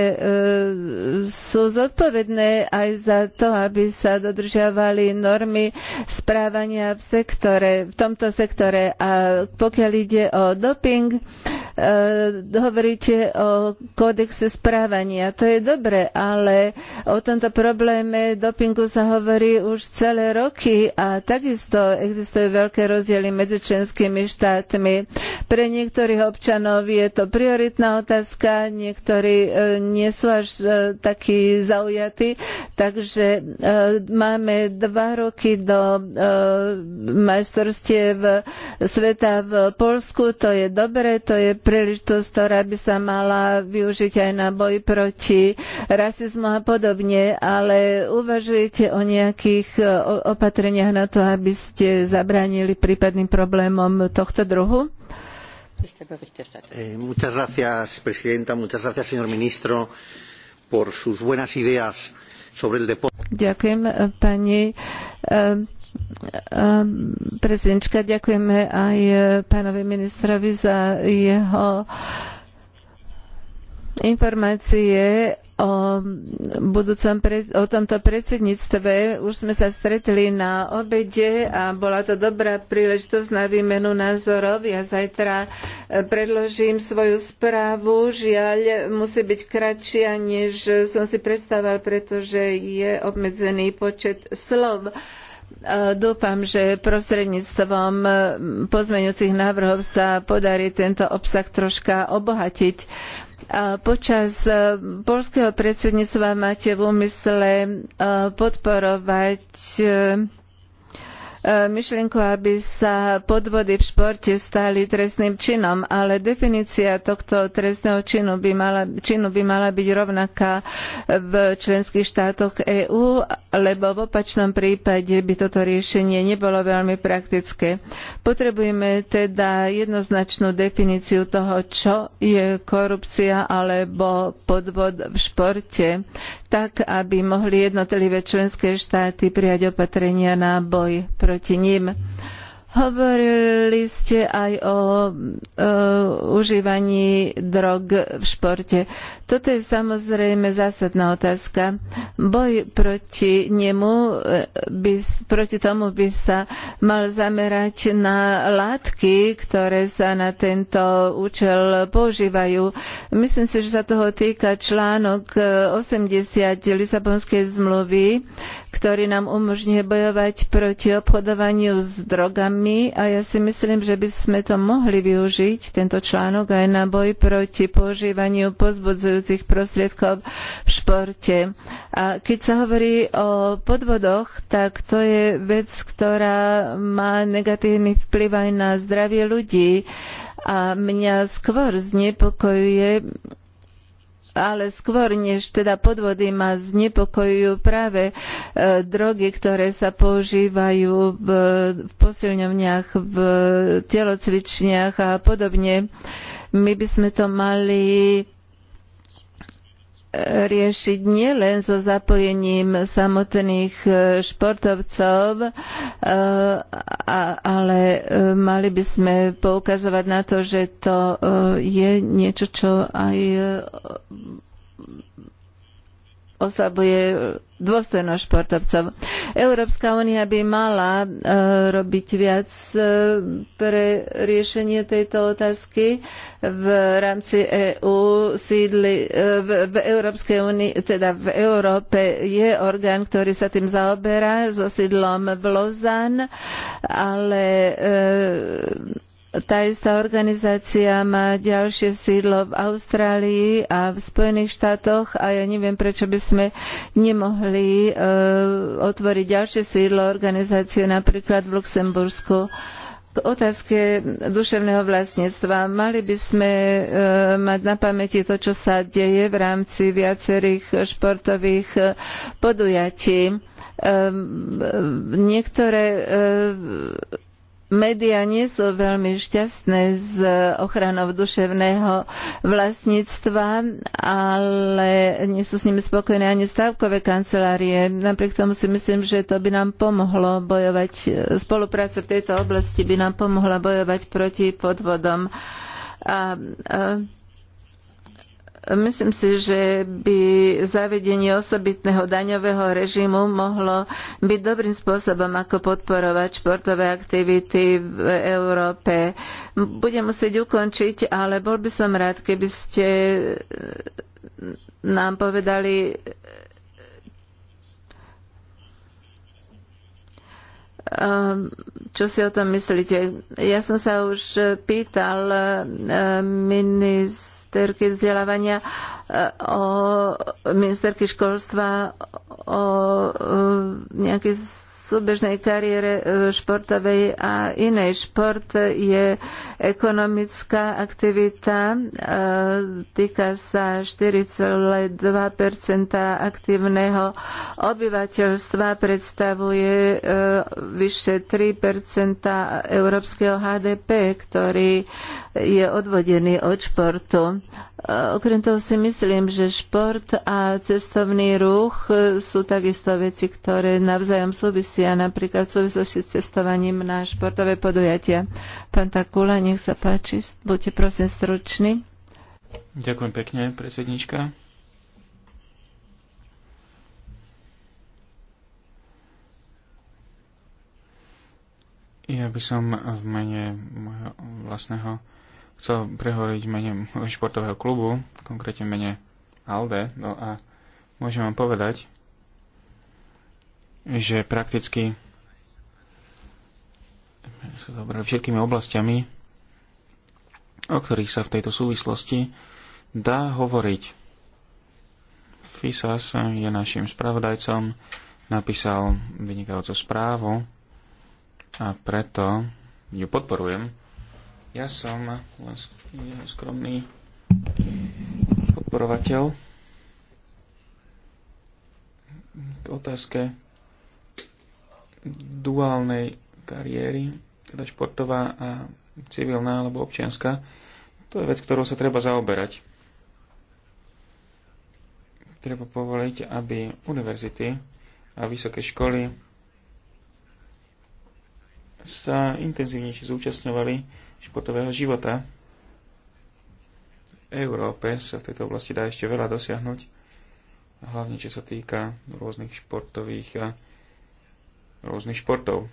[SPEAKER 2] sú zodpovedné aj za to, aby sa dodržiavali normy správania v sektore, v tomto sektore. A pokiaľ ide o doping, E, hovoríte o kódexe správania. To je dobre, ale o tomto probléme dopingu sa hovorí už celé roky a takisto existujú veľké rozdiely medzi členskými štátmi. Pre niektorých občanov je to prioritná otázka, niektorí e, nie sú až e, takí zaujatí, takže máme dva roky do majstrovstiev sveta v Polsku, to je dobre, to je príležitosť, ktorá by sa mala využiť aj na boj proti rasizmu a podobne, ale uvažujete o nejakých e, opatreniach na to, aby ste zabránili prípadným problémom tohto druhu?
[SPEAKER 4] Eh, muchas gracias, presidenta. Muchas gracias, señor ministro, por sus buenas ideas sobre el deporte.
[SPEAKER 2] Ďakujem, e, pani e, Ehm, Predsednička, ďakujeme aj e, pánovi ministrovi za jeho informácie o, budúcom o tomto predsedníctve. Už sme sa stretli na obede a bola to dobrá príležitosť na výmenu názorov. Ja zajtra e, predložím svoju správu. Žiaľ, musí byť kratšia, než som si predstavoval, pretože je obmedzený počet slov. Dúfam, že prostredníctvom pozmeňujúcich návrhov sa podarí tento obsah troška obohatiť. počas e, polského predsedníctva máte v úmysle e, podporovať e, E, myšlienku, aby sa podvody v športe stali trestným činom, ale definícia tohto trestného činu by mala, činu by mala byť rovnaká v členských štátoch EÚ, lebo v opačnom prípade by toto riešenie nebolo veľmi praktické. Potrebujeme teda jednoznačnú definíciu toho, čo je korupcia alebo podvod v športe tak, aby mohli jednotlivé členské štáty prijať opatrenia na boj proti ním. Hovorili ste aj o e, užívaní drog v športe. Toto je samozrejme zásadná otázka. Boj proti nemu, e, by, proti tomu by sa mal zamerať na látky, ktoré sa na tento účel používajú. Myslím si, že sa toho týka článok 80 e, Lisabonskej zmluvy, ktorý nám umožňuje bojovať proti obchodovaniu s drogami my a ja si myslím, že by sme to mohli využiť, tento článok, aj na boj proti používaniu pozbudzujúcich prostriedkov v športe. A keď sa hovorí o podvodoch, tak to je vec, ktorá má negatívny vplyv aj na zdravie ľudí. A mňa skôr znepokojuje ale skôr než teda podvody ma znepokojujú práve e, drogy, ktoré sa používajú v, v posilňovniach, v telocvičniach a podobne. My by sme to mali riešiť nielen so zapojením samotných e, športovcov, e, ale e, mali by sme poukazovať na to, že to je niečo, čo aj oslabuje dôstojnosť športovcov. Európska únia by mala e, robiť viac e, pre riešenie tejto otázky. V rámci EÚ sídli, e, v, v Európskej únii, teda v Európe je orgán, ktorý sa tým zaoberá so sídlom v Lozan, ale e, tá istá organizácia má ďalšie sídlo v Austrálii a v Spojených štátoch a ja neviem, prečo by sme nemohli e, otvoriť ďalšie sídlo organizácie napríklad v Luxembursku. K otázke duševného vlastníctva. Mali by sme e, mať na pamäti to, čo sa deje v rámci viacerých športových eh, podujatí. E, niektoré e, Média nie sú veľmi šťastné z ochranou duševného vlastníctva, ale nie sú s nimi spokojné ani stavkové kancelárie. Napriek tomu si myslím, že to by nám pomohlo bojovať, spolupráca v tejto oblasti by nám pomohla bojovať proti podvodom. A, a Myslím si, že by zavedenie osobitného daňového režimu mohlo byť dobrým spôsobom, ako podporovať športové aktivity v Európe. Budem musieť ukončiť, ale bol by som rád, keby ste nám povedali, ehm, čo si o tom myslíte. Ja som sa už pýtal ehm, ministra ministerky vzdelávania, e, o ministerky školstva o e, nejaké súbežnej kariére e, športovej a inej. Šport je ekonomická aktivita, e, týka sa 4,2 aktívneho obyvateľstva, predstavuje e, vyše 3 európskeho HDP, ktorý je odvodený od športu. Eh, okrem toho si myslím, že šport a cestovný ruch eh, sú takisto veci, ktoré navzájom súvisia, napríklad v súvislosti s cestovaním na športové podujatia. Pán Takula, nech sa páči, buďte prosím stručný.
[SPEAKER 1] Ďakujem pekne, predsednička. Ja by som v mene môjho vlastného chcel prehovoriť v mene športového klubu, konkrétne v mene ALDE, no a môžem vám povedať, že prakticky sa dobrali všetkými oblastiami, o ktorých sa v tejto súvislosti dá hovoriť. FISAS je našim spravodajcom, napísal vynikajúcu správu a preto ju podporujem ja som len skromný podporovateľ k otázke duálnej kariéry, teda športová a civilná alebo občianská. To je vec, ktorou sa treba zaoberať. Treba povoliť, aby univerzity a vysoké školy sa intenzívnejšie zúčastňovali športového života. V Európe sa v tejto oblasti dá ešte veľa dosiahnuť, hlavne čo sa týka rôznych športových a eh, rôznych športov.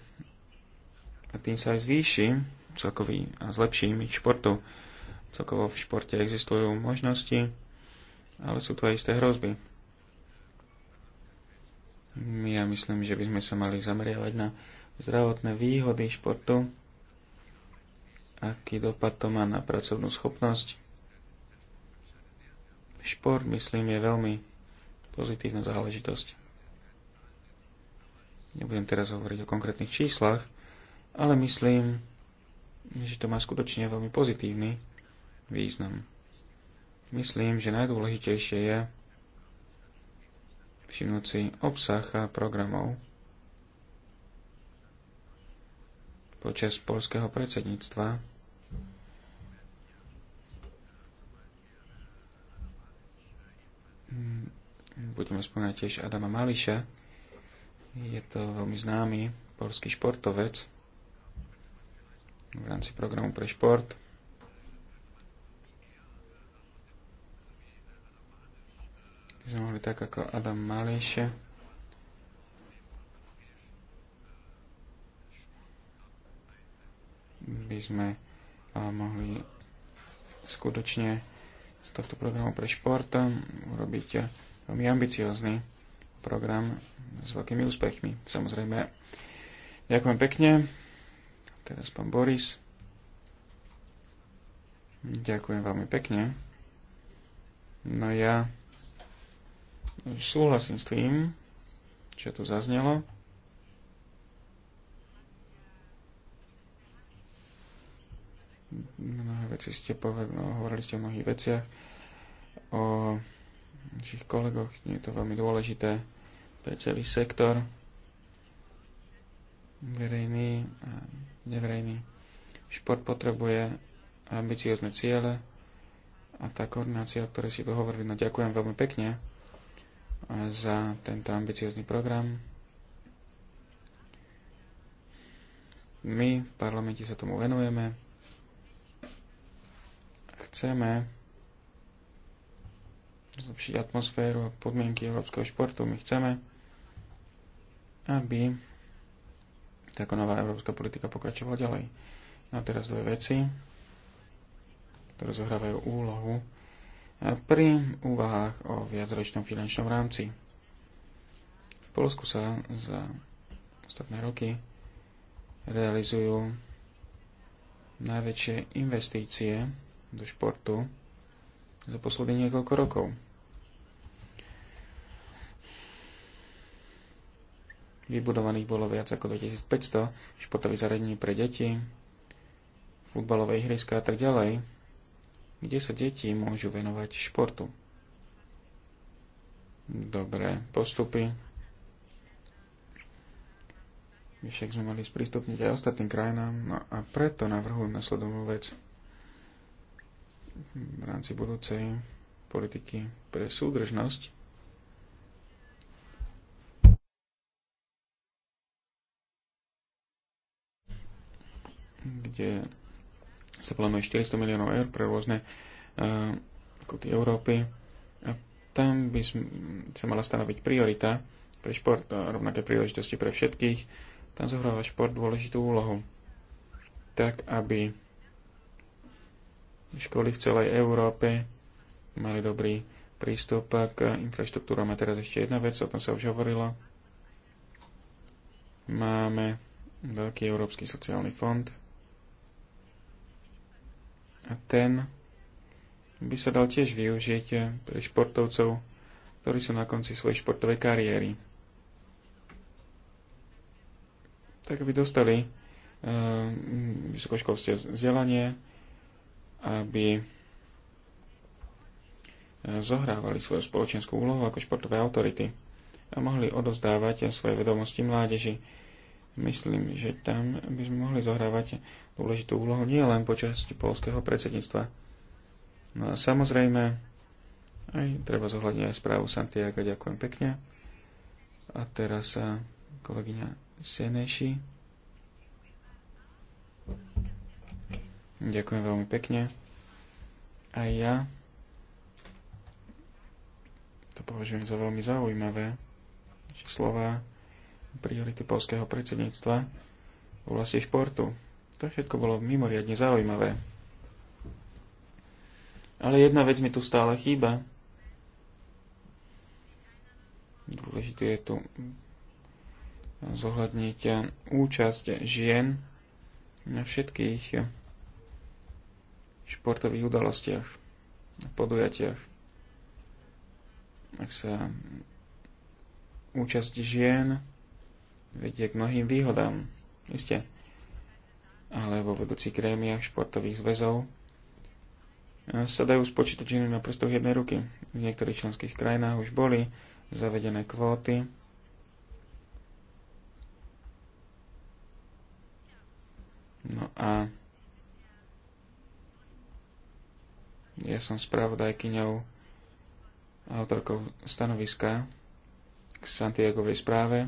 [SPEAKER 1] A tým sa aj zvýši celkový a zlepší imič športov. Celkovo v športe existujú možnosti, ale sú tu aj isté hrozby. Ja myslím, že by sme sa mali zameriavať na zdravotné výhody športu, aký dopad to má na pracovnú schopnosť. Šport, myslím, je veľmi pozitívna záležitosť. Nebudem teraz hovoriť o konkrétnych číslach, ale myslím, že to má skutočne veľmi pozitívny význam. Myslím, že najdôležitejšie je všimnúť si obsah a programov počas polského predsedníctva Mm, budeme spomínať tiež Adama Mališa. Je to veľmi známy polský športovec v rámci programu pre šport. By sme mohli tak ako Adam Mališ by sme mohli skutočne z tohto programu pre šport urobiť veľmi ambiciózny program s veľkými úspechmi. Samozrejme, ďakujem pekne. Teraz pán Boris. Ďakujem veľmi pekne. No ja súhlasím s tým, čo tu zaznelo. mnohé veci ste povedali, no, hovorili ste o mnohých veciach, o našich kolegoch, nie je to veľmi dôležité pre celý sektor, verejný a neverejný. Šport potrebuje ambiciozne ciele a tá koordinácia, o ktorej si to hovorili, no ďakujem veľmi pekne za tento ambiciozný program. My v parlamente sa tomu venujeme chceme zlepšiť atmosféru a podmienky európskeho športu, my chceme, aby táko nová európska politika pokračovala ďalej. No a teraz dve veci, ktoré zohrávajú úlohu pri úvahách o viacročnom finančnom rámci. V Polsku sa za ostatné roky realizujú najväčšie investície do športu za posledných niekoľko rokov. Vybudovaných bolo viac ako 2500 športových zariadení pre deti, futbalové ihriska a tak ďalej, kde sa deti môžu venovať športu. Dobré postupy. My však sme mali sprístupniť aj ostatným krajinám, no a preto navrhujem nasledovnú vec v rámci budúcej politiky pre súdržnosť. kde sa plánuje 400 miliónov eur pre rôzne uh, kuty Európy. A tam by sa mala stanoviť priorita pre šport, e, rovnaké príležitosti pre všetkých. Tam zohráva šport dôležitú úlohu. Tak, aby školy v celej Európe mali dobrý prístup k infraštruktúrom. A teraz ešte jedna vec, o tom sa už hovorilo. Máme veľký Európsky sociálny fond a ten by sa dal tiež využiť pre športovcov, ktorí sú na konci svojej športovej kariéry. Tak by dostali eh, vysokoškolské vzdelanie, aby eh, zohrávali svoju spoločenskú úlohu ako športové autority a mohli odozdávať svoje vedomosti mládeži. Myslím, že tam by sme mohli zohrávať dôležitú úlohu nie len počas polského predsedníctva. No a samozrejme, aj treba zohľadniť aj správu Santiago. Ďakujem pekne. A teraz sa eh, kolegyňa Seneši. Ďakujem veľmi pekne. a ja to považujem za veľmi zaujímavé, že slova priority polského predsedníctva v oblasti športu. To všetko bolo mimoriadne zaujímavé. Ale jedna vec mi tu stále chýba. Dôležité je tu zohľadniť účasť žien na všetkých športových udalostiach, podujatiach. Ak sa účasť žien vedie k mnohým výhodám, iste, ale vo vedúcich grémiach športových zväzov eh, sa dajú spočítať ženy na prstoch jednej ruky. V niektorých členských krajinách už boli zavedené kvóty. No a Ja som spravodajkyňou autorkou stanoviska k Santiagovej správe.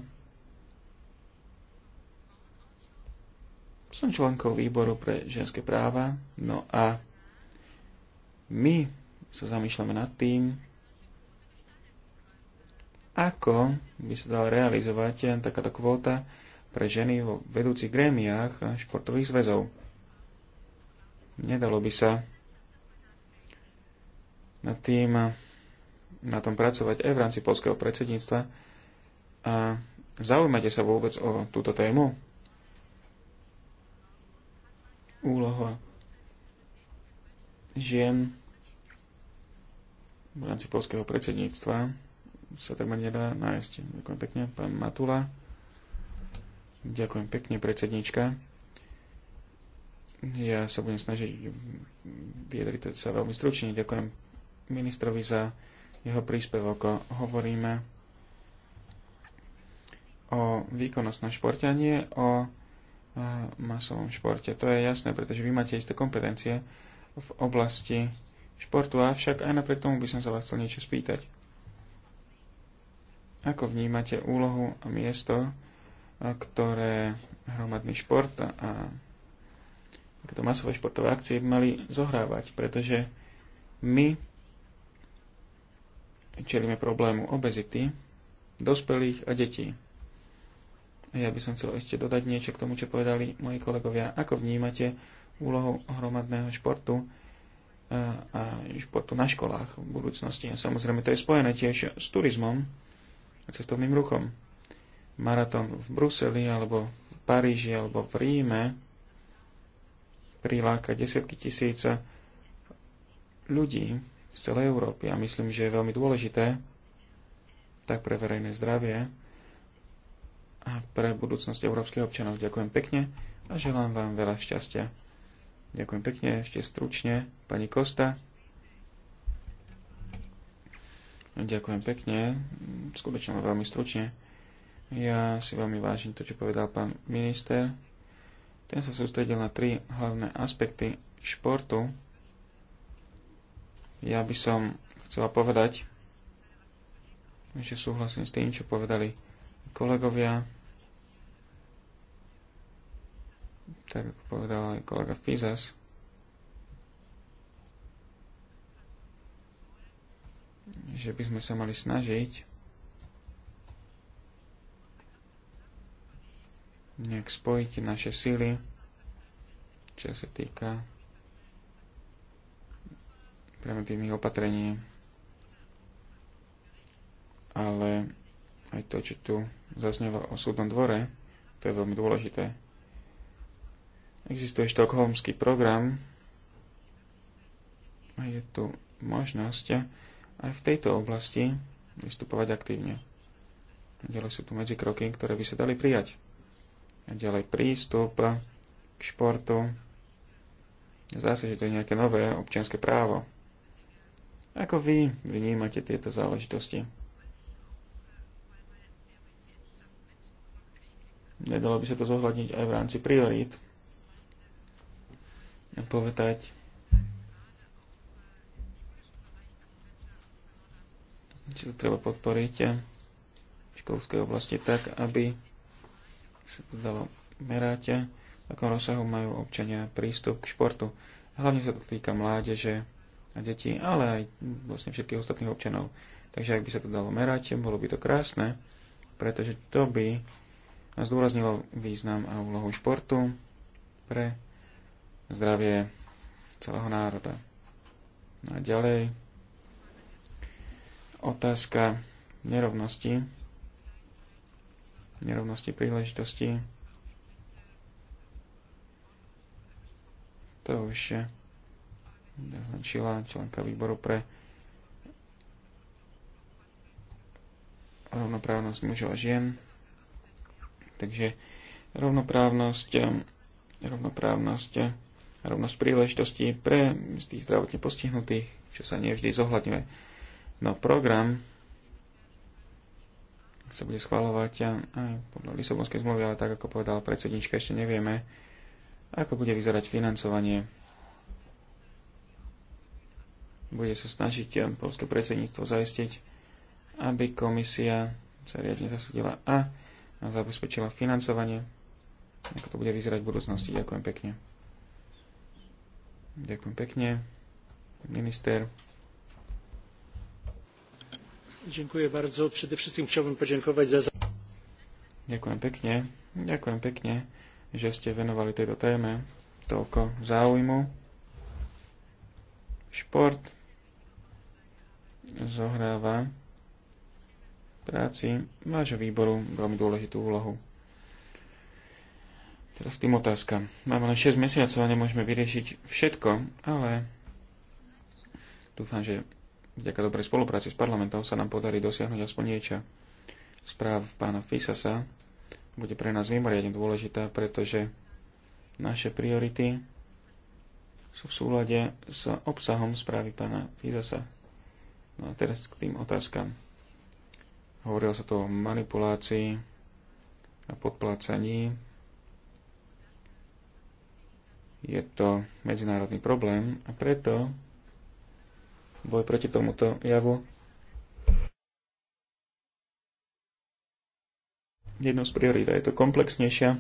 [SPEAKER 1] Som členkou výboru pre ženské práva, no a my sa zamýšľame nad tým, ako by sa dala realizovať takáto kvóta pre ženy vo vedúcich grémiách športových zväzov. Nedalo by sa nad tým eh, na tom pracovať aj v rámci polského predsedníctva. A zaujímate sa vôbec o túto tému? Úloha žien v rámci polského predsedníctva sa treba nedá nájsť. Ďakujem pekne, pán Matula. Ďakujem pekne, predsednička. Ja sa budem snažiť vyjadriť sa veľmi stručne. Ďakujem ministrovi za jeho príspevok. Hovoríme o výkonnostnom športe a nie o e, masovom športe. To je jasné, pretože vy máte isté kompetencie v oblasti športu, avšak aj napriek tomu by som sa vás chcel niečo spýtať. Ako vnímate úlohu a miesto, e, ktoré hromadný šport a takéto masové športové akcie by mali zohrávať, pretože my čelíme problému obezity dospelých a detí. Ja by som chcel ešte dodať niečo k tomu, čo povedali moji kolegovia. Ako vnímate úlohu hromadného športu a športu na školách v budúcnosti? A samozrejme, to je spojené tiež s turizmom a cestovným ruchom. Maratón v Bruseli alebo v Paríži alebo v Ríme priláka desiatky tisíca ľudí z celej Európy. A myslím, že je veľmi dôležité, tak pre verejné zdravie a pre budúcnosť európskych občanov. Ďakujem pekne a želám vám veľa šťastia. Ďakujem pekne, ešte stručne, pani Kosta. Ďakujem pekne, skutočne veľmi stručne. Ja si veľmi vážim to, čo povedal pán minister. Ten sa sústredil na tri hlavné aspekty športu, ja by som chcela povedať, že súhlasím s tým, čo povedali kolegovia. Tak ako povedal aj kolega Fizas. že by sme sa mali snažiť nejak spojiť naše síly, čo sa týka preventívnych opatrení, ale aj to, čo tu zaznelo o súdnom dvore, to je veľmi dôležité. Existuje štokholmský program a je tu možnosť aj v tejto oblasti vystupovať aktívne. Ďalej sú tu medzikroky, ktoré by sa dali prijať. A ďalej prístup k športu. Zdá sa, že to je nejaké nové občianske právo. Ako vy vnímate tieto záležitosti? Nedalo by sa to zohľadniť aj v rámci priorít. A povedať, či to treba podporiť v školskej oblasti tak, aby sa to dalo merať, v akom rozsahu majú občania prístup k športu. Hlavne sa to týka mládeže, deti, ale aj vlastne všetkých ostatných občanov. Takže ak by sa to dalo merať, bolo by to krásne, pretože to by zdôraznilo význam a úlohu športu pre zdravie celého národa. No a ďalej otázka nerovnosti, nerovnosti príležitosti. To už naznačila členka výboru pre rovnoprávnosť mužov a žien. Takže rovnoprávnosť, rovnoprávnosť, rovnosť príležitostí pre z tých zdravotne postihnutých, čo sa nevždy zohľadňuje. No program sa bude schváľovať aj podľa Lisabonskej zmluvy, ale tak ako povedala predsednička, ešte nevieme, ako bude vyzerať financovanie bude sa snažiť eh, polské predsedníctvo zaistiť, aby komisia sa riadne zasadila a zabezpečila financovanie. Ako to bude vyzerať v budúcnosti. Ďakujem pekne. Ďakujem pekne. Minister.
[SPEAKER 4] Dziękuję bardzo. Przede wszystkim chciałbym podziękować za...
[SPEAKER 1] Ďakujem pekne. Ďakujem pekne, že ste venovali tejto téme toľko záujmu. Šport zohráva práci vášho výboru veľmi dôležitú úlohu. Teraz tým otázka. Máme len 6 mesiacov a nemôžeme vyriešiť všetko, ale dúfam, že vďaka dobrej spolupráci s parlamentom sa nám podarí dosiahnuť aspoň niečo. Správ pána Fisasa bude pre nás mimoriadne dôležitá, pretože naše priority sú v súlade s obsahom správy pána Fisasa. No a teraz k tým otázkam. Hovorilo sa tu o manipulácii a podplácaní. Je to medzinárodný problém a preto boj proti tomuto javu jednou z priorít. Je to komplexnejšia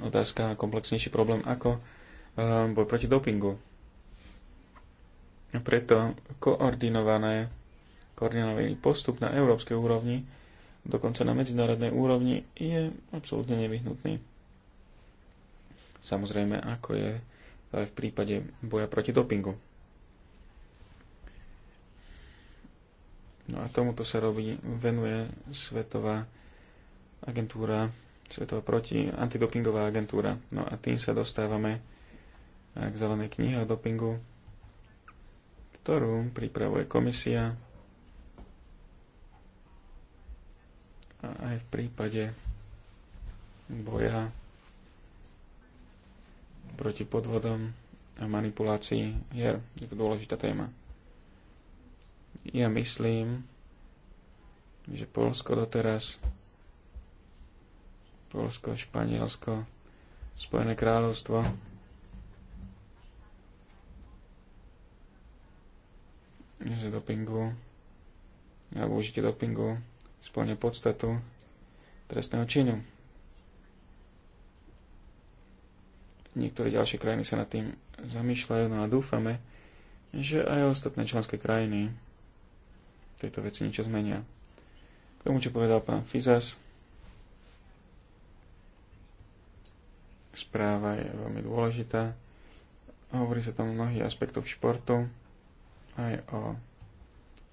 [SPEAKER 1] otázka a komplexnejší problém ako eh, boj proti dopingu. Preto koordinované, koordinovaný postup na európskej úrovni, dokonca na medzinárodnej úrovni, je absolútne nevyhnutný. Samozrejme, ako je aj v prípade boja proti dopingu. No a tomuto sa robí, venuje Svetová agentúra, Svetová proti, antidopingová agentúra. No a tým sa dostávame k zelenej knihe o dopingu, ktorú pripravuje komisia a aj v prípade boja proti podvodom a manipulácii hier. Je to dôležitá téma. Ja myslím, že Polsko doteraz, Polsko, Španielsko, Spojené kráľovstvo z dopingu alebo užite dopingu splňa podstatu trestného činu. Niektoré ďalšie krajiny sa nad tým zamýšľajú, no a dúfame, že aj ostatné členské krajiny tejto veci niečo zmenia. K tomu, čo povedal pán Fizas, správa je veľmi dôležitá. Hovorí sa tam o mnohých aspektoch športu, aj o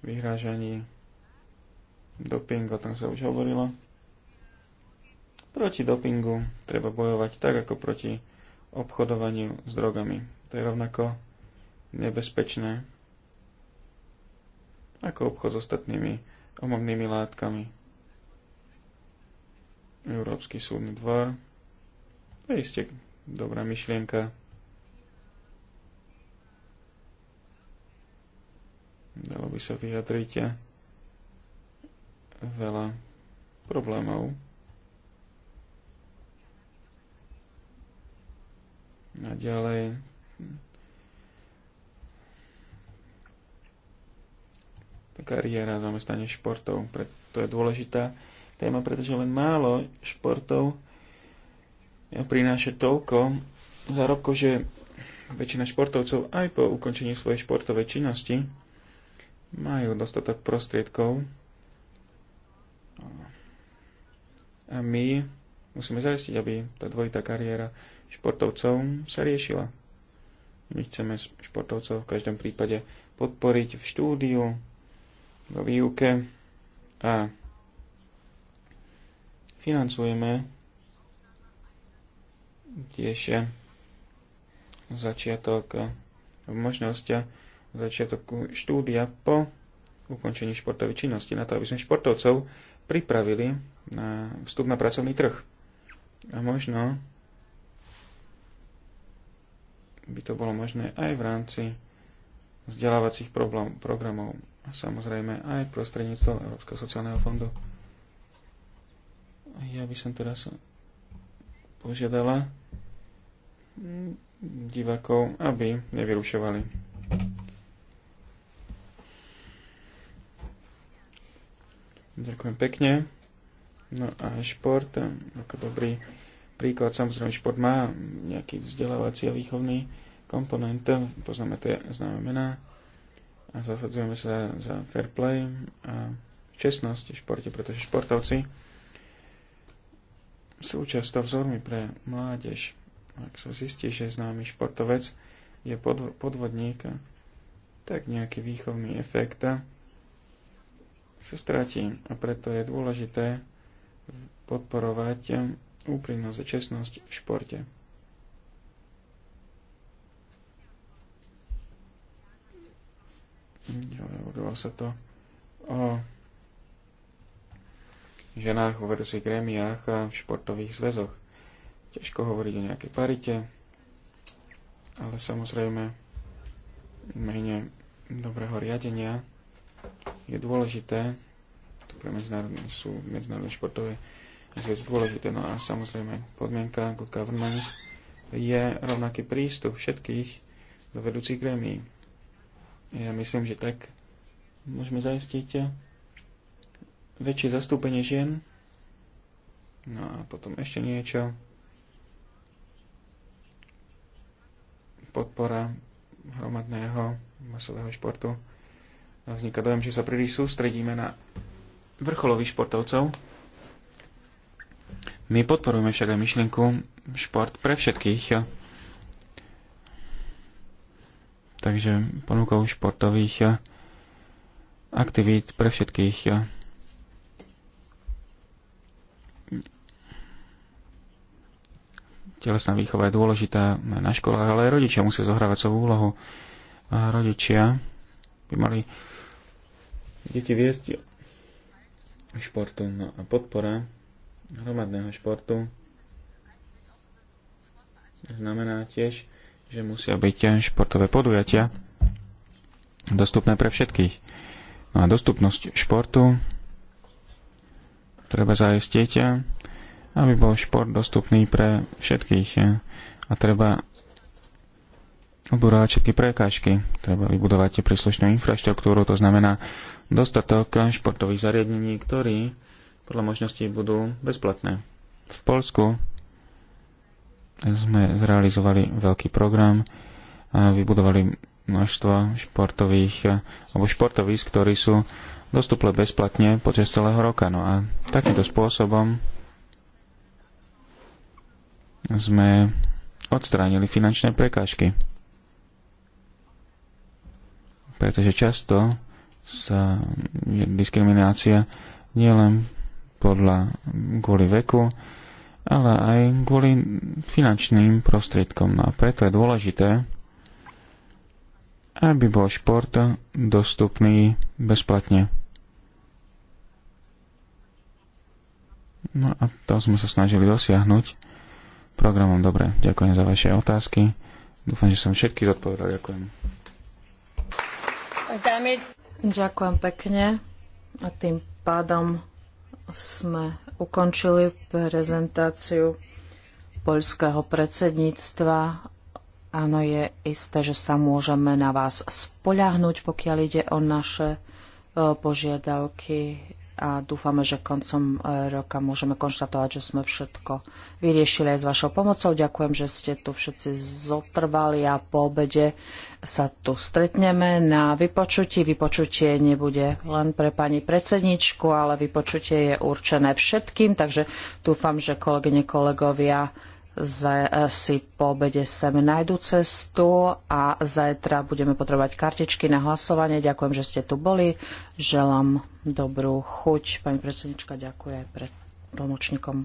[SPEAKER 1] vyhrážaní doping, o tom sa už hovorilo. Proti dopingu treba bojovať tak, ako proti obchodovaniu s drogami. To je rovnako nebezpečné ako obchod s ostatnými omamnými látkami. Európsky súdny dvor. To je iste dobrá myšlienka. vy sa vyjadrite veľa problémov. A ďalej kariéra zamestnanie športov. To je dôležitá téma, pretože len málo športov eh, prináša toľko zárobkov, že väčšina športovcov aj po ukončení svojej športovej činnosti majú dostatok prostriedkov a my musíme zaistiť, aby tá dvojitá kariéra športovcov sa riešila. My chceme športovcov v každom prípade podporiť v štúdiu, vo výuke a financujeme tiež začiatok možnosti začiatok štúdia po ukončení športovej činnosti, na to, aby sme športovcov pripravili na vstup na pracovný trh. A možno by to bolo možné aj v rámci vzdelávacích problém, programov a samozrejme aj prostredníctvom Európskeho sociálneho fondu. Ja by som teraz požiadala divakov, aby nevyrušovali. Ďakujem pekne. No a šport, eh, ako dobrý príklad, samozrejme šport má nejaký vzdelávací a výchovný komponent, eh, poznáme tie známe mená a zasadzujeme sa za, fair play a čestnosť v športe, pretože športovci sú často vzormi pre mládež. Ak sa zistí, že známy športovec je podvodník, eh, tak nejaký výchovný efekt sa stratí a preto je dôležité podporovať úprimnosť a čestnosť v športe. Hovorilo sa to o ženách vo vedúcich grémiách a v športových zväzoch. Ťažko hovoriť o nejakej parite, ale samozrejme mene dobrého riadenia je dôležité, to pre medzinárodný sú medzinárodné športové zväz dôležité. No a samozrejme podmienka good governance je rovnaký prístup všetkých do vedúcich grémií. Ja myslím, že tak môžeme zaistiť väčšie zastúpenie žien. No a potom ešte niečo. Podpora hromadného masového športu vzniká dojem, že sa príliš sústredíme na vrcholových športovcov. My podporujeme však aj myšlienku šport pre všetkých. Takže ponukou športových aktivít pre všetkých. Telesná výchova je dôležitá na školách, ale aj rodičia musia zohrávať svoju úlohu. A rodičia by mali deti viesť športu. No a podpora hromadného športu znamená tiež, že musia byť športové podujatia dostupné pre všetkých. No a dostupnosť športu treba zajistiť, aby bol šport dostupný pre všetkých a treba odborovať všetky prekážky. Treba vybudovať príslušnú infraštruktúru, to znamená dostatok športových zariadení, ktorí podľa možností budú bezplatné. V Polsku sme zrealizovali veľký program, a vybudovali množstvo športových alebo športovísk, ktorí sú dostupné bezplatne počas celého roka. No a takýmto spôsobom sme odstránili finančné prekážky. Pretože často sa je diskriminácia nielen podľa kvôli veku, ale aj kvôli finančným prostriedkom. No a preto je dôležité, aby bol šport dostupný bezplatne. No a to sme sa snažili dosiahnuť programom. Dobre, ďakujem za vaše otázky. Dúfam, že som všetky zodpovedal. Ďakujem.
[SPEAKER 3] Ďakujem pekne. A tým pádom sme ukončili prezentáciu poľského predsedníctva. Áno, je isté, že sa môžeme na vás spoľahnúť, pokiaľ ide o naše e, požiadavky a dúfame, že koncom e, roka môžeme konštatovať, že sme všetko vyriešili aj s vašou pomocou. Ďakujem, že ste tu všetci zotrvali a po obede sa tu stretneme na vypočutí. Vypočutie nebude len pre pani predsedničku, ale vypočutie je určené všetkým, takže dúfam, že kolegyne, kolegovia Eh, si po obede sem nájdu cestu a zajtra budeme potrebovať kartičky na hlasovanie. Ďakujem, že ste tu boli. Želám dobrú chuť. Pani predsednička, ďakujem aj pred tlmočníkom.